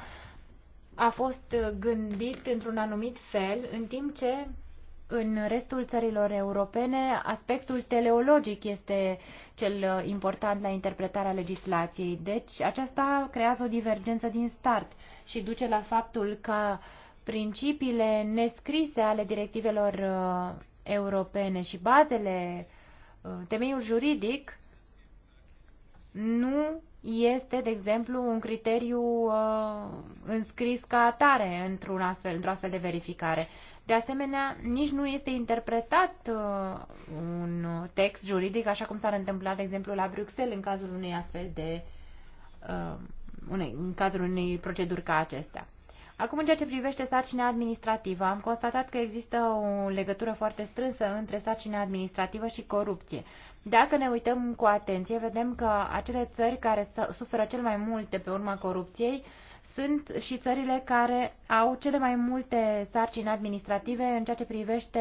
a fost gândit într-un anumit fel, în timp ce în restul țărilor europene aspectul teleologic este cel important la interpretarea legislației. Deci aceasta creează o divergență din start și duce la faptul că principiile nescrise ale directivelor uh, europene și bazele, uh, temeiul juridic, nu este, de exemplu, un criteriu uh, înscris ca atare într-un astfel, într astfel de verificare. De asemenea, nici nu este interpretat uh, un text juridic așa cum s-ar întâmpla, de exemplu, la Bruxelles în cazul unei astfel de uh, unei, în cazul unei proceduri ca acestea. Acum, în ceea ce privește sarcina administrativă, am constatat că există o legătură foarte strânsă între sarcina administrativă și corupție. Dacă ne uităm cu atenție, vedem că acele țări care suferă cel mai mult pe urma corupției sunt și țările care au cele mai multe sarcini administrative în ceea ce privește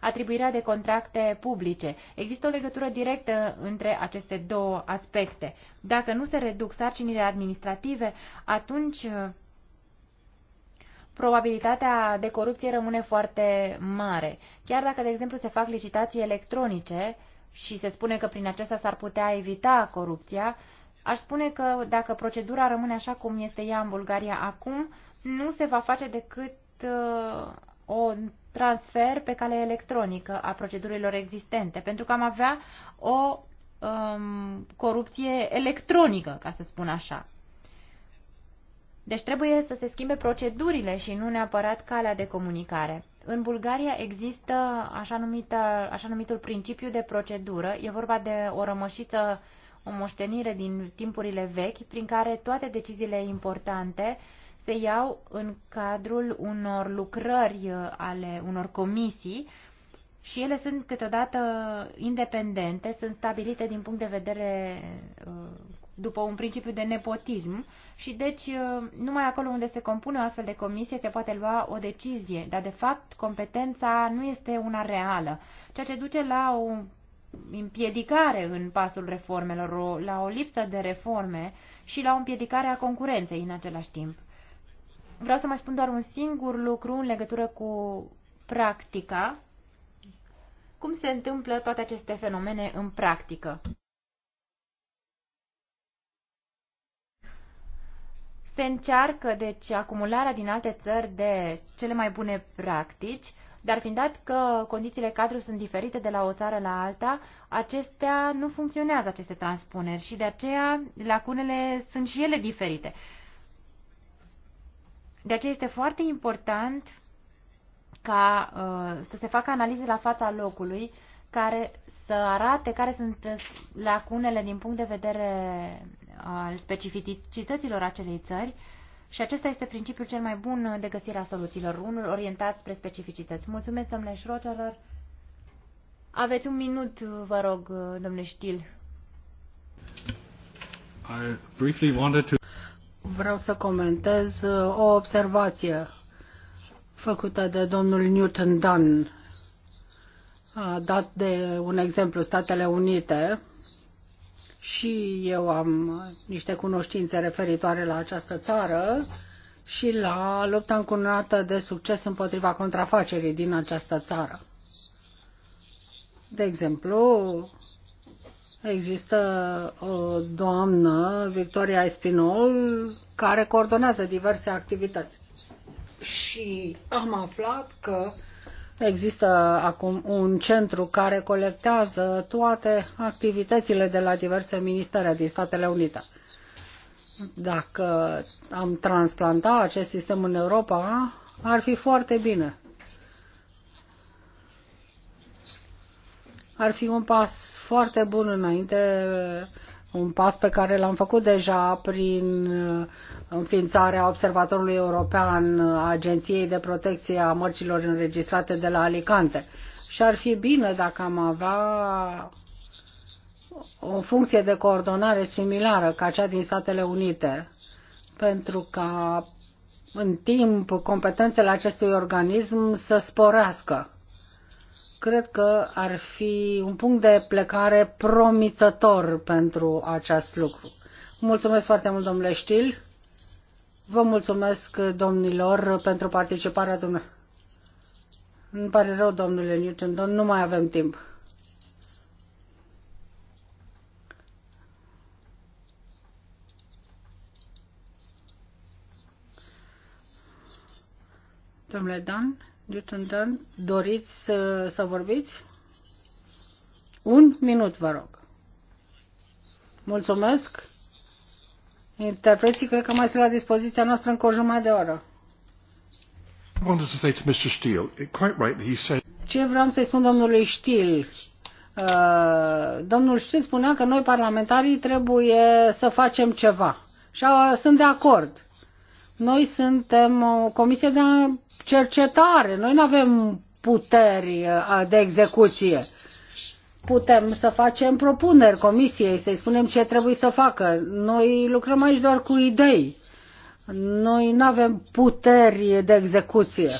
atribuirea de contracte publice. Există o legătură directă între aceste două aspecte. Dacă nu se reduc sarcinile administrative, atunci probabilitatea de corupție rămâne foarte mare. Chiar dacă, de exemplu, se fac licitații electronice și se spune că prin acesta s-ar putea evita corupția, aș spune că dacă procedura rămâne așa cum este ea în Bulgaria acum, nu se va face decât uh, o transfer pe cale electronică a procedurilor existente, pentru că am avea o um, corupție electronică, ca să spun așa. Deci trebuie să se schimbe procedurile și nu neapărat calea de comunicare. În Bulgaria există așa, numită, așa numitul principiu de procedură. E vorba de o rămășiță, o moștenire din timpurile vechi, prin care toate deciziile importante se iau în cadrul unor lucrări uh, ale unor comisii și ele sunt câteodată independente, sunt stabilite din punct de vedere uh, după un principiu de nepotism și deci uh, numai acolo unde se compune o astfel de comisie se poate lua o decizie, dar de fapt competența nu este una reală, ceea ce duce la o împiedicare în pasul reformelor, la o lipsă de reforme și la o împiedicare a concurenței în același timp. Vreau să mai spun doar un singur lucru în legătură cu practica, cum se întâmplă toate aceste fenomene în practică. Se încearcă, deci, acumularea din alte țări de cele mai bune practici, dar fiind dat că condițiile cadru sunt diferite de la o țară la alta, acestea nu funcționează, aceste transpuneri, și de aceea lacunele sunt și ele diferite. De aceea este foarte important ca uh, să se facă analize la fața locului care să arate care sunt lacunele din punct de vedere al specificităților acelei țări și acesta este principiul cel mai bun de găsire a soluțiilor, unul orientat spre specificități. Mulțumesc, domnule Schroeder. Aveți un minut, vă rog, domnule Știl. I to... Vreau să comentez uh, o observație făcută de domnul Newton Dunn. A uh, dat de un exemplu Statele Unite, și eu am niște cunoștințe referitoare la această țară și la lupta încununată de succes împotriva contrafacerii din această țară. De exemplu, există o doamnă, Victoria Espinol, care coordonează diverse activități. Și am aflat că uh, Există acum un centru care colectează toate activitățile de la diverse ministere din Statele Unite. Dacă am transplantat acest sistem în Europa, ar fi foarte bine. Ar fi un pas foarte bun înainte, un pas pe care l-am făcut deja prin înființarea Observatorului European Agenției de Protecție a Mărcilor Înregistrate de la Alicante. Și ar fi bine dacă am avea o funcție de coordonare similară ca cea din Statele Unite, pentru ca în timp competențele acestui organism să sporească. Cred că ar fi un punct de plecare promițător pentru acest lucru. Mulțumesc foarte mult, domnule Știl. Vă mulțumesc, domnilor, pentru participarea dumneavoastră. Îmi pare rău, domnule Newton, Don, nu mai avem timp. Domnule Dan, Newton, Dan, doriți să, să vorbiți? Un minut, vă rog. Mulțumesc. Interpreții cred că mai sunt la dispoziția noastră încă o jumătate de oră. Ce vreau să-i spun domnului Stil? Uh, domnul Stil spunea că noi parlamentarii trebuie să facem ceva. Și sunt de acord. Noi suntem o comisie de cercetare. Noi nu avem puteri uh, de execuție putem să facem propuneri comisiei, să-i spunem ce trebuie să facă. Noi lucrăm aici doar cu idei. Noi nu avem puteri de execuție.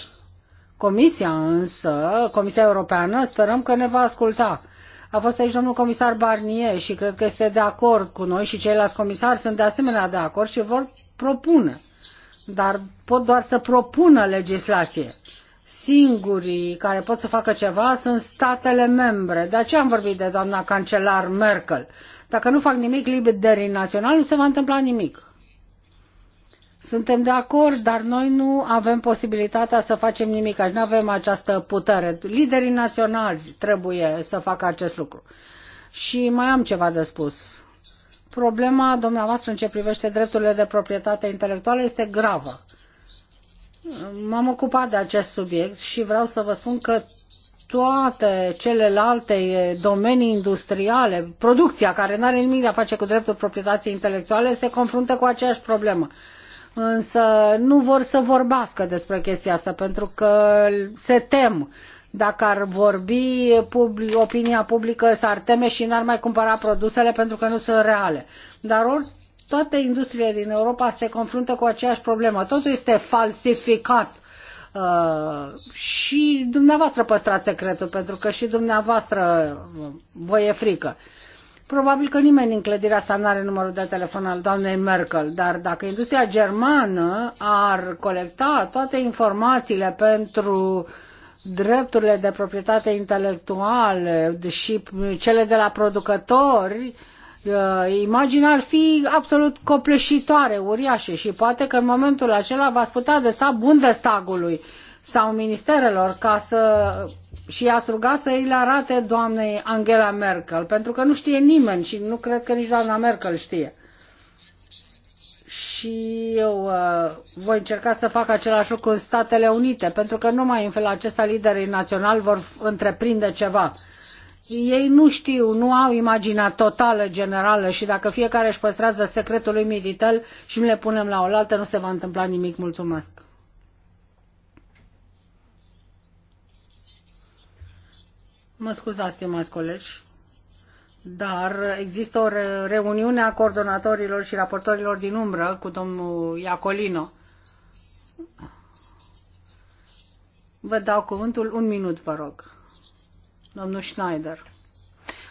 Comisia însă, Comisia Europeană, sperăm că ne va asculta. A fost aici domnul comisar Barnier și cred că este de acord cu noi și ceilalți comisari sunt de asemenea de acord și vor propune. Dar pot doar să propună legislație singurii care pot să facă ceva sunt statele membre. De aceea am vorbit de doamna cancelar Merkel. Dacă nu fac nimic liberii naționali, nu se va întâmpla nimic. Suntem de acord, dar noi nu avem posibilitatea să facem nimic, nu avem această putere. Liderii naționali trebuie să facă acest lucru. Și mai am ceva de spus. Problema dumneavoastră în ce privește drepturile de proprietate intelectuală este gravă M-am ocupat de acest subiect și vreau să vă spun că toate celelalte domenii industriale, producția care nu are nimic de a face cu dreptul proprietății intelectuale, se confruntă cu aceeași problemă. Însă nu vor să vorbească despre chestia asta pentru că se tem. Dacă ar vorbi, opinia publică s-ar teme și n-ar mai cumpăra produsele pentru că nu sunt reale. Dar ori toate industriile din Europa se confruntă cu aceeași problemă. Totul este falsificat. Uh, și dumneavoastră păstrați secretul, pentru că și dumneavoastră uh, vă e frică. Probabil că nimeni în clădirea asta nu are numărul de telefon al doamnei Merkel, dar dacă industria germană ar colecta toate informațiile pentru drepturile de proprietate intelectuale și cele de la producători, uh, Uh, imagini ar fi absolut copleșitoare, uriașe și poate că în momentul acela v-ați putea adresa Bundestagului sau ministerelor ca să și a ruga să îi le arate doamnei Angela Merkel, pentru că nu știe nimeni și nu cred că nici doamna Merkel știe. Și eu uh, voi încerca să fac același lucru în Statele Unite, pentru că numai în felul acesta liderii naționali vor întreprinde ceva. Uh, ei nu știu, nu au imaginea totală, generală și dacă fiecare își păstrează secretul lui Miritel și le punem la oaltă, nu se va întâmpla nimic. Mulțumesc! Mă scuzați, stimați colegi, dar există o reuniune a coordonatorilor și raportorilor din umbră cu domnul Iacolino. Vă dau cuvântul un minut, vă rog. Domnul Schneider.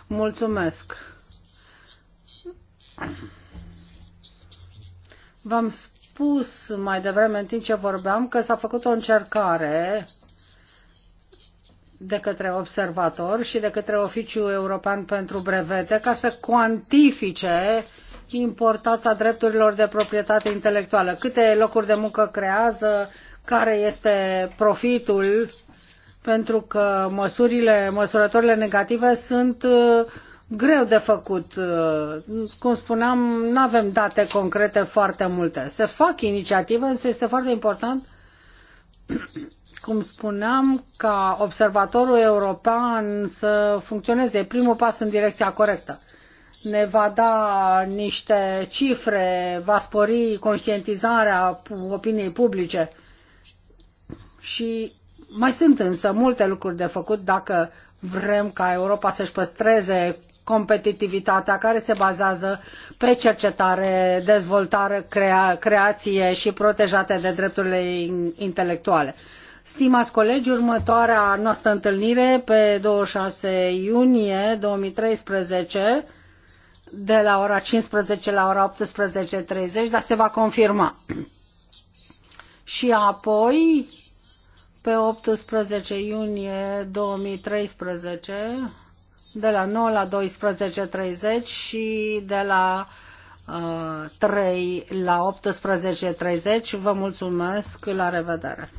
Mulțumesc. V-am spus mai devreme în timp ce vorbeam că s-a făcut o încercare de către observator și de către Oficiul European pentru Brevete ca să cuantifice importanța drepturilor de proprietate intelectuală. Câte locuri de muncă creează, care este profitul pentru că măsurile, măsurătorile negative sunt uh, greu de făcut. Uh, cum spuneam, nu avem date concrete foarte multe. Se fac inițiative, însă este foarte important, cum spuneam, ca observatorul european să funcționeze. E primul pas în direcția corectă. Ne va da niște cifre, va spori conștientizarea opiniei publice și mai sunt însă multe lucruri de făcut dacă vrem ca Europa să-și păstreze competitivitatea care se bazează pe cercetare, dezvoltare, crea, creație și protejate de drepturile intelectuale. Stimați colegi, următoarea noastră întâlnire pe 26 iunie 2013 de la ora 15 la ora 18.30, dar se va confirma. Și apoi pe 18 iunie 2013 de la 9 la 12.30 și de la uh, 3 la 18.30. Vă mulțumesc, la revedere!